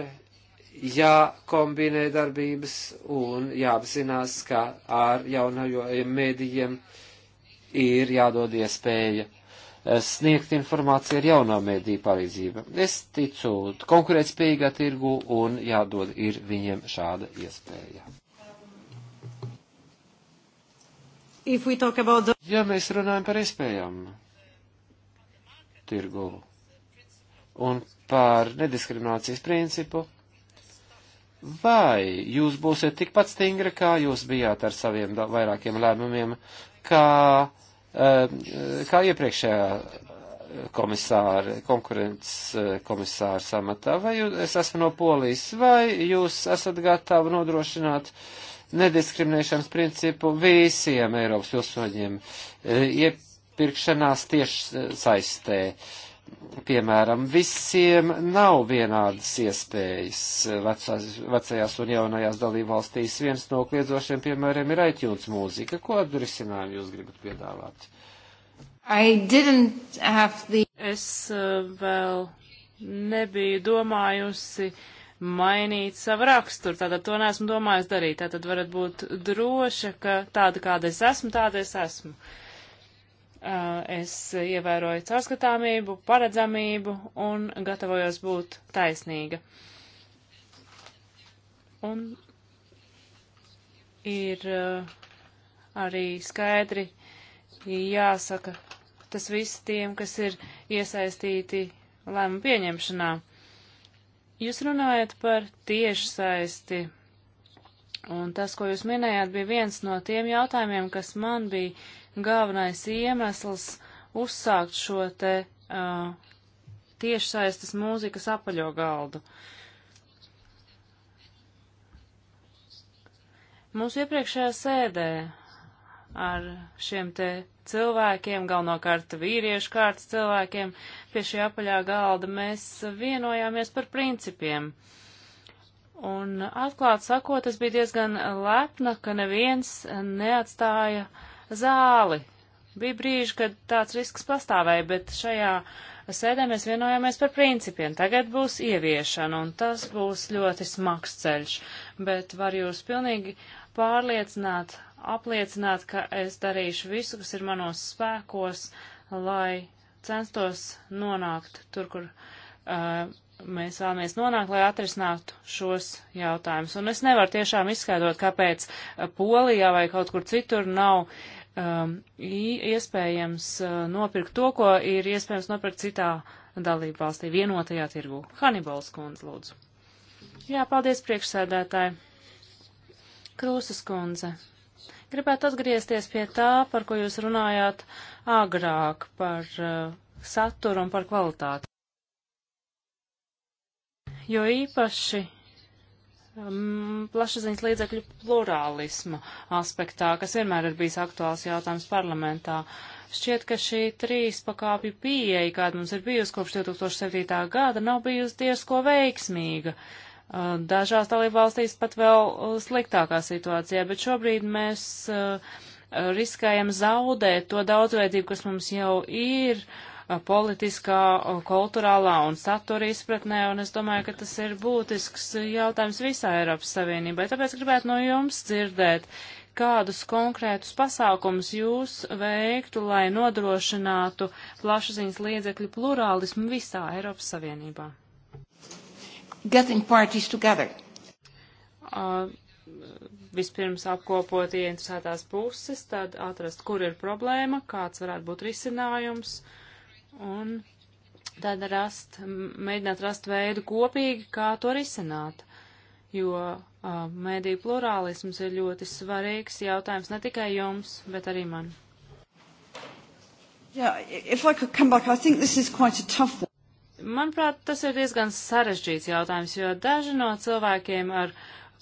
jākombinē darbības un jāapzinās, ka ar jaunajiem mēdījiem ir jādod iespēja sniegt informāciju ar jaunā mēdīja palīdzību. Es ticu konkurētspējīgā tirgu un jādod ir viņiem šāda iespēja. The... Ja mēs runājam par iespējām tirgu un par nediskriminācijas principu, vai jūs būsiet tikpat stingri, kā jūs bijāt ar saviem vairākiem lēmumiem, kā, eh, kā iepriekšējā eh, komisāra, konkurences eh, komisāra samatā, vai jūs, es esmu no Polijas, vai jūs esat gatavi nodrošināt uh, nediskriminēšanas principu visiem Eiropas pilsoņiem e, iepirkšanās tieši saistē. Piemēram, visiem nav vienādas iespējas vecās, vecajās un jaunajās dalībvalstīs. Viens no kliedzošiem piemēriem ir iTunes mūzika. Ko risinājumu jūs gribat piedāvāt? The... Es uh, vēl nebiju domājusi uh, mainīt savu raksturu. Tātad to neesmu domājis darīt. Tātad varat būt droša, ka tāda, kāda es esmu, tāda es esmu. Uh, es ievēroju caurskatāmību, paredzamību un gatavojos būt taisnīga. Un ir uh, arī skaidri jāsaka tas viss tiem, kas ir iesaistīti lēmumu pieņemšanā. Jūs runājat par tiešsaisti, un tas, ko jūs minējāt, bija viens no tiem jautājumiem, kas man bija galvenais iemesls uzsākt šo te uh, tiešsaistes mūzikas apaļo galdu. Mūsu iepriekšējā sēdē ar šiem te cilvēkiem, galvenokārt vīriešu kārtas cilvēkiem, pie šī apaļā galda mēs vienojāmies par principiem. Un atklāt sakot, es biju diezgan lepna, ka neviens neatstāja zāli. Bija brīži, kad tāds risks pastāvēja, bet šajā sēdē mēs vienojāmies par principiem. Tagad būs ieviešana, un tas būs ļoti smags ceļš, bet var jūs pilnīgi pārliecināt apliecināt, ka es darīšu visu, kas ir manos spēkos, lai censtos nonākt tur, kur uh, mēs vēlamies nonākt, lai atrisinātu šos jautājumus. Un es nevaru tiešām izskaidrot, kāpēc uh, Polijā vai kaut kur citur nav um, iespējams uh, nopirkt to, ko ir iespējams nopirkt citā dalību valstī, vienotajā tirgu. Hannibals kundze, lūdzu. Jā, paldies priekšsēdētāji. Krūsas kundze, Gribētu atgriezties pie tā, par ko jūs runājāt agrāk, par uh, saturu un par kvalitāti. Jo īpaši um, plašsaziņas līdzekļu plurālisma aspektā, kas vienmēr ir bijis aktuāls jautājums parlamentā. Šķiet, ka šī trīs pakāpju pieeja, kāda mums ir bijusi kopš 2007. gada, nav bijusi diezko veiksmīga. Uh, dažās dalībvalstīs pat vēl sliktākā situācijā, bet šobrīd mēs riskējam zaudēt to daudzveidību, kas mums jau ir politiskā, kulturālā un satura izpratnē, un es domāju, ka tas ir būtisks jautājums visā Eiropas Savienībai. Tāpēc gribētu no jums dzirdēt, kādus konkrētus pasākumus jūs veiktu, lai nodrošinātu plašsaziņas līdzekļu plurālismu visā Eiropas Savienībā getting parties together? Uh, vispirms apkopot ieinteresētās puses, tad atrast, kur ir problēma, kāds varētu būt risinājums, un tad rast, mēģināt rast veidu kopīgi, kā to risināt. Jo uh, mēdīju plurālisms ir ļoti svarīgs jautājums ne tikai jums, bet arī man. Yeah, if I could come back, I think this is quite a tough one. Manuprāt, tas ir diezgan sarežģīts jautājums, jo daži no cilvēkiem, ar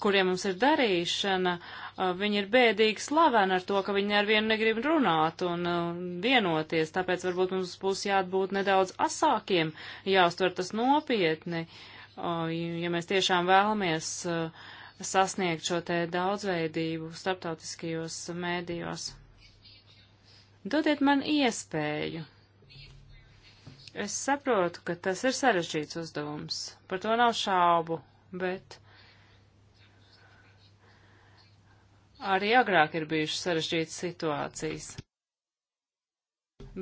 kuriem mums ir darīšana, uh, viņi ir bēdīgi slaveni ar to, ka viņi ar vienu negrib runāt un uh, vienoties, tāpēc varbūt mums būs jābūt nedaudz asākiem, jāuztver tas nopietni, uh, ja mēs tiešām vēlamies sasniegt šo te daudzveidību starptautiskajos mēdījos. Dodiet man iespēju Es saprotu, ka tas ir sarežģīts uzdevums. Par to nav šaubu, bet arī agrāk ir bijušas sarežģītas situācijas.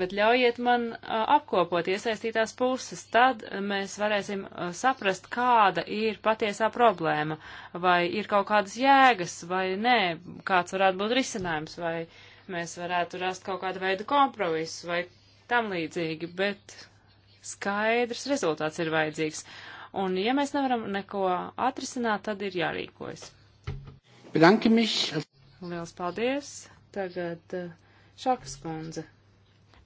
Bet ļaujiet man apkopot iesaistītās puses, tad mēs varēsim saprast, kāda ir patiesā problēma, vai ir kaut kādas jēgas, vai nē, kāds varētu būt risinājums, vai mēs varētu rast kaut kādu veidu kompromisu, vai tam līdzīgi, bet skaidrs rezultāts ir vajadzīgs. Un ja mēs nevaram neko atrisināt, tad ir jārīkojas. Liels paldies. Tagad eh, Šakas kundze.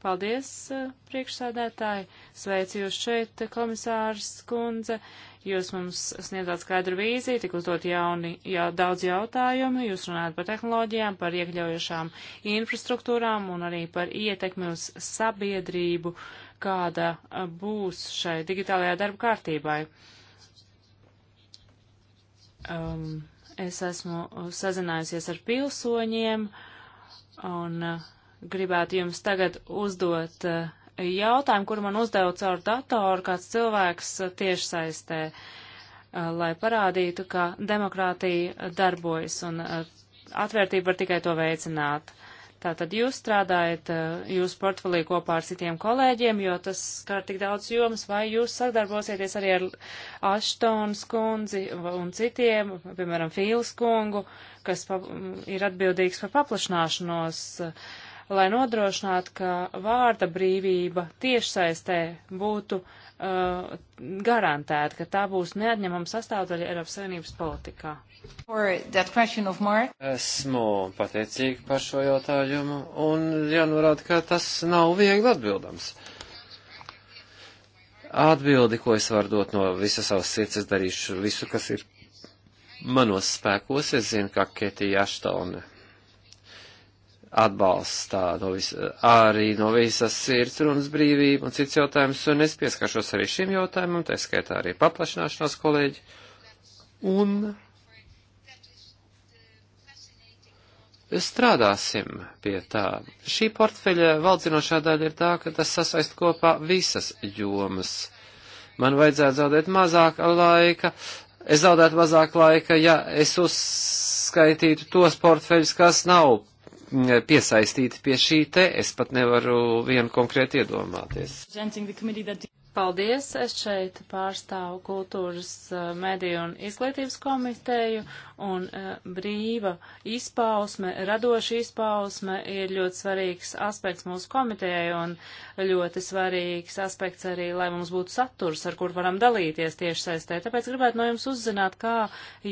Paldies, eh, priekšsēdētāji. Sveicu jūs šeit, eh, komisārs kundze. Jūs mums sniedzāt skaidru vīziju, tik uzdot jauni, jā, daudz jautājumu, jūs runājat par tehnoloģijām, par iekļaujošām infrastruktūrām un arī par ietekmi uz sabiedrību, kāda būs šai digitālajā darba kārtībai. Um, es esmu sazinājusies ar pilsoņiem un uh, gribētu jums tagad uzdot uh, jautājumu, kuru man uzdeva caur datoru kāds cilvēks uh, tiešsaistē, uh, lai parādītu, ka demokrātija darbojas un atvērtība var tikai to veicināt. Tātad jūs strādājat eh, jūsu portfelī kopā ar citiem kolēģiem, jo tas skar tik daudz jomas, vai jūs sadarbosieties arī ar Aštons kundzi un citiem, piemēram, Fīls kungu, kas pa, ir atbildīgs par paplašināšanos, eh, lai nodrošinātu, ka vārda brīvība tiešsaistē būtu uh, uh, garantēta, ka tā būs neatņemama sastāvdaļa Eiropas Savienības politikā. Esmu pateicīgi par šo jautājumu un jānorāda, ka tas nav viegli atbildams. Atbildi, ko es varu dot no visas savas sirds, es darīšu visu, kas ir manos spēkos. Es zinu, ka Ketija Aštone atbalstā no vis, arī no visas sirds runas brīvību un cits jautājums, un es pieskaršos arī šim jautājumam, tā skaitā arī paplašināšanās kolēģi. Un strādāsim pie tā. Šī portfeļa valdzinošā daļa ir tā, ka tas sasaist kopā visas jomas. Man vajadzētu zaudēt mazāk laika, es zaudētu mazāk laika, ja es uzskaitītu tos portfeļus, kas nav Mm, piesaistīti pie šī te, es pat nevaru vienu konkrēti iedomāties. Paldies, es šeit pārstāvu kultūras, eh, mediju un izglītības komiteju, un eh, brīva izpausme, radoša izpausme ir ļoti svarīgs aspekts mūsu komitejai, un ļoti svarīgs aspekts arī, lai mums būtu saturs, ar kur varam dalīties tieši saistē. Tāpēc gribētu no jums uzzināt, kā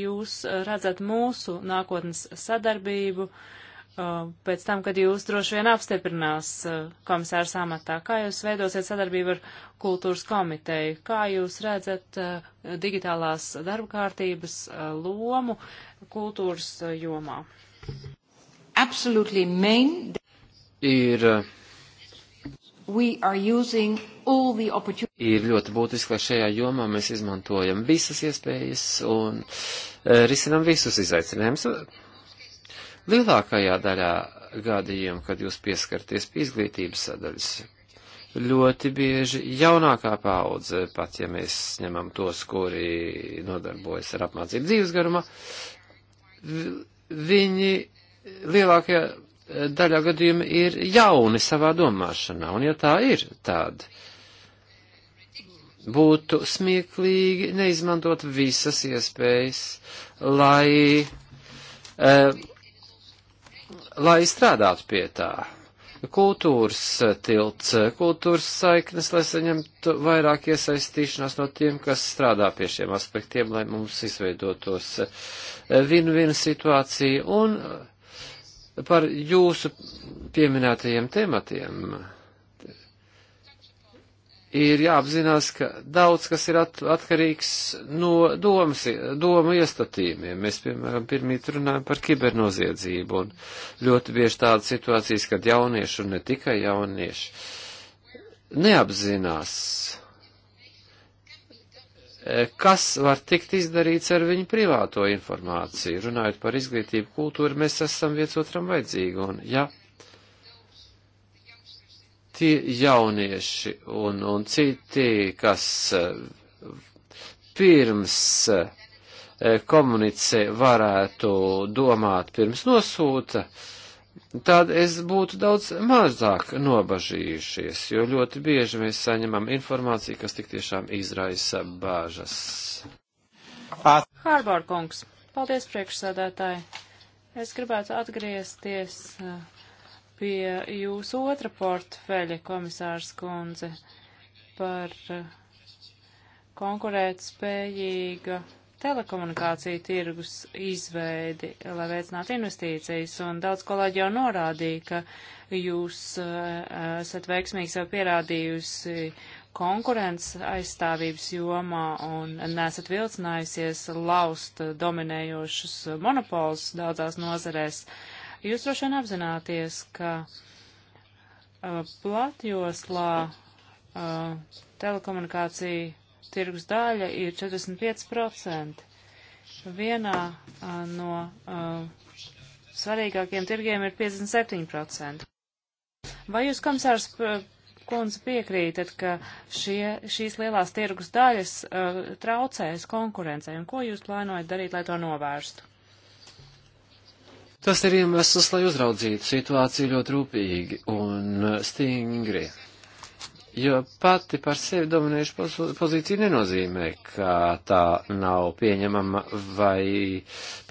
jūs eh, redzat mūsu nākotnes sadarbību. Uh, Uh, pēc tam, kad jūs droši vien apstiprinās uh, komisārs amatā, kā jūs veidosiet sadarbību ar kultūras komiteju, kā jūs redzat uh, digitālās darba kārtības lomu kultūras jomā? Absolutely main. Ir. Ir ļoti būtiski, lai šajā jomā mēs izmantojam visas iespējas un risinam visus izaicinājumus Lielākajā daļā gadījumu, kad jūs pieskarties pie izglītības sadaļas, ļoti bieži jaunākā paudze, pat ja mēs ņemam tos, kuri nodarbojas ar apmācību dzīves garumā, viņi lielākajā daļā gadījuma ir jauni savā domāšanā, un ja tā ir tāda, būtu smieklīgi neizmantot visas iespējas, lai uh, lai strādātu pie tā. Kultūras tilts, kultūras saiknes, lai saņemtu vairāk iesaistīšanās no tiem, kas strādā pie šiem aspektiem, lai mums izveidotos vien-vien situācija un par jūsu pieminētajiem tematiem ir jāapzinās, ka daudz kas ir at, atkarīgs no domas, domu iestatījumiem. Mēs, piemēram, pirmīt runājam par kibernoziedzību un ļoti bieži tādas situācijas, kad jaunieši un ne tikai jaunieši neapzinās, e, kas var tikt izdarīts ar viņu privāto informāciju. Runājot par izglītību kultūru, mēs esam viens otram vajadzīgi un, ja tie jaunieši un, un citi, kas eh, pirms eh, komunicē varētu domāt pirms nosūta, tad es būtu daudz mazāk nobažījušies, jo ļoti bieži mēs saņemam informāciju, kas tik tiešām izraisa bāžas. Hārbārkungs, paldies priekšsēdētāji. Es gribētu atgriezties eh, pie jūsu otra portfeļa, komisārs Kundze, par eh, konkurēt spējīga telekomunikācija tirgus izveidi, lai veicinātu investīcijas. Un daudz kolēģi jau norādīja, ka jūs eh, esat veiksmīgi sev pierādījusi konkurences aizstāvības jomā un nesat vilcinājusies laust dominējošus monopols daudzās nozarēs. Uh, Jūs droši vien apzināties, ka uh, platjoslā uh, telekomunikācija tirgus daļa ir 45%. Vienā uh, no uh, svarīgākiem tirgiem ir 57%. Vai jūs, komisārs, kundze piekrītat, ka šie, šīs lielās tirgus daļas uh, traucēs konkurencei, un ko jūs plānojat darīt, lai to novērstu? Tas ir iemesls, lai uzraudzītu situāciju ļoti rūpīgi un stingri. Jo pati par sevi dominējuša pozīcija nenozīmē, ka tā nav pieņemama vai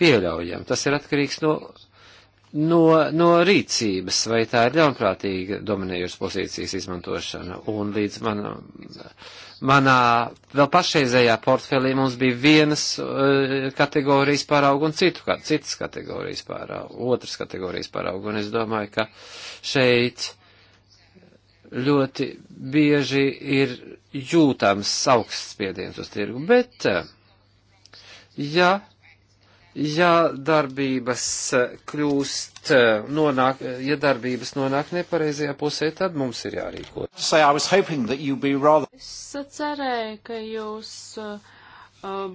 pieļaujama. Tas ir atkarīgs no, no, no rīcības, vai tā ir ļaunprātīga dominējuša pozīcijas izmantošana. Un līdz manam manā vēl pašreizējā portfelī mums bija vienas uh, kategorijas pārauga un citu, kā, citas kategorijas pārauga, otras kategorijas pārauga. Un es domāju, ka šeit ļoti bieži ir jūtams augsts spiediens uz tirgu. Bet, uh, ja ja darbības eh, kļūst, eh, nonāk, eh, ja darbības nonāk nepareizajā pusē, tad mums ir jārīko. Es cerēju, ka jūs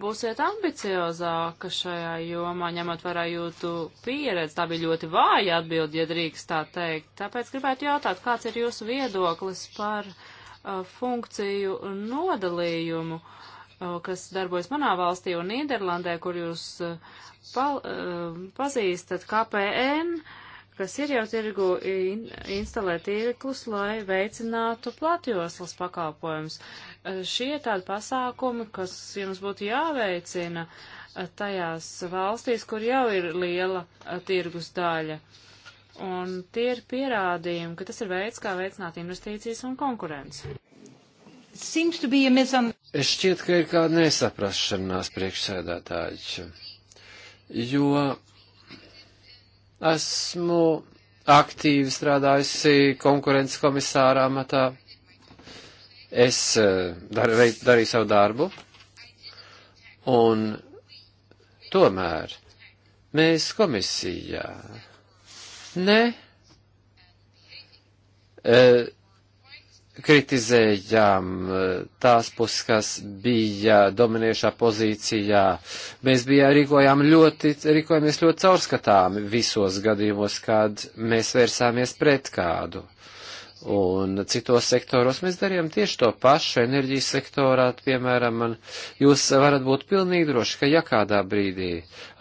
būsiet ambiciozāka šajā jomā, ņemot vērā jūtu pieredzi. Tā bija ļoti vāja atbildi, ja drīkst tā teikt. Tāpēc gribētu jautāt, kāds ir jūsu viedoklis par uh, funkciju nodalījumu? Uh, Uh, kas darbojas manā valstī un Nīderlandē, kur jūs uh, pa, uh, pazīstat KPN, kas ir jau tirgu in, instalē tīklus, lai veicinātu platjoslas pakalpojumus. Šie tādi pasākumi, kas jums būtu jāveicina tajās valstīs, kur jau ir liela tirgus daļa. Un tie ir pierādījumi, ka tas ir veids, kā veicināt investīcijas un konkurenci. Šķiet, ka ir kāda nesaprašanās priekšsēdētāji, jo esmu aktīvi strādājusi konkurences komisāra amatā. Es eh, dar, veid, darīju savu darbu, un tomēr mēs komisijā ne. E, kritizējām eh, tās puses, kas bija dominējušā pozīcijā. Mēs bijām rīkojām ļoti, rīkojamies ļoti caurskatāmi visos gadījumos, kad mēs vērsāmies pret kādu. Un citos sektoros mēs darījām tieši to pašu enerģijas sektorā, piemēram, man, jūs varat būt pilnīgi droši, ka ja kādā brīdī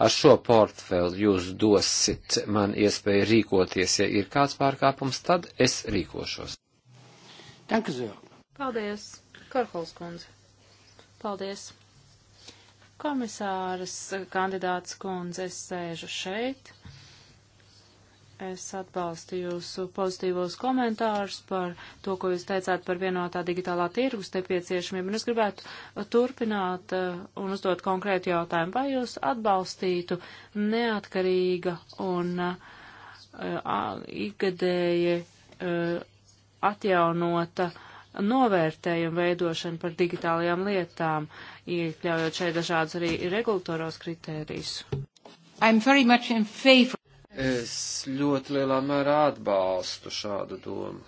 ar šo portfeli jūs dosit man iespēju rīkoties, ja ir kāds pārkāpums, tad es rīkošos. Danke sehr. Paldies, Karhols kundze. Paldies. Komisāras kandidāts kundze, es sēžu šeit. Es atbalstu jūsu pozitīvos komentārus par to, ko jūs teicāt par vienotā digitālā tirgus nepieciešamību. Un es gribētu turpināt uh, un uzdot konkrētu jautājumu. Vai jūs atbalstītu neatkarīga un uh, uh ikgadēji uh, atjaunota novērtējuma veidošana par digitālajām lietām, iekļaujot šeit dažādus arī regulatoros kritērijus. Es ļoti lielā mērā atbalstu šādu domu.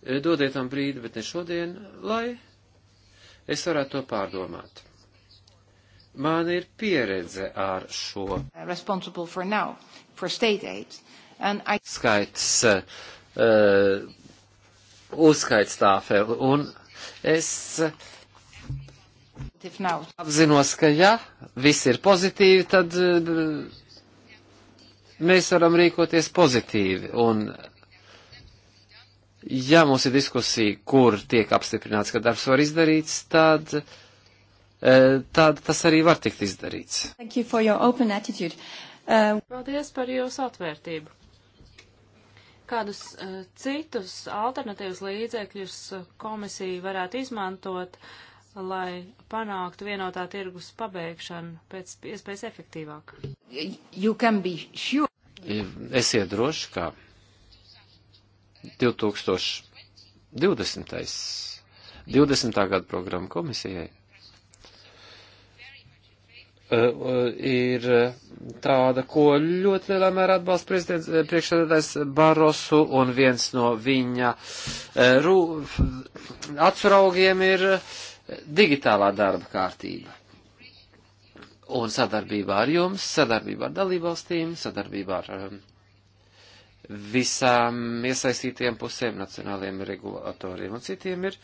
E, dodiet man brīdi, bet ne šodien, lai es varētu to pārdomāt. Man ir pieredze ar šo. For for I... Skaits e, uh, uzskaitstāfe. Un es apzinos, ka ja viss ir pozitīvi, tad uh, mēs varam rīkoties pozitīvi. Un ja mums ir diskusija, kur tiek apstiprināts, ka darbs var izdarīts, tad, uh, tad tas arī var tikt izdarīts. You uh... Paldies par jūsu atvērtību kādus uh, citus alternatīvus līdzekļus komisija varētu izmantot, lai panāktu vienotā tirgus pabeigšanu pēc iespējas efektīvāk? Sure. Esiet droši, ka 2020. 20. gada programma komisijai ir tāda, ko ļoti lielā mērā atbalsta prezidents eh, priekšsēdētājs Barosu, un viens no viņa eh, rū, atsraugiem ir eh, digitālā darba kārtība. Un sadarbībā ar jums, sadarbībā ar dalībvalstīm, sadarbībā ar um, visām iesaistītiem pusēm, nacionāliem regulatoriem un citiem ir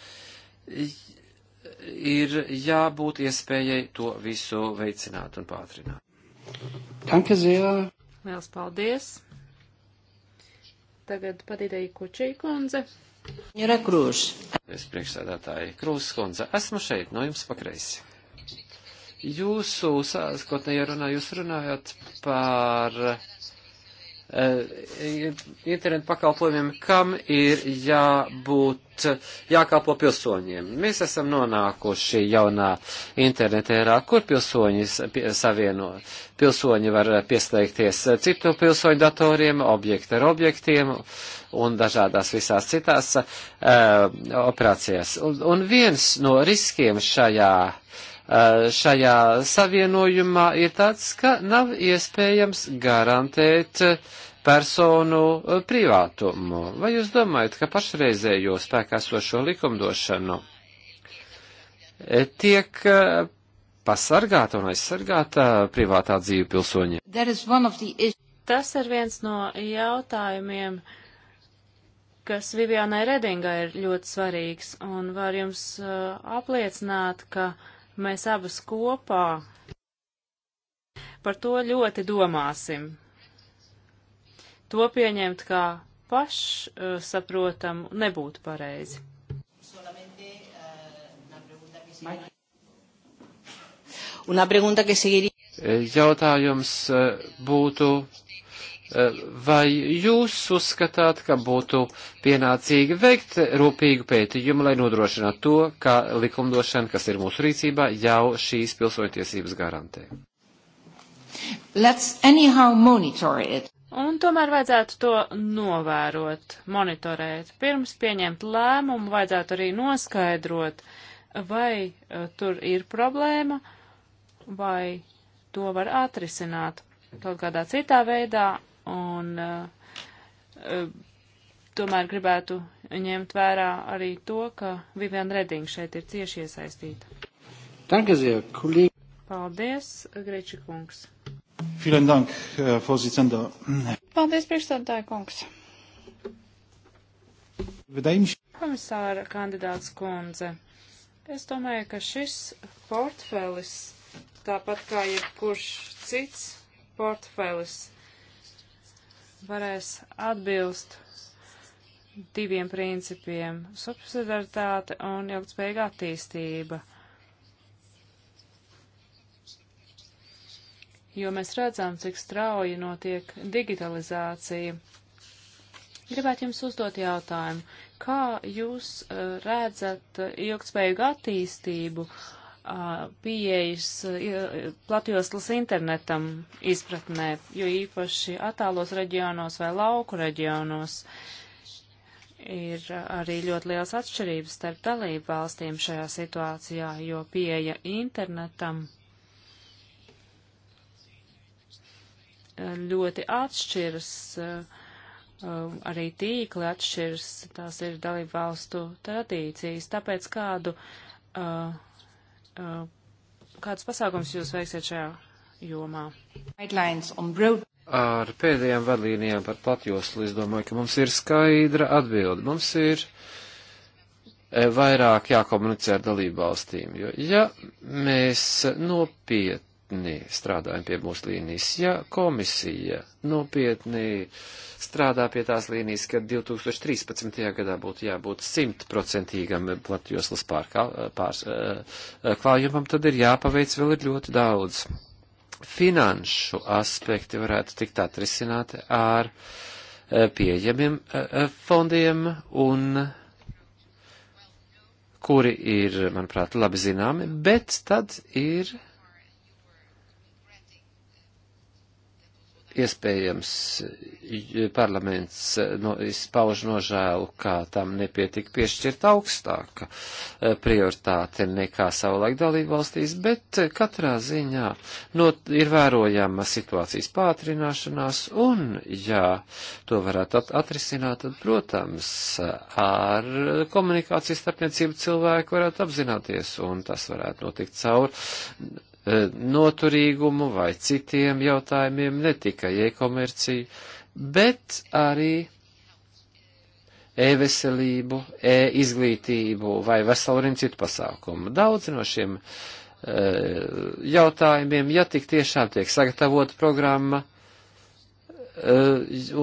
ir jābūt iespējai to visu veicināt un pātrināt. Danke sehr. Liels paldies. Tagad padīdēja Kučī kundze. Ir Krūš. Es priekšsēdētāji Krūs kundze. Esmu šeit, no jums pakreisi. Jūsu sāskotnē runā, jūs runājat par uh, Eh, internetu pakalpojumiem, kam ir jābūt, jākalpo pilsoņiem. Mēs esam nonākuši jaunā interneta erā, kur pilsoņi savieno. Pilsoņi var pieslēgties citu pilsoņu datoriem, objektu ar objektiem un dažādās visās citās uh, operācijās. Un, un viens no riskiem šajā uh, Eh, šajā savienojumā ir tāds, ka nav iespējams garantēt eh, personu eh, privātumu. Vai jūs domājat, ka pašreizējo spēkā sošo likumdošanu tiek pasargāta un aizsargāta privātā dzīve pilsoņiem? Tas ir viens no jautājumiem, kas Vivianai Redingai ir ļoti svarīgs, un var jums uh, apliecināt, ka uh, mēs abas kopā par to ļoti domāsim. To pieņemt kā pašsaprotamu nebūtu pareizi. Jautājums eh, būtu Vai jūs uzskatāt, ka būtu pienācīgi veikt rūpīgu pētījumu, lai nodrošinātu to, ka likumdošana, kas ir mūsu rīcībā, jau šīs pilsoņtiesības garantē? Un tomēr vajadzētu to novērot, monitorēt. Pirms pieņemt lēmumu, vajadzētu arī noskaidrot, vai uh, tur ir problēma, vai to var atrisināt kaut kādā citā veidā, un uh, tomēr gribētu ņemt vērā arī to, ka Vivian Reding šeit ir cieši iesaistīta. Dankazie, kolīgi. Paldies, Greči kungs. Vielen dank, Fozicenda. Paldies, priekšstādātāja kungs. Komisāra kandidāts kundze. Es domāju, ka šis portfelis, tāpat kā jebkurš cits portfelis, varēs atbilst diviem principiem - subsidaritāte un ilgspējīga attīstība. Jo mēs redzam, cik strauji notiek digitalizācija. Gribētu jums uzdot jautājumu, kā jūs eh, redzat eh, ilgspējīgu attīstību? Uh, pieejas platjoslas internetam izpratnē, jo īpaši attālos reģionos vai lauku reģionos ir arī ļoti liels atšķirības starp dalību valstīm šajā situācijā, jo pieeja internetam ļoti atšķiras, e, arī tīkli atšķiras, tās ir dalību valstu tradīcijas, tāpēc kādu uh, Uh, Kāds pasākums jūs veiksiet šajā jomā? Ar pēdējām vadlīnijām par platjoslu es domāju, ka mums ir skaidra atbilde. Mums ir eh, vairāk jākomunicē ar dalību valstīm, jo ja mēs nopietni nopietni strādājam pie mūsu līnijas, ja komisija nopietni strādā pie tās līnijas, ka 2013. gadā būtu jābūt simtprocentīgam platjoslas pārklājumam, tad ir jāpaveic vēl ir ļoti daudz. Finanšu aspekti varētu tikt atrisināti ar pieejamiem fondiem un kuri ir, manuprāt, labi zināmi, bet tad ir Iespējams, parlaments eh, no, izpauž nožēlu, kā tam nepietika piešķirt augstāka eh, prioritāte nekā savulaik dalību valstīs, bet eh, katrā ziņā no, ir vērojama situācijas pātrināšanās, un, ja to varētu at atrisināt, tad, protams, ar komunikācijas starpniecību cilvēku varētu apzināties, un tas varētu notikt caur E, noturīgumu vai citiem jautājumiem, ne tikai e-komerciju, bet arī e-veselību, e-izglītību vai veselurim citu pasākumu. Daudz no šiem e, jautājumiem, ja tik tiešām tiek sagatavota programma, e,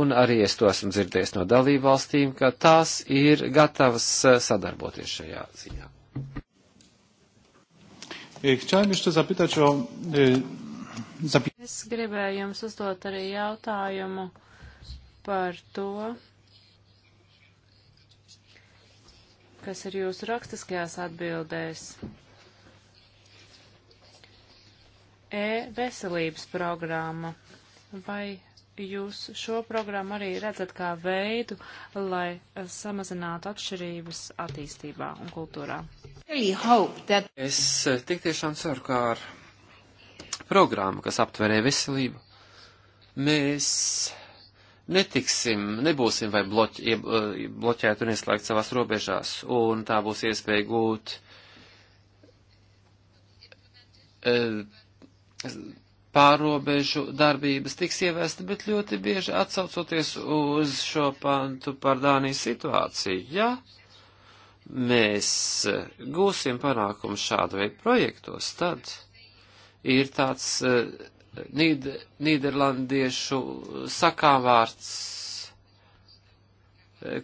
un arī es to esmu dzirdējis no dalībvalstīm, ka tās ir gatavas e, sadarboties šajā ziņā. E, chciałem jeszcze zapytać o. E, es gribēju jums uzdot arī jautājumu par to, kas ir jūsu rakstiskajās atbildēs. E-veselības programma. Vai jūs šo programmu arī redzat kā veidu, lai eh, samazinātu atšķirības attīstībā un kultūrā? Es eh, tik tiešām ceru, ka ar programmu, kas aptverē veselību, mēs netiksim, nebūsim vai bloķ, eh, bloķēt un ieslēgt savās robežās, un tā būs iespēja gūt e, pārobežu darbības tiks ievēsta, bet ļoti bieži atsaucoties uz šo pantu par Dānijas situāciju. Ja mēs gūsim panākumu šādu veidu projektos, tad ir tāds eh, Nīd Nīderlandiešu sakāvārds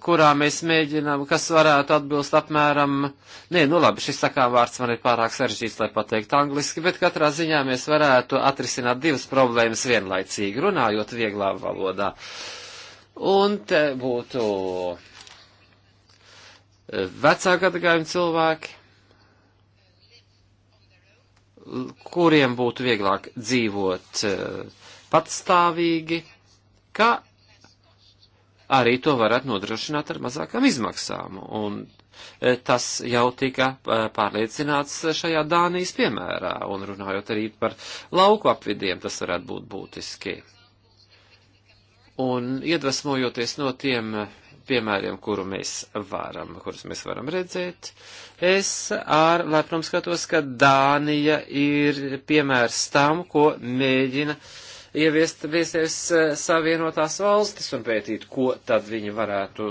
kurā mēs mēģinām, kas varētu atbilst apmēram, nē, nu labi, šis sakām vārds man ir pārāk sarežģīts, lai pateiktu angliski, bet katrā ziņā mēs varētu atrisināt divas problēmas vienlaicīgi, runājot vieglā valodā. Un te būtu vecā gadagājuma cilvēki, kuriem būtu vieglāk dzīvot eh, patstāvīgi, kā arī to varētu nodrošināt ar mazākām izmaksām. Un e, tas jau tika e, pārliecināts šajā Dānijas piemērā, un runājot arī par lauku apvidiem, tas varētu būt būtiski. Un iedvesmojoties no tiem e, piemēriem, kuru mēs varam, kurus mēs varam redzēt. Es ar lepnumu skatos, ka Dānija ir piemērs tam, ko mēģina uh, ieviest viesies eh, savienotās valstis un pētīt, ko tad viņi varētu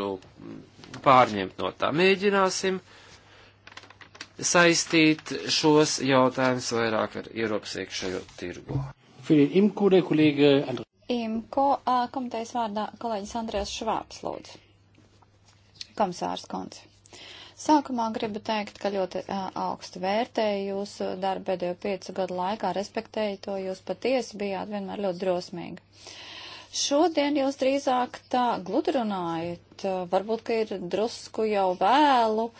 pārņemt no tā. Mēģināsim saistīt šos jautājumus vairāk ar Eiropas iekšējo tirgu. Imko komitejas vārdā kolēģis Andrēs Švāps lūdzu. Komisārs Konts. Sākumā gribu teikt, ka ļoti augstu vērtēju jūsu darbu pēdējo piecu gadu laikā, respektēju to, jūs patiesi bijāt vienmēr ļoti drosmīgi. Šodien jūs drīzāk tā gludi runājat, varbūt, ka ir drusku jau vēlu. Uh,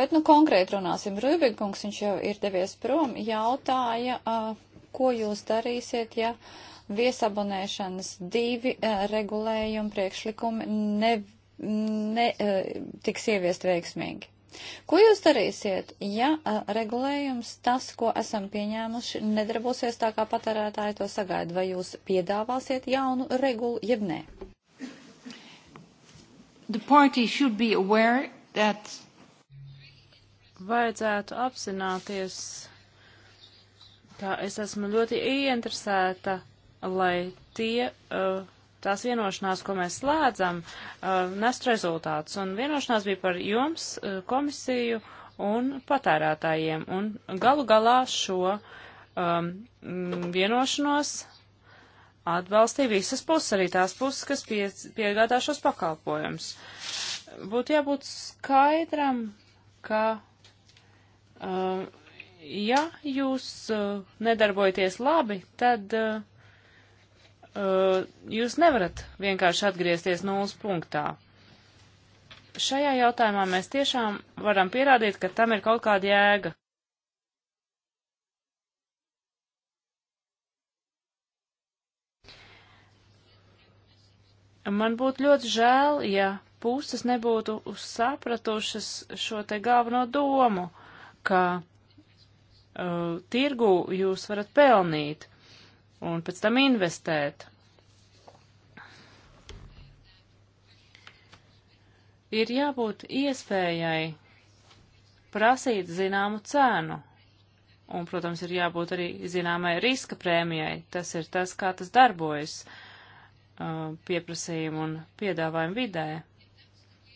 Bet, nu, konkrēti runāsim, Rubikungs, viņš jau ir devies prom, jautāja, uh, ko jūs darīsiet, ja viesabonēšanas divi uh, regulējumi priekšlikumi ne ne, eh, tiks ieviest veiksmīgi. Ko jūs darīsiet, ja eh, regulējums, tas, ko esam pieņēmuši, nedarbosies tā, kā patērētāji to sagaida? Vai jūs piedāvāsiet jaunu regulu, jeb nē? That... Vajadzētu apzināties, ka es esmu ļoti ieinteresēta, lai tie. Uh, tās vienošanās, ko mēs slēdzam, uh, nest rezultātus. Un vienošanās bija par jums, uh, komisiju un patērētājiem. Un galu galā šo um, vienošanos atbalstīja visas puses, arī tās puses, kas pie, piegādā šos pakalpojumus. Būtu jābūt skaidram, ka, um, ja jūs uh, nedarbojaties labi, tad. Uh, Uh, jūs nevarat vienkārši atgriezties nulles punktā. Šajā jautājumā mēs tiešām varam pierādīt, ka tam ir kaut kāda jēga. Man būtu ļoti žēl, ja puses nebūtu sapratušas šo te galveno domu, ka uh, tirgu jūs varat pelnīt. Uh, un pēc tam investēt. Ir jābūt iespējai prasīt zināmu cenu, un, protams, ir jābūt arī zināmai riska prēmijai. Tas ir tas, kā tas darbojas uh, pieprasījumu un piedāvājumu vidē.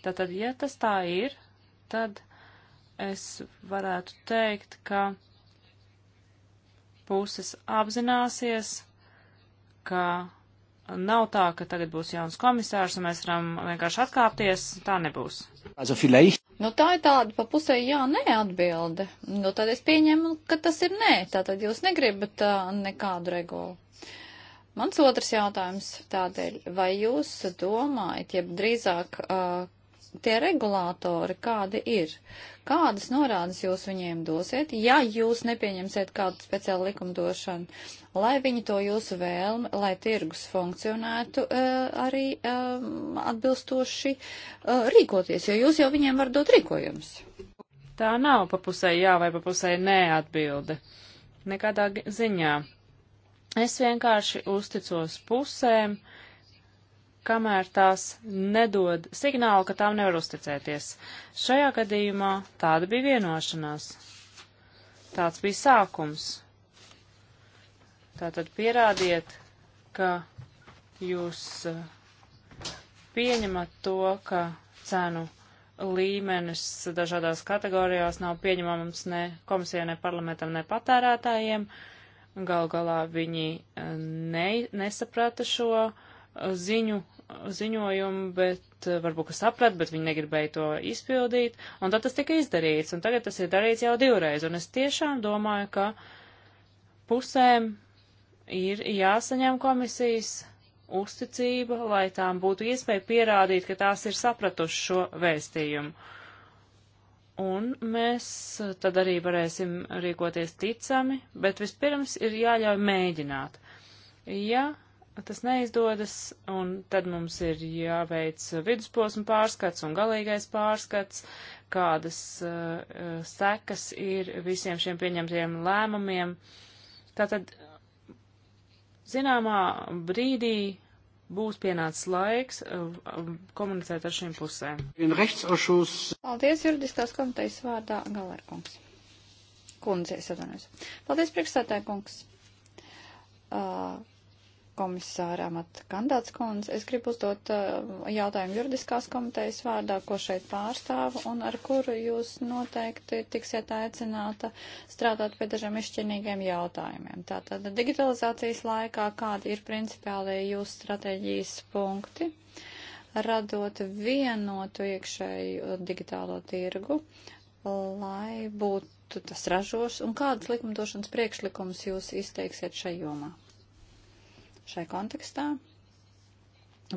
Tātad, ja tas tā ir, tad es varētu teikt, ka puses apzināsies, ka nav tā, ka tagad būs jauns komisārs un mēs varam vienkārši atkāpties. Tā nebūs. Nu, tā ir tāda pa pusē jā, nē atbilde. Nu, tad es pieņemu, ka tas ir nē. Tātad jūs negribat uh, nekādu regulu. Mans otrs jautājums tādēļ, vai jūs domājat, ja drīzāk, uh, tie regulātori, kādi ir, kādas norādes jūs viņiem dosiet, ja jūs nepieņemsiet kādu speciālu likumdošanu, lai viņi to jūsu vēlmi, lai tirgus funkcionētu uh, arī uh, atbilstoši uh, rīkoties, jo jūs jau viņiem varat dot rīkojumus. Tā nav pa pusē jā vai pa pusē nē atbilde. Nekādā ziņā. Es vienkārši uzticos pusēm kamēr tās nedod signālu, ka tām nevar uzticēties. Šajā gadījumā tāda bija vienošanās. Tāds bija sākums. Tātad pierādiet, ka jūs eh, pieņemat to, ka cenu līmenis dažādās kategorijās nav pieņemams ne komisijai, ne parlamentam, ne patērētājiem. Gal galā viņi eh, ne, nesaprata šo uh, ziņu, ziņojumu, bet eh, varbūt, ka saprat, bet viņi negribēja to izpildīt, un tad tas tika izdarīts, un tagad tas ir darīts jau divreiz, un es tiešām domāju, ka pusēm ir jāsaņem komisijas uzticība, lai tām būtu iespēja pierādīt, ka tās ir sapratuši šo vēstījumu. Un mēs eh, tad arī varēsim rīkoties ticami, bet vispirms ir jāļauj mēģināt. Ja tas neizdodas, un tad mums ir jāveic vidusposma pārskats un galīgais pārskats, kādas uh, uh, sekas ir visiem šiem pieņemtiem lēmumiem. Tātad, zināmā brīdī būs pienācis laiks uh, komunicēt ar šīm pusēm. Paldies juridiskās komitejas vārdā Galerkungs. Kundzies atvainojos. Paldies priekšsētāja kungs. Uh, komisāra amata kandidāts kundze. Es gribu uzdot uh, jautājumu juridiskās komitejas vārdā, ko šeit pārstāvu un ar kuru jūs noteikti tiksiet aicināta strādāt pie dažiem izšķirīgiem jautājumiem. Tātad digitalizācijas laikā kādi ir principiālie jūsu stratēģijas punkti, radot vienotu iekšēju digitālo tirgu, lai būtu tas ražos un kādas likumdošanas priekšlikumus jūs izteiksiet šajomā? šai kontekstā?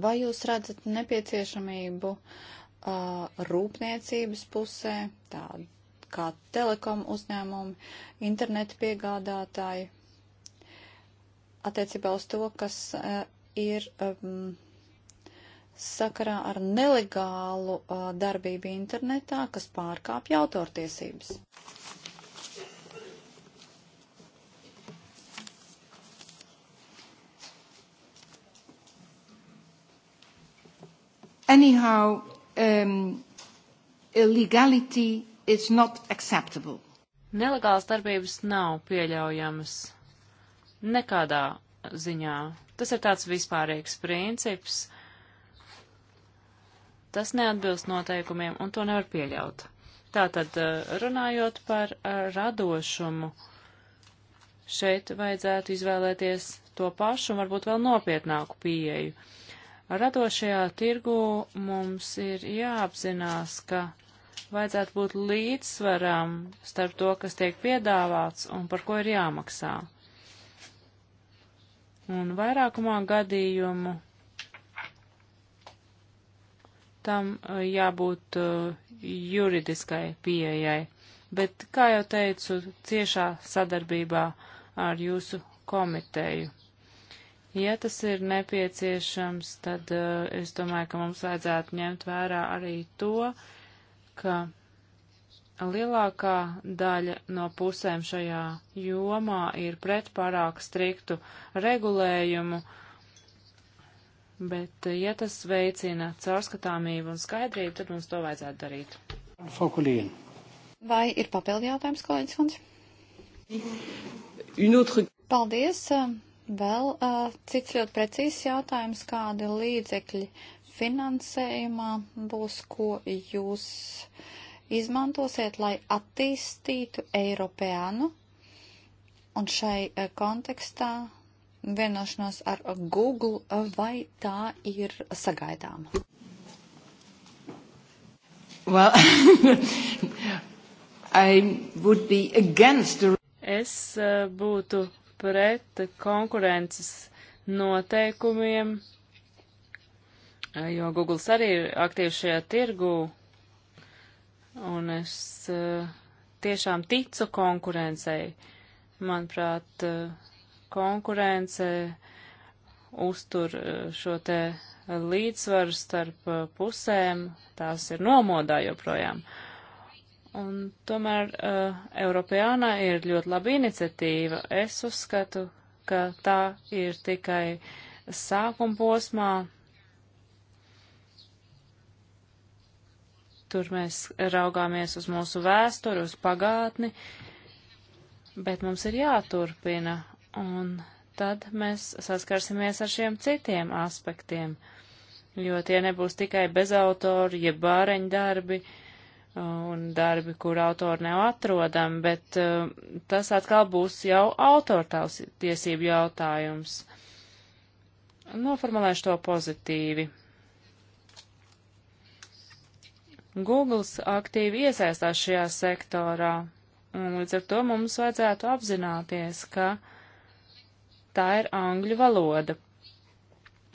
Vai jūs redzat nepieciešamību uh, rūpniecības pusē, tādu kā telekom uzņēmumi, interneta piegādātāji, attiecībā uz to, kas uh, ir um, sakarā ar nelegālu uh, darbību internetā, kas pārkāpj autortiesības? Anyhow, um, illegality is not acceptable. Nelegāls darbības nav pieļaujamas nekādā ziņā. Tas ir tāds vispārīgs princips. Tas neatbilst noteikumiem un to nevar pieļaut. Tātad uh, runājot par uh, radošumu, šeit vajadzētu izvēlēties to pašu un varbūt vēl nopietnāku pieeju. Radošajā tirgu mums ir jāapzinās, ka vajadzētu būt līdzsvaram starp to, kas tiek piedāvāts un par ko ir jāmaksā. Un vairākumā gadījumu tam eh, jābūt eh, juridiskai pieejai bet, kā jau teicu, ciešā sadarbībā ar jūsu komiteju. Ja tas ir nepieciešams, tad uh, es domāju, ka mums vajadzētu ņemt vērā arī to, ka lielākā daļa no pusēm šajā jomā ir pret pārāk striktu regulējumu, bet eh, ja tas veicina caurskatāmību un skaidrību, tad mums to vajadzētu darīt. Fokulīna. Vai ir papildi jautājums, kolēģis Fons? Paldies. Vēl uh, cits ļoti precīzs jautājums, kādi līdzekļi finansējumā būs, ko jūs izmantosiet, lai attīstītu Eiropēnu un šai uh, kontekstā vienošanos ar Google, uh, vai tā ir sagaidāma? Well, I would be against the... Es uh, būtu pret konkurences noteikumiem, jo Google arī ir aktīvs šajā tirgū, un es eh, tiešām ticu konkurencei. Manuprāt, eh, konkurence uztur eh, šo te līdzsvaru starp pusēm, tās ir nomodā joprojām. Uh, Un tomēr uh, eh, Eiropānā ir ļoti laba iniciatīva. Es uzskatu, ka tā ir tikai sākuma posmā. Tur mēs raugāmies uz mūsu vēsturi, uz pagātni, bet mums ir jāturpina, un tad mēs saskarsimies ar šiem citiem aspektiem, jo tie nebūs tikai bezautori, jeb bāreņdarbi darbi Uh, un darbi, kur autori nav atrodami, bet uh, tas atkal būs jau autortāvs tiesību jautājums. Noformulēšu to pozitīvi. Googles aktīvi iesaistās šajā sektorā, un līdz ar to mums vajadzētu apzināties, ka tā ir angļu valoda.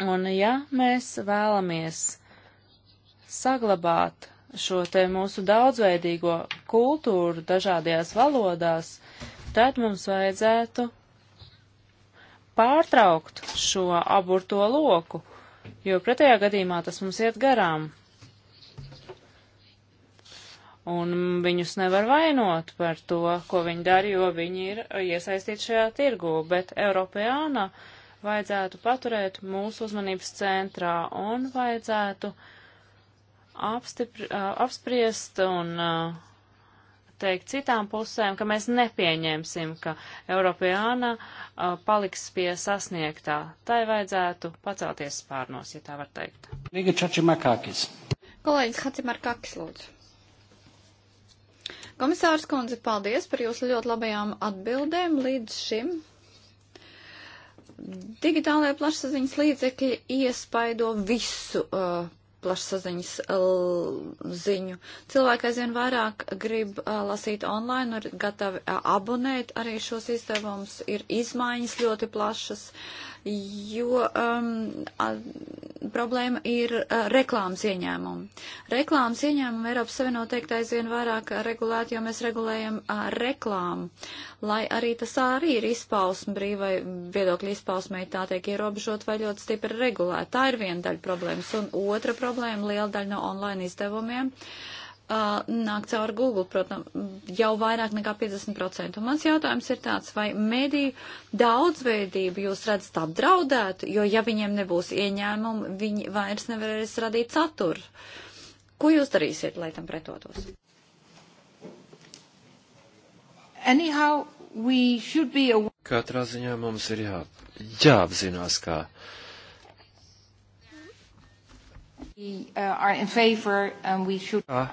Un ja mēs vēlamies saglabāt šo te mūsu daudzveidīgo kultūru dažādajās valodās, tad mums vajadzētu pārtraukt šo aburto loku, jo pretējā gadījumā tas mums iet garām. Un viņus nevar vainot par to, ko viņi dara, jo viņi ir iesaistīti šajā tirgū, bet Eiropāna vajadzētu paturēt mūsu uzmanības centrā un vajadzētu uh, apstipr, apspriest un teikt citām pusēm, ka mēs nepieņemsim, ka Eiropāna paliks pie sasniegtā. Tai vajadzētu pacelties spārnos, ja tā var teikt. Līga Čačimakakis. Kolēģis Hacimarkakis, lūdzu. Komisārs kundze, paldies par jūsu ļoti labajām atbildēm līdz šim. Digitālajā plašsaziņas līdzekļi iespaido visu uh, plašsaziņas eh, ziņu. Cilvēki aizvien vairāk grib uh, lasīt online, ir gatavi uh, abonēt arī šos izdevumus, ir izmaiņas ļoti plašas. Uh, jo um, a, problēma ir uh, reklāmas ieņēmumi. Reklāmas ieņēmumi Eiropas Savienoteikti aizvien vairāk regulēti, jo mēs regulējam uh, reklāmu, lai arī tas arī ir izpausme brīvai viedokļu izpausmei, tā tiek ierobežot vai ļoti stipri regulēta. Tā ir viena daļa problēmas. Un otra problēma - liela daļa no online izdevumiem. Uh, uh, nāk caur Google, protams, jau vairāk nekā 50%. Un mans jautājums ir tāds, vai mediju daudzveidību jūs redzat apdraudētu, jo ja viņiem nebūs ieņēmumi, viņi vairs nevarēs radīt saturu. Ko jūs darīsiet, lai tam pretotos? Anyhow, be... Katrā ziņā mums ir jā, jāapzinās, kā. We, uh, are in favor and we should. Uh,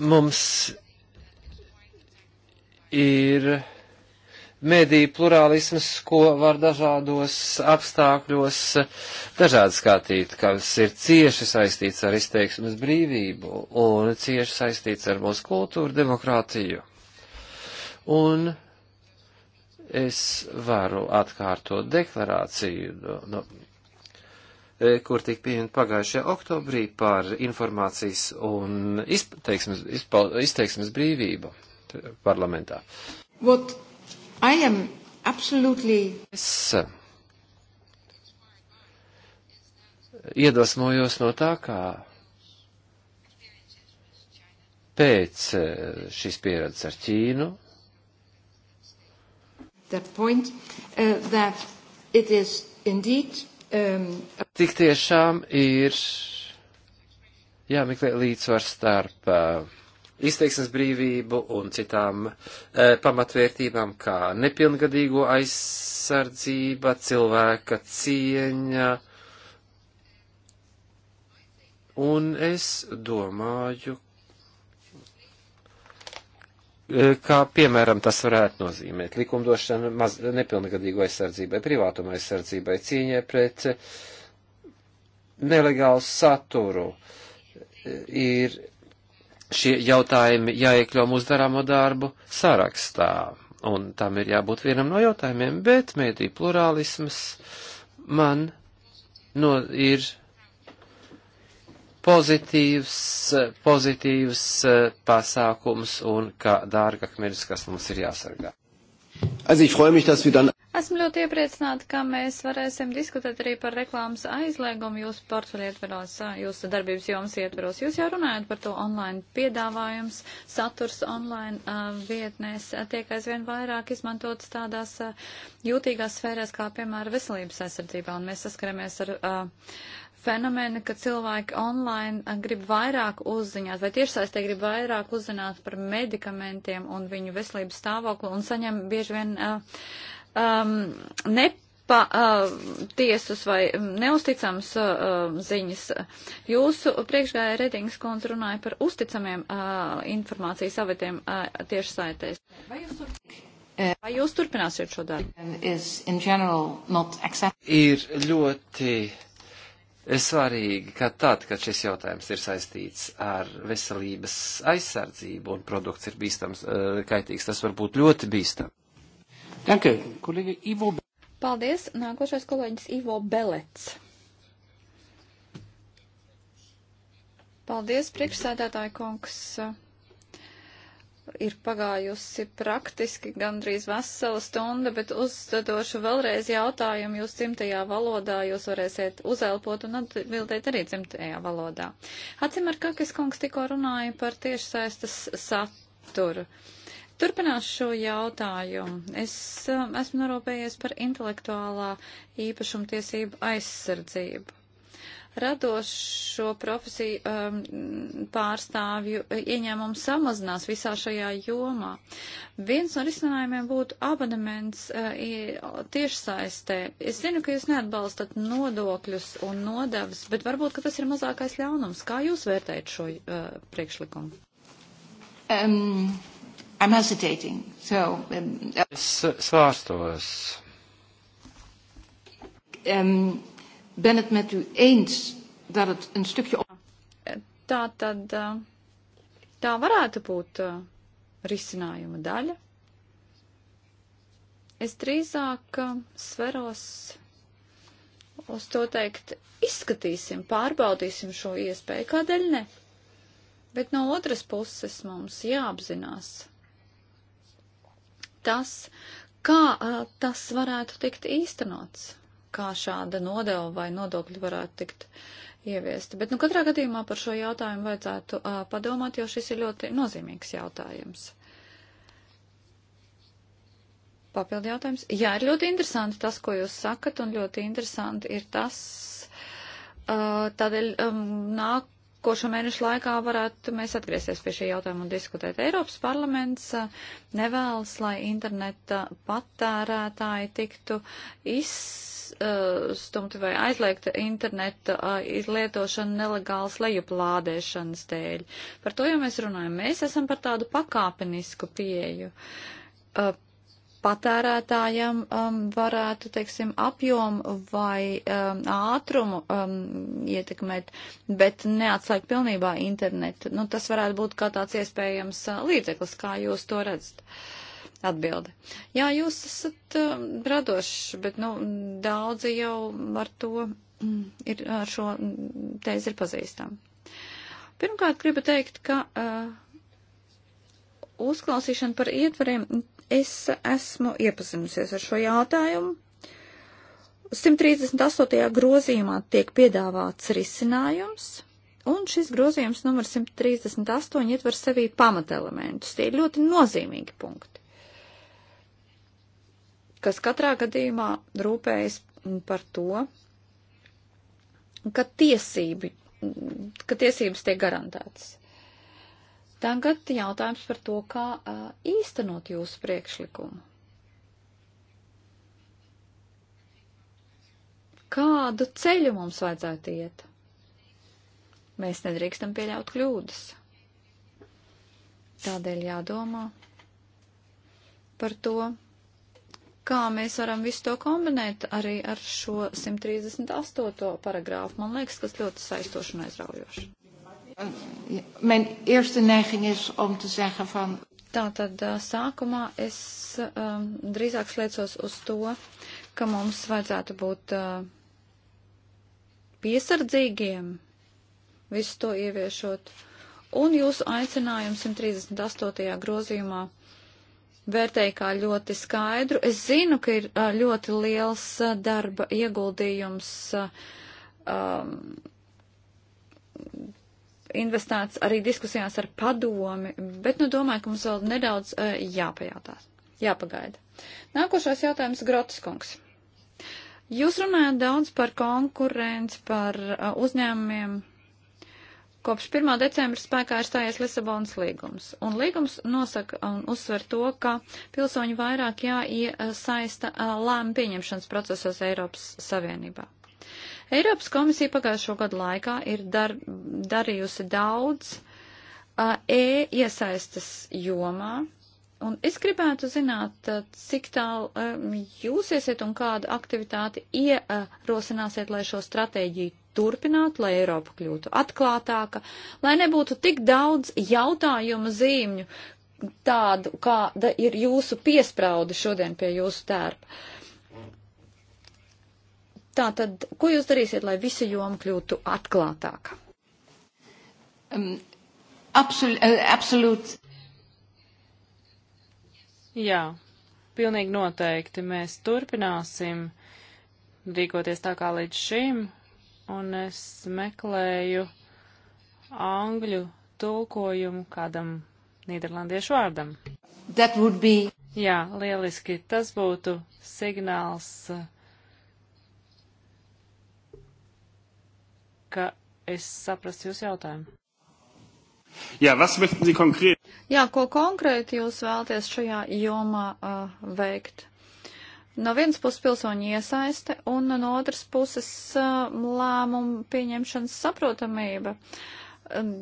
mums ir mediju plurālisms, ko var dažādos apstākļos dažādi skatīt, kas ir cieši saistīts ar izteiksmes brīvību un cieši saistīts ar mūsu kultūru, demokrātiju. Un es varu atkārtot deklarāciju no, no E, kur tika pieņemta pagājušajā oktobrī par informācijas un izteiksmes, izteiksmes brīvību parlamentā. What I am absolutely... Es e, iedvesmojos no tā, kā pēc e, šīs pieredzes ar Ķīnu. That point, uh, that it is indeed um, a tik tiešām ir jāmeklē līdzsvars starp uh, izteiksmes brīvību un citām e, pamatvērtībām, kā nepilngadīgo aizsardzība, cilvēka cieņa. Un es domāju, eh, kā piemēram tas varētu nozīmēt likumdošana maz, nepilngadīgo aizsardzībai, privātuma aizsardzībai, cīņai pret uh, nelegālu saturu ir šie jautājumi jāiekļau mūsu darāmo darbu sarakstā, un tam ir jābūt vienam no jautājumiem, bet mēdī plurālisms man no, ir pozitīvs, pozitīvs eh, pasākums un kā dārga kmeris, kas mums ir jāsargā. Also ich freue mich, dass wir dann Esmu ļoti iepriecināta, ka mēs varēsim diskutēt arī par reklāmas aizliegumu jūsu portfeļu ietveros, jūsu darbības jomas ietveros. Jūs jau runājat par to online piedāvājums, saturs online uh, vietnēs tiek aizvien vairāk izmantots tādās uh, jūtīgās sfērēs, kā piemēram veselības aizsardzībā, un mēs saskaramies ar. Uh, fenomeni, ka cilvēki online grib vairāk uzzināt, vai tiešsaistē grib vairāk uzzināt par medikamentiem un viņu veselības stāvokli un saņem bieži vien uh, um, ne pa, uh, tiesus vai neusticams uh, um, ziņas. Jūsu priekšgāja Redings kundze runāja par uzticamiem uh, informācijas avotiem uh, tieši saitēs. Vai jūs, turp... vai jūs turpināsiet šo darbu? Ir ļoti svarīgi, ka tad, kad šis jautājums ir saistīts ar veselības aizsardzību un produkts ir bīstams, uh, kaitīgs, tas var būt ļoti bīstams. Danke, kolēģi Ivo. Paldies, nākošais kolēģis Ivo Belets. Paldies, priekšsēdētāji kungs. Ir pagājusi praktiski gandrīz vesela stunda, bet uzdodošu vēlreiz jautājumu jūs dzimtajā valodā. Jūs varēsiet uzelpot un atbildēt arī dzimtajā valodā. Atcimar Kakis kungs tikko runāja par tiešsaistes saturu. Uh, Turpināšu šo jautājumu. Es um, esmu norūpējies par intelektuālā īpašuma tiesību aizsardzību. Radošo profesiju um, pārstāvju uh, ieņēmumu samazinās visā šajā jomā. Viens no risinājumiem būtu abonements uh, tiešsaistē. Es zinu, ka jūs neatbalstat nodokļus un nodevas, bet varbūt, ka tas ir mazākais ļaunums. Kā jūs vērtējat šo uh, priekšlikumu? Um. I'm hesitating. So, um, uh, es svārstos. Um, ben het met u eens dat het een stukje. Tā tad uh, tā varētu būt uh, risinājuma daļa. Es drīzāk sveros uz to teikt, izskatīsim, pārbaudīsim šo iespēju, kādēļ ne. Bet no otras puses mums jāapzinās tas, kā uh, tas varētu tikt īstenots, kā šāda nodeva vai nodokļi varētu tikt ieviesti. Bet, nu, katrā gadījumā par šo jautājumu vajadzētu uh, padomāt, jo šis ir ļoti nozīmīgs jautājums. Papildu jautājums. Jā, ir ļoti interesanti tas, ko jūs sakat, un ļoti interesanti ir tas, uh, tādēļ um, nāk nākošo mēnešu laikā varētu mēs atgriezties pie šī jautājuma un diskutēt. Eiropas parlaments uh, nevēlas, lai interneta patērētāji tiktu izstumti vai aizliegta interneta uh, izlietošana nelegāls lejuplādēšanas dēļ. Par to jau mēs runājam. Mēs esam par tādu pakāpenisku pieju uh, patērētājiem um, varētu, teiksim, apjomu vai um, ātrumu um, ietekmēt, bet neatslēgt pilnībā internetu. Nu, tas varētu būt kā tāds iespējams uh, līdzeklis, kā jūs to redzat. Atbilde. Jā, jūs esat uh, radošs, bet, nu, daudzi jau ar to mm, ir, ar šo mm, tēzi ir pazīstami. Pirmkārt, gribu teikt, ka uh, uzklausīšana par ietvariem es esmu iepazinusies ar šo jautājumu. 138. grozījumā tiek piedāvāts risinājums, un šis grozījums numur 138 ietver sevī pamatelementus. Tie ir ļoti nozīmīgi punkti, kas katrā gadījumā rūpējas par to, ka, tiesībi, ka tiesības tiek garantētas. Tagad jautājums par to, kā īstenot jūsu priekšlikumu. Kādu ceļu mums vajadzētu iet? Mēs nedrīkstam pieļaut kļūdas. Tādēļ jādomā par to, kā mēs varam visu to kombinēt arī ar šo 138. paragrāfu. Man liekas, tas ļoti saistoši un aizraujoši. Mijn eerste neiging is om te zeggen van. Tātad eh, sākumā es um, drīzāk slēdzos uz to, ka mums vajadzētu būt uh, piesardzīgiem visu to ieviešot. Un jūsu aicinājums 138. grozījumā vērtēju kā ļoti skaidru. Es zinu, ka ir ļoti liels darba ieguldījums um, investēts arī diskusijās ar padomi, bet nu domāju, ka mums vēl nedaudz uh, eh, jāpajautās, jāpagaida. Nākošais jautājums Grotskungs. Jūs runājat daudz par konkurenci, par uh, uzņēmumiem. Kopš 1. decembra spēkā ir stājies Lisabonas līgums, un līgums nosaka un uzsver to, ka pilsoņi vairāk jāiesaista eh, lēmu pieņemšanas procesos Eiropas Savienībā. Eiropas komisija pagājušo gadu laikā ir dar, darījusi daudz uh, e iesaistas jomā. Un es gribētu zināt, cik tālu um, jūs iesiet un kādu aktivitāti ierosināsiet, lai šo stratēģiju turpinātu, lai Eiropa kļūtu atklātāka, lai nebūtu tik daudz jautājumu zīmju, tādu, kāda ir jūsu piespraudi šodien pie jūsu tērpa. Uh, Tātad, ko jūs darīsiet, lai visa joma kļūtu atklātāka? Um, absol uh, absolūti. Jā, pilnīgi noteikti mēs turpināsim rīkoties tā kā līdz šim, un es meklēju angļu tulkojumu kādam nīderlandiešu vārdam. Be... Jā, lieliski. Tas būtu signāls. Uh, ka es saprastu jūs jautājumu. Jā, was möchten Sie konkrēt? Jā, ko konkrēti jūs vēlaties šajā jomā uh, veikt? No vienas puses pilsoņu iesaiste un no otras puses uh, lēmumu pieņemšanas saprotamība.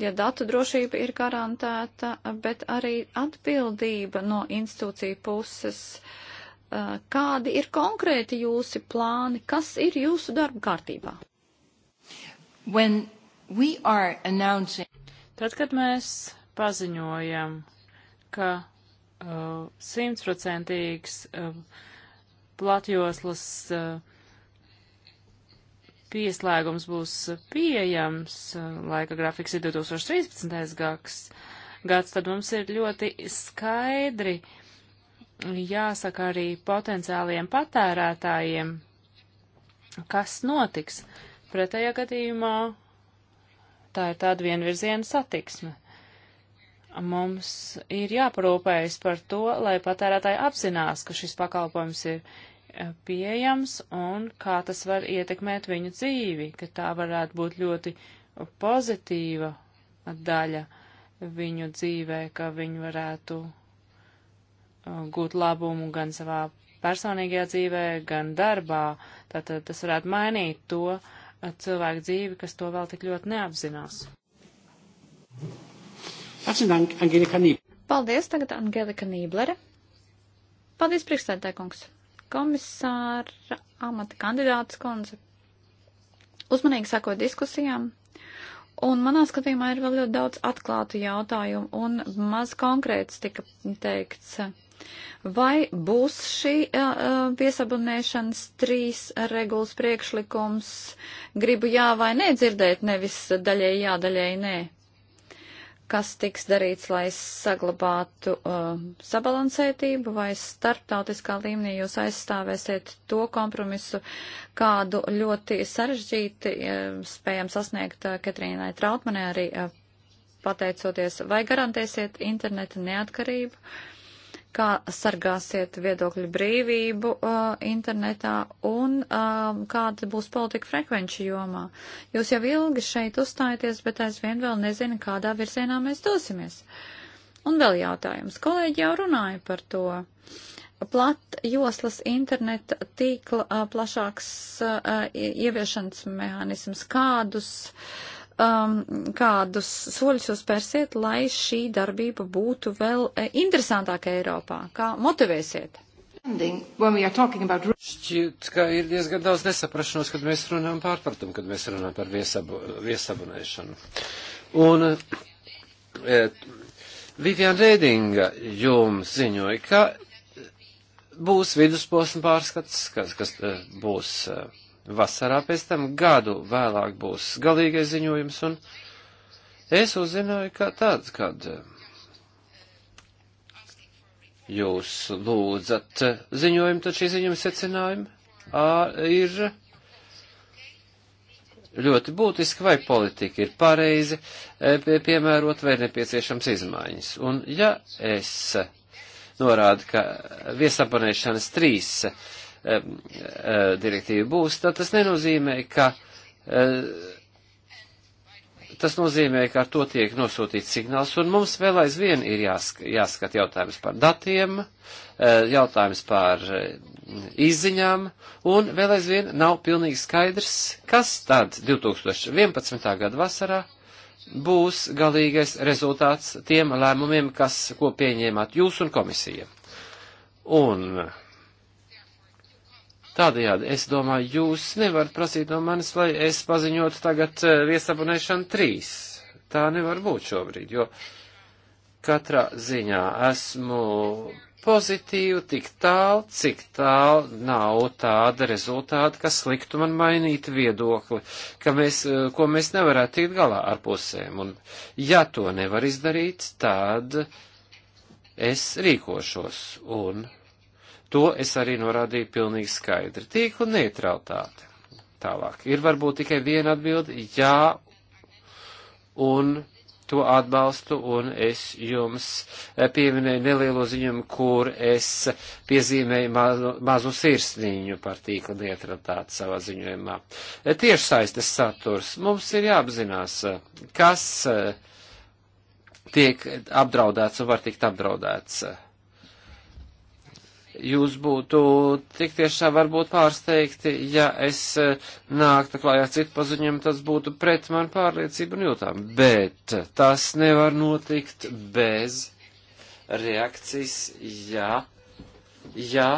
Ja datu drošība ir garantēta, bet arī atbildība no institūciju puses. Uh, kādi ir konkrēti jūsu plāni? Kas ir jūsu darba kārtībā? announcing... Tad, kad mēs paziņojam, ka uh, simtprocentīgs uh, uh, platjoslas uh, pieslēgums būs pieejams, uh, laika grafiks ir 2013. gads, gads, tad mums ir ļoti skaidri jāsaka arī potenciāliem patērētājiem, kas notiks. Pretējā gadījumā tā ir tāda vienvirziena satiksme. Mums ir jāparūpējas par to, lai patērētāji apzinās, ka šis pakalpojums ir eh, pieejams un kā tas var ietekmēt viņu dzīvi, ka tā varētu būt ļoti pozitīva daļa viņu dzīvē, ka viņi varētu eh, gūt labumu gan savā personīgajā dzīvē, gan darbā. Tātad tas varētu mainīt to, uh, cilvēku dzīvi, kas to vēl tik ļoti neapzinās. Paldies, tagad Angelika Nīblere. Paldies, priekšstādātāj kungs. Komisāra amata kandidāts kundze. Uzmanīgi sako diskusijām. Un manā skatījumā ir vēl ļoti daudz atklātu jautājumu un maz konkrēts tika teikts. Vai būs šī uh, piesabunēšanas trīs regulas priekšlikums? Gribu jā vai nē dzirdēt, nevis daļai jā, daļai nē. Kas tiks darīts, lai saglabātu uh, sabalansētību vai starptautiskā līmenī jūs aizstāvēsiet to kompromisu, kādu ļoti sarežģīti uh, spējam sasniegt uh, Katrīnai Trautmanē arī uh, pateicoties, vai garantēsiet interneta neatkarību? Uh, kā sargāsiet viedokļu brīvību uh, internetā un uh, kāda būs politika frekvenču jomā. Jūs jau ilgi šeit uzstājaties, bet aizvien vēl nezinu, kādā virzienā mēs dosimies. Un vēl jautājums. Kolēģi jau runāja par to. Plat joslas interneta tīkla uh, plašāks uh, ieviešanas mehānisms. Kādus uh, um, kādus soļus jūs spērsiet, lai šī darbība būtu vēl eh, interesantāka Eiropā? Kā motivēsiet? About... Šķiet, ka ir diezgan daudz nesaprašanos, kad mēs runājam pārpratumu, kad mēs runājam par viesabu, viesabunēšanu. Un et, eh, eh, Vivian Rēdinga jums ziņoja, ka būs vidusposma pārskats, kas, kas būs uh, vasarā, pēc tam gadu vēlāk būs galīgais ziņojums, un es uzzināju, ka tāds, kad eh, jūs lūdzat eh, ziņojumu, tad šī ziņojuma secinājumi ir ļoti būtiski, vai politika ir pareizi eh, pie, piemērot, vai ir nepieciešams izmaiņas. Un ja es norādu, ka viesapanēšanas trīs Um, uh, direktīva būs, tad tas nenozīmē, ka uh, tas nozīmē, ka ar to tiek nosūtīts signāls, un mums vēl aizvien ir jāsk jāskat jautājums par datiem, uh, jautājums par izziņām, un vēl aizvien nav pilnīgi skaidrs, kas tad 2011. gada vasarā būs galīgais rezultāts tiem lēmumiem, kas, ko pieņēmāt jūs un komisija. Un Tādējādi es domāju, jūs nevarat prasīt no manis, lai es paziņotu tagad eh, viesabunēšanu trīs. Tā nevar būt šobrīd, jo katrā ziņā esmu pozitīvu tik tālu, cik tālu nav tāda rezultāta, kas liktu man mainīt viedokli, ka mēs, eh, ko mēs nevarētu tikt galā ar pusēm. Un ja to nevar izdarīt, tad es rīkošos un To es arī norādīju pilnīgi skaidri. Tīkla neutralitāte. Tālāk. Ir varbūt tikai viena atbilde - jā, un to atbalstu, un es jums eh, pieminēju nelielo ziņumu, kur es piezīmēju mazu, mazu sirsniņu par tīkla neutralitāti savā ziņojumā. Eh, Tieši saistes saturs. Mums ir jāapzinās, eh, kas tiek apdraudēts un var tikt apdraudēts jūs būtu tik tiešām varbūt pārsteigti, ja es eh, nāktu klājā citu paziņojumu, tas būtu pret manu pārliecību un jūtām. Bet tas nevar notikt bez reakcijas, ja, ja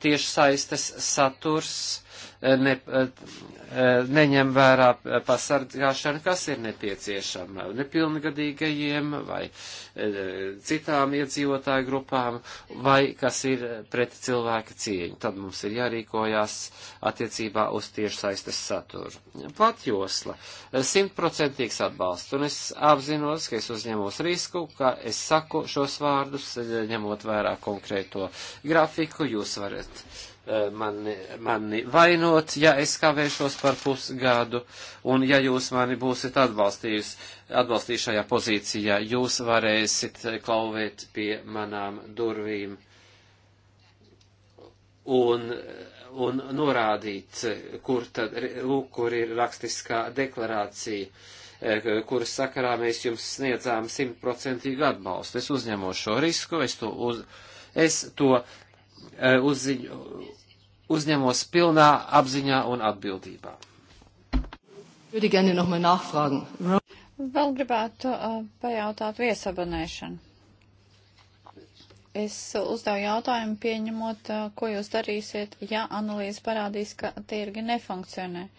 tieši saistes saturs ne, eh, neņem vērā pasargāšana, kas ir nepieciešama nepilngadīgajiem vai eh, citām iedzīvotāju grupām, vai kas ir pret cilvēka cieņu. Tad mums ir jārīkojās attiecībā uz tiešsaistes saturu. Platjosla, simtprocentīgs atbalsts, un es apzinos, ka es uzņemos risku, ka es saku šos vārdus, eh, ņemot vērā konkrēto grafiku, jūs varat Eh, mani, mani vainot, ja es kavēšos par pusgadu, un ja jūs mani būsiet atbalstījuši šajā pozīcijā, jūs varēsiet klauvēt pie manām durvīm un, un norādīt, kur tad, lūk, kur ir rakstiskā deklarācija eh, kuras sakarā mēs jums sniedzām simtprocentīgu atbalstu. Es uzņemos šo risku, es to, uz, es to uzziņu, uzņemos pilnā apziņā un atbildībā. Vēl gribētu uh, pajautāt viesabonēšanu. Es uzdevu jautājumu pieņemot, uh, ko jūs darīsiet, ja analīze parādīs, ka tirgi nefunkcionē. Uh,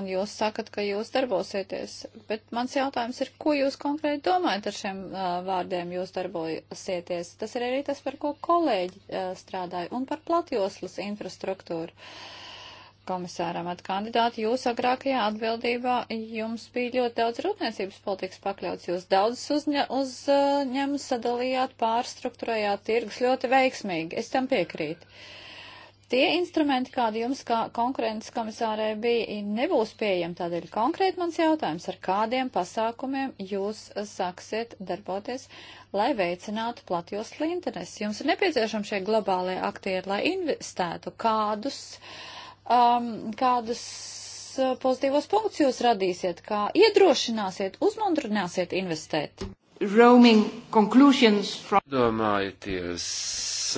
Un jūs sakat, ka jūs darbosieties, bet mans jautājums ir, ko jūs konkrēti domājat ar šiem uh, vārdiem jūs darbosieties? Tas ir arī tas, par ko kolēģi uh, strādāja un par platjoslas infrastruktūru. Komisāram at kandidāti, jūs agrākajā atbildībā jums bija ļoti daudz rūpniecības politikas pakļauts. Jūs daudzas uzņemas sadalījāt, pārstruktūrējāt tirgus ļoti veiksmīgi. Es tam piekrītu. Uh, tie instrumenti, kādi jums kā konkurences komisārai bija, nebūs pieejami. Tādēļ konkrēti mans jautājums, ar kādiem pasākumiem jūs sāksiet darboties, lai veicinātu platjoslu interesi? Jums ir nepieciešami šie globālie aktieri, lai investētu kādus, um, kādus uh, pozitīvos punktus jūs radīsiet, kā iedrošināsiet, uzmundrināsiet investēt roaming conclusions from. Domājieties,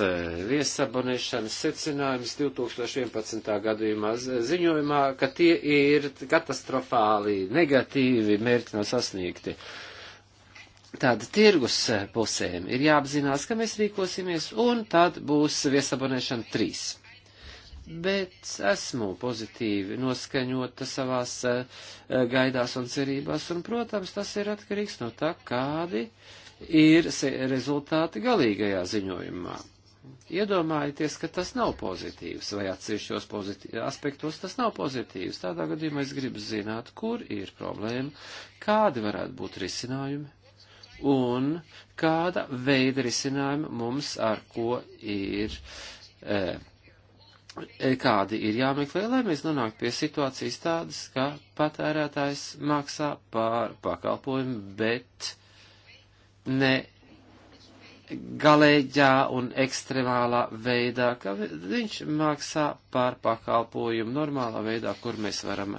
eh, viesabonēšanas secinājums 2011. gadījumā ziņojumā, ka tie ir katastrofāli negatīvi, mērķi nav sasniegti. Tāda tirgus pusēm ir jāapzinās, ka mēs rīkosimies, un tad būs viesabonēšana 3 bet esmu pozitīvi noskaņota savās eh, gaidās un cerībās, un, protams, tas ir atkarīgs no tā, kādi ir rezultāti galīgajā ziņojumā. Iedomājieties, ka tas nav pozitīvs, vai atsevišķos pozitīv, aspektos tas nav pozitīvs. Tādā gadījumā es gribu zināt, kur ir problēma, kādi varētu būt risinājumi un kāda veida risinājumi mums ar ko ir. Eh, E, kādi ir jāmeklē, lai mēs nonāktu pie situācijas tādas, ka patērētājs maksā par pakalpojumu, bet ne galēģā un ekstremālā veidā, ka viņš maksā par pakalpojumu normālā veidā, kur mēs varam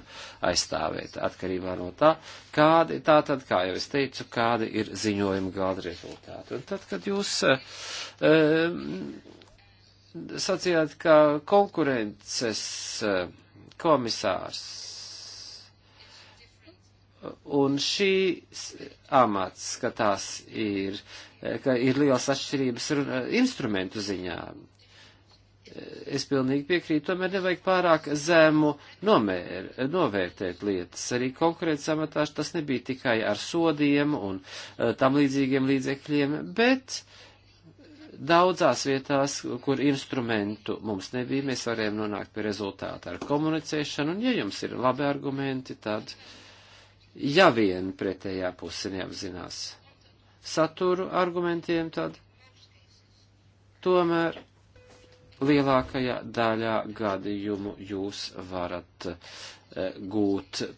aizstāvēt atkarībā no tā, kādi, tā tad, kā jau es teicu, kādi ir ziņojuma galda rezultāti. Un tad, kad jūs um, sacījāt, ka konkurences eh, komisārs un šī amats, ka tās ir, eh, ka ir lielas atšķirības eh, instrumentu ziņā. Es pilnīgi piekrītu, tomēr nevajag pārāk zēmu nomēr, novērtēt lietas. Arī konkurence amatāši tas nebija tikai ar sodiem un tam līdzīgiem līdzekļiem, bet uh, Daudzās vietās, kur instrumentu mums nebija, mēs varējām nonākt pie rezultāta ar komunicēšanu, un ja jums ir labi argumenti, tad ja vien pretējā puse neapzinās saturu argumentiem, tad tomēr lielākajā daļā gadījumu jūs varat eh, gūt eh,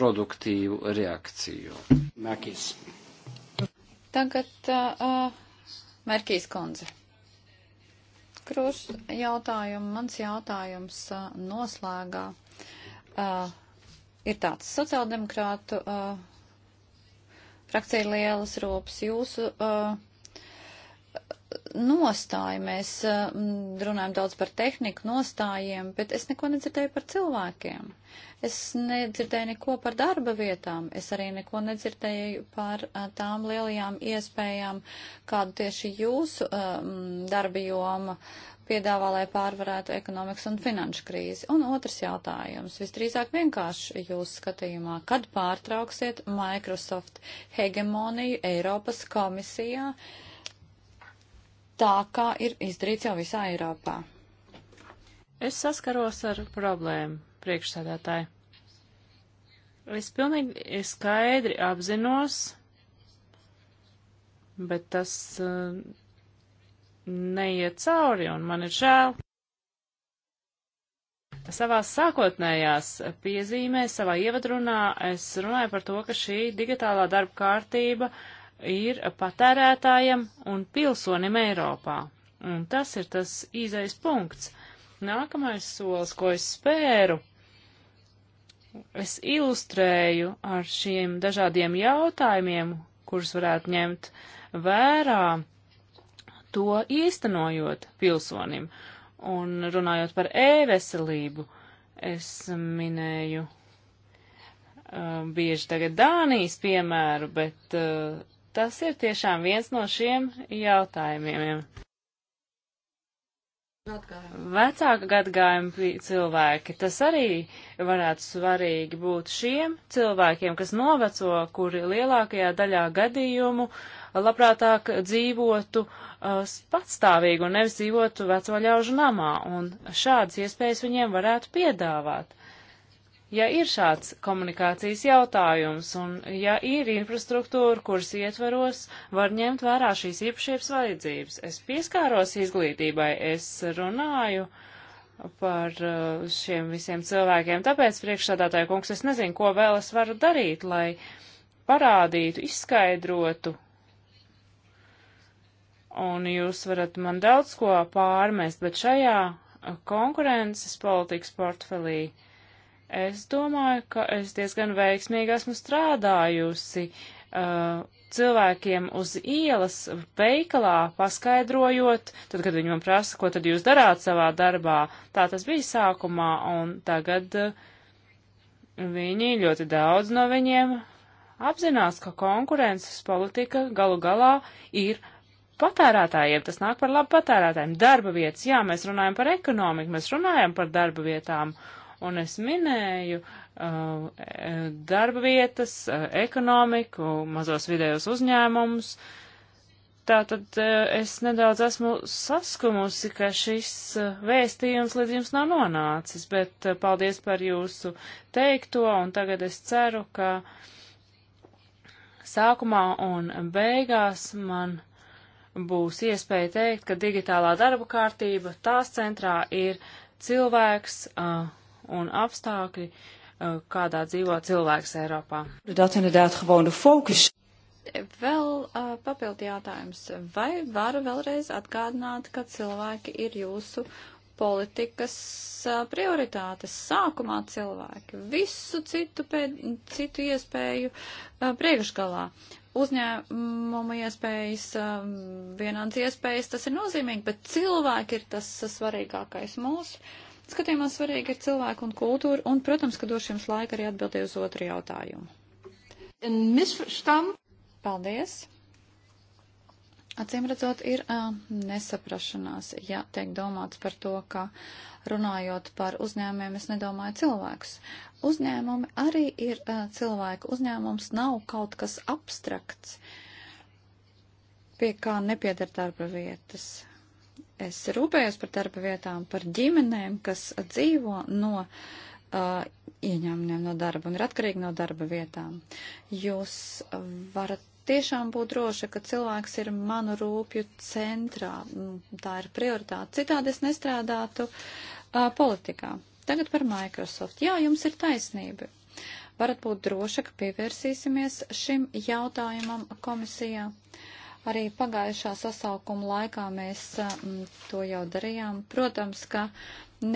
produktīvu reakciju. Makis. Tagad uh, Merkīs kundze. Krūs jautājumu, mans jautājums noslēgā uh, ir tāds sociāldemokrātu uh, frakcija lielas rūpes jūsu. Uh, Nostāju mēs uh, runājam daudz par tehniku, nostājiem, bet es neko nedzirdēju par cilvēkiem. Es nedzirdēju neko par darba vietām, es arī neko nedzirdēju par a, tām lielajām iespējām, kādu tieši jūsu a, darba joma piedāvā, lai pārvarētu ekonomikas un finanšu krīzi. Un otrs jautājums, visdrīzāk vienkārši jūs skatījumā, kad pārtrauksiet Microsoft hegemoniju Eiropas komisijā, tā kā ir izdarīts jau visā Eiropā? Es saskaros ar problēmu priekšsēdētāji. Es pilnīgi skaidri apzinos, bet tas uh, neiet cauri un man ir žēl. Savās sākotnējās piezīmēs, savā ievadrunā es runāju par to, ka šī digitālā darba kārtība ir patērētājiem un pilsonim Eiropā. Un tas ir tas īzais punkts. Nākamais solis, ko es spēru, es ilustrēju ar šiem dažādiem jautājumiem, kurus varētu ņemt vērā, to īstenojot pilsonim. Un runājot par e-veselību, es minēju uh, bieži tagad Dānijas piemēru, bet uh, tas ir tiešām viens no šiem jautājumiem. Vecāka gadgājuma cilvēki, tas arī varētu svarīgi būt šiem cilvēkiem, kas noveco, kuri lielākajā daļā gadījumu labprātāk dzīvotu uh, patstāvīgi un nevis dzīvotu veco ļaužu namā, un šādas iespējas viņiem varētu piedāvāt ja ir šāds komunikācijas jautājums un ja ir infrastruktūra, kuras ietveros var ņemt vērā šīs īpašības vajadzības. Es pieskāros izglītībai, es runāju par uh, šiem visiem cilvēkiem, tāpēc priekšsādātāja kungs, es nezinu, ko vēl es varu darīt, lai parādītu, izskaidrotu. Un jūs varat man daudz ko pārmest, bet šajā konkurences politikas portfelī uh, Es domāju, ka es diezgan veiksmīgi esmu strādājusi uh, cilvēkiem uz ielas veikalā paskaidrojot, tad, kad viņi man prasa, ko tad jūs darāt savā darbā, tā tas bija sākumā, un tagad uh, viņi ļoti daudz no viņiem apzinās, ka konkurences politika galu galā ir patērētājiem, tas nāk par labu patērētājiem. Darba vietas, jā, mēs runājam par ekonomiku, mēs runājam par darba vietām, un es minēju uh, darba vietas, uh, ekonomiku, mazos vidējos uzņēmumus. Tātad uh, es nedaudz esmu saskumusi, ka šis uh, vēstījums līdz jums nav nonācis, bet uh, paldies par jūsu teikto, un tagad es ceru, ka sākumā un beigās man būs iespēja teikt, ka digitālā darba kārtība tās centrā ir cilvēks, uh, un apstākļi, eh, kādā dzīvo cilvēks Eiropā. Vēl uh, eh, papildi jautājums. Vai varu vēlreiz atgādināt, ka cilvēki ir jūsu politikas uh, prioritātes sākumā cilvēki, visu citu, pēd, citu iespēju uh, priekšgalā? uzņēmumu iespējas, vienādas iespējas, tas ir nozīmīgi, bet cilvēki ir tas svarīgākais mūsu Skatījumā svarīgi ir cilvēku un kultūra, un, protams, ka došu jums laiku arī atbildēt uz otru jautājumu. Paldies! Acīm redzot, ir uh, nesaprašanās, ja tiek domāts par to, ka runājot par uzņēmumiem, es nedomāju cilvēkus. Uzņēmumi arī ir uh, cilvēku. Uzņēmums nav kaut kas abstrakts, pie kā nepiedara darba vietas es rūpējos par darba vietām, par ģimenēm, kas dzīvo no uh, ieņēmumiem no darba un ir atkarīgi no darba vietām. Jūs varat tiešām būt droši, ka cilvēks ir manu rūpju centrā. Mm, tā ir prioritāte. Citādi es nestrādātu uh, politikā. Tagad par Microsoft. Jā, jums ir taisnība. Varat būt droši, ka pievērsīsimies šim jautājumam komisijā. Uh, Arī pagājušā sasaukuma laikā mēs mm, to jau darījām. Protams, ka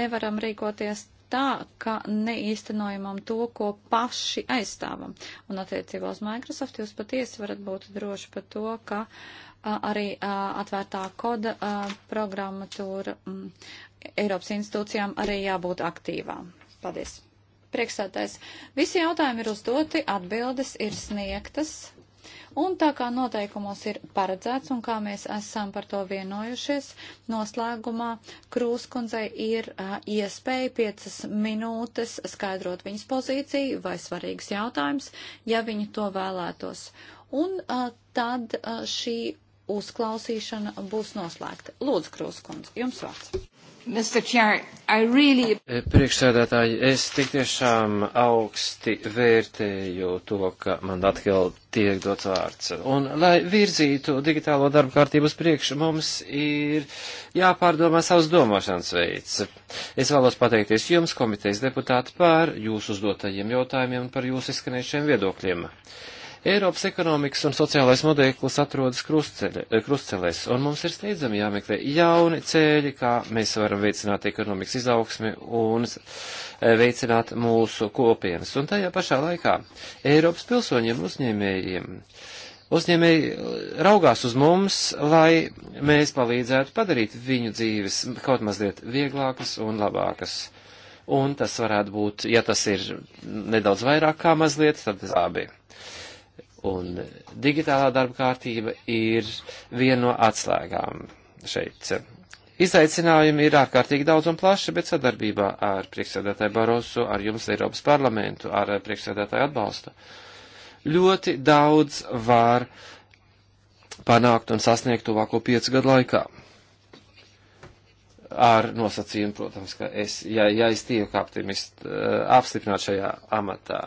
nevaram rīkoties tā, ka neīstenojamam to, ko paši aizstāvam. Un attiecībā uz Microsoft jūs patiesi varat būt droši par to, ka a, arī a, atvērtā koda a, programmatūra m, mm, Eiropas institūcijām arī jābūt aktīvām. Paldies! Priekšsētājs. Visi jautājumi ir uzdoti, atbildes ir sniegtas. Un tā kā noteikumos ir paredzēts un kā mēs esam par to vienojušies, noslēgumā Krūskundzei ir uh, iespēja piecas minūtes skaidrot viņas pozīciju vai svarīgs jautājums, ja viņa to vēlētos. Un uh, tad uh, šī uzklausīšana būs noslēgta. Lūdzu, Krūskundze, jums vārds. Really... E, priekšsēdētāji, es tik tiešām augsti vērtēju to, ka man atkal tiek dots vārds. Un, lai virzītu digitālo darbu kārtību uz priekšu, mums ir jāpārdomā savs domāšanas veids. Es vēlos pateikties jums, komitejas deputāti, par jūsu uzdotajiem jautājumiem un par jūsu izskanējušiem viedokļiem. Uh, Eiropas ekonomikas un sociālais modelis atrodas eh, krustcelēs, un mums ir steidzami jāmeklē jauni ceļi, kā mēs varam veicināt ekonomikas izaugsmi un eh, veicināt mūsu kopienas. Un tajā pašā laikā Eiropas pilsoņiem uzņēmējiem. Uzņēmēji eh, raugās uz mums, lai mēs palīdzētu padarīt viņu dzīves kaut mazliet vieglākas un labākas. Un tas varētu būt, ja tas ir nedaudz vairāk kā mazliet, tad labi. Uh, Un digitālā darba kārtība ir viena no atslēgām šeit. Izaicinājumi ir ārkārtīgi daudz un plaši, bet sadarbībā ar priekšsēdētāju Barosu, ar jums Eiropas parlamentu, ar priekšsēdētāju atbalstu ļoti daudz var panākt un sasniegt tuvāko piecu gadu laikā. Ar nosacījumu, protams, ka es, ja, ja es tieku optimist, eh, apstiprināt šajā amatā.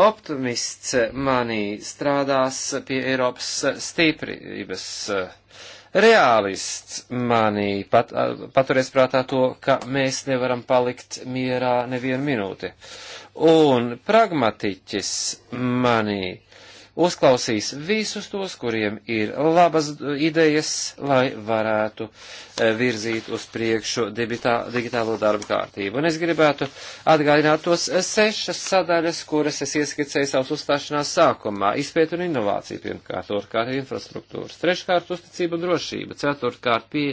Optimists manī strādās pie Eiropas stiprības. Reālists manī pat, paturēs prātā to, ka mēs nevaram palikt mierā nevienu minūti. Un pragmatiķis manī uzklausīs visus tos, kuriem ir labas idejas, lai varētu eh, virzīt uz priekšu debitā, digitālo darbu kārtību. Un es gribētu atgādināt tos eh, sešas sadaļas, kuras es ieskicēju savas uzstāšanās sākumā. Izpēt un inovācija pirmkārt, otrkārt infrastruktūras, treškārt uzticība un drošība, ceturtkārt pie,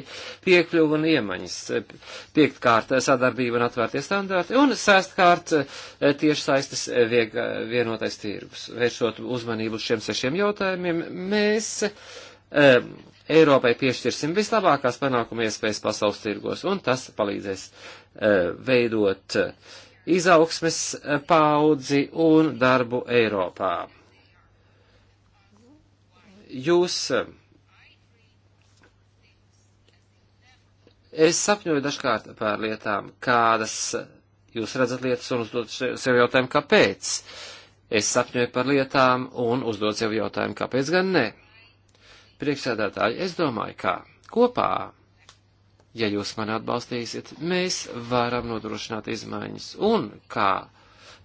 piekļuva un iemaņas, piektkārt eh, sadarbība un atvērtie standarti un sestkārt tiešsaistes vienotais tirgus, vēršot uzmanību uzmanību uz šiem sešiem jautājumiem, mēs um, Eiropai piešķirsim vislabākās panākuma iespējas pasaules tirgos, un tas palīdzēs uh, veidot eh, izaugsmes paudzi un darbu Eiropā. Jūs, es sapņoju dažkārt par lietām, kādas jūs redzat lietas un uzdot sev jautājumu, kāpēc. Uh, es sapņoju par lietām un uzdod sev jautājumu, kāpēc gan ne? Priekšsēdētāji, es domāju, kā kopā, ja jūs mani atbalstīsiet, mēs varam nodrošināt izmaiņas un kā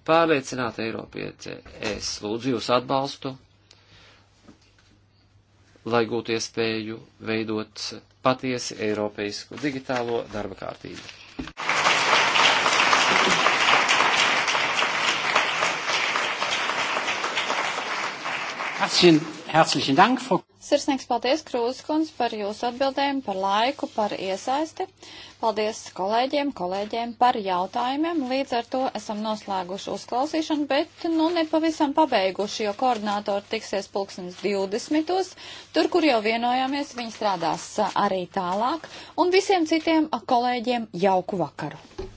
pārliecināt Eiropieci. Es lūdzu jūs atbalstu, lai gūtu iespēju veidot patiesi Eiropeisku digitālo darba kārtību. Herzlichen, herzlichen Dank, Frau. Sirsnīgs paldies, Krūzkunds, par jūsu atbildējumu, par laiku, par iesaisti. Paldies kolēģiem, kolēģiem par jautājumiem. Līdz ar to esam noslēguši uzklausīšanu, bet nu nepavisam pabeiguši, jo koordinātori tiksies pulksnes 20. Tur, kur jau vienojāmies, viņi strādās arī tālāk. Un visiem citiem kolēģiem jauku vakaru.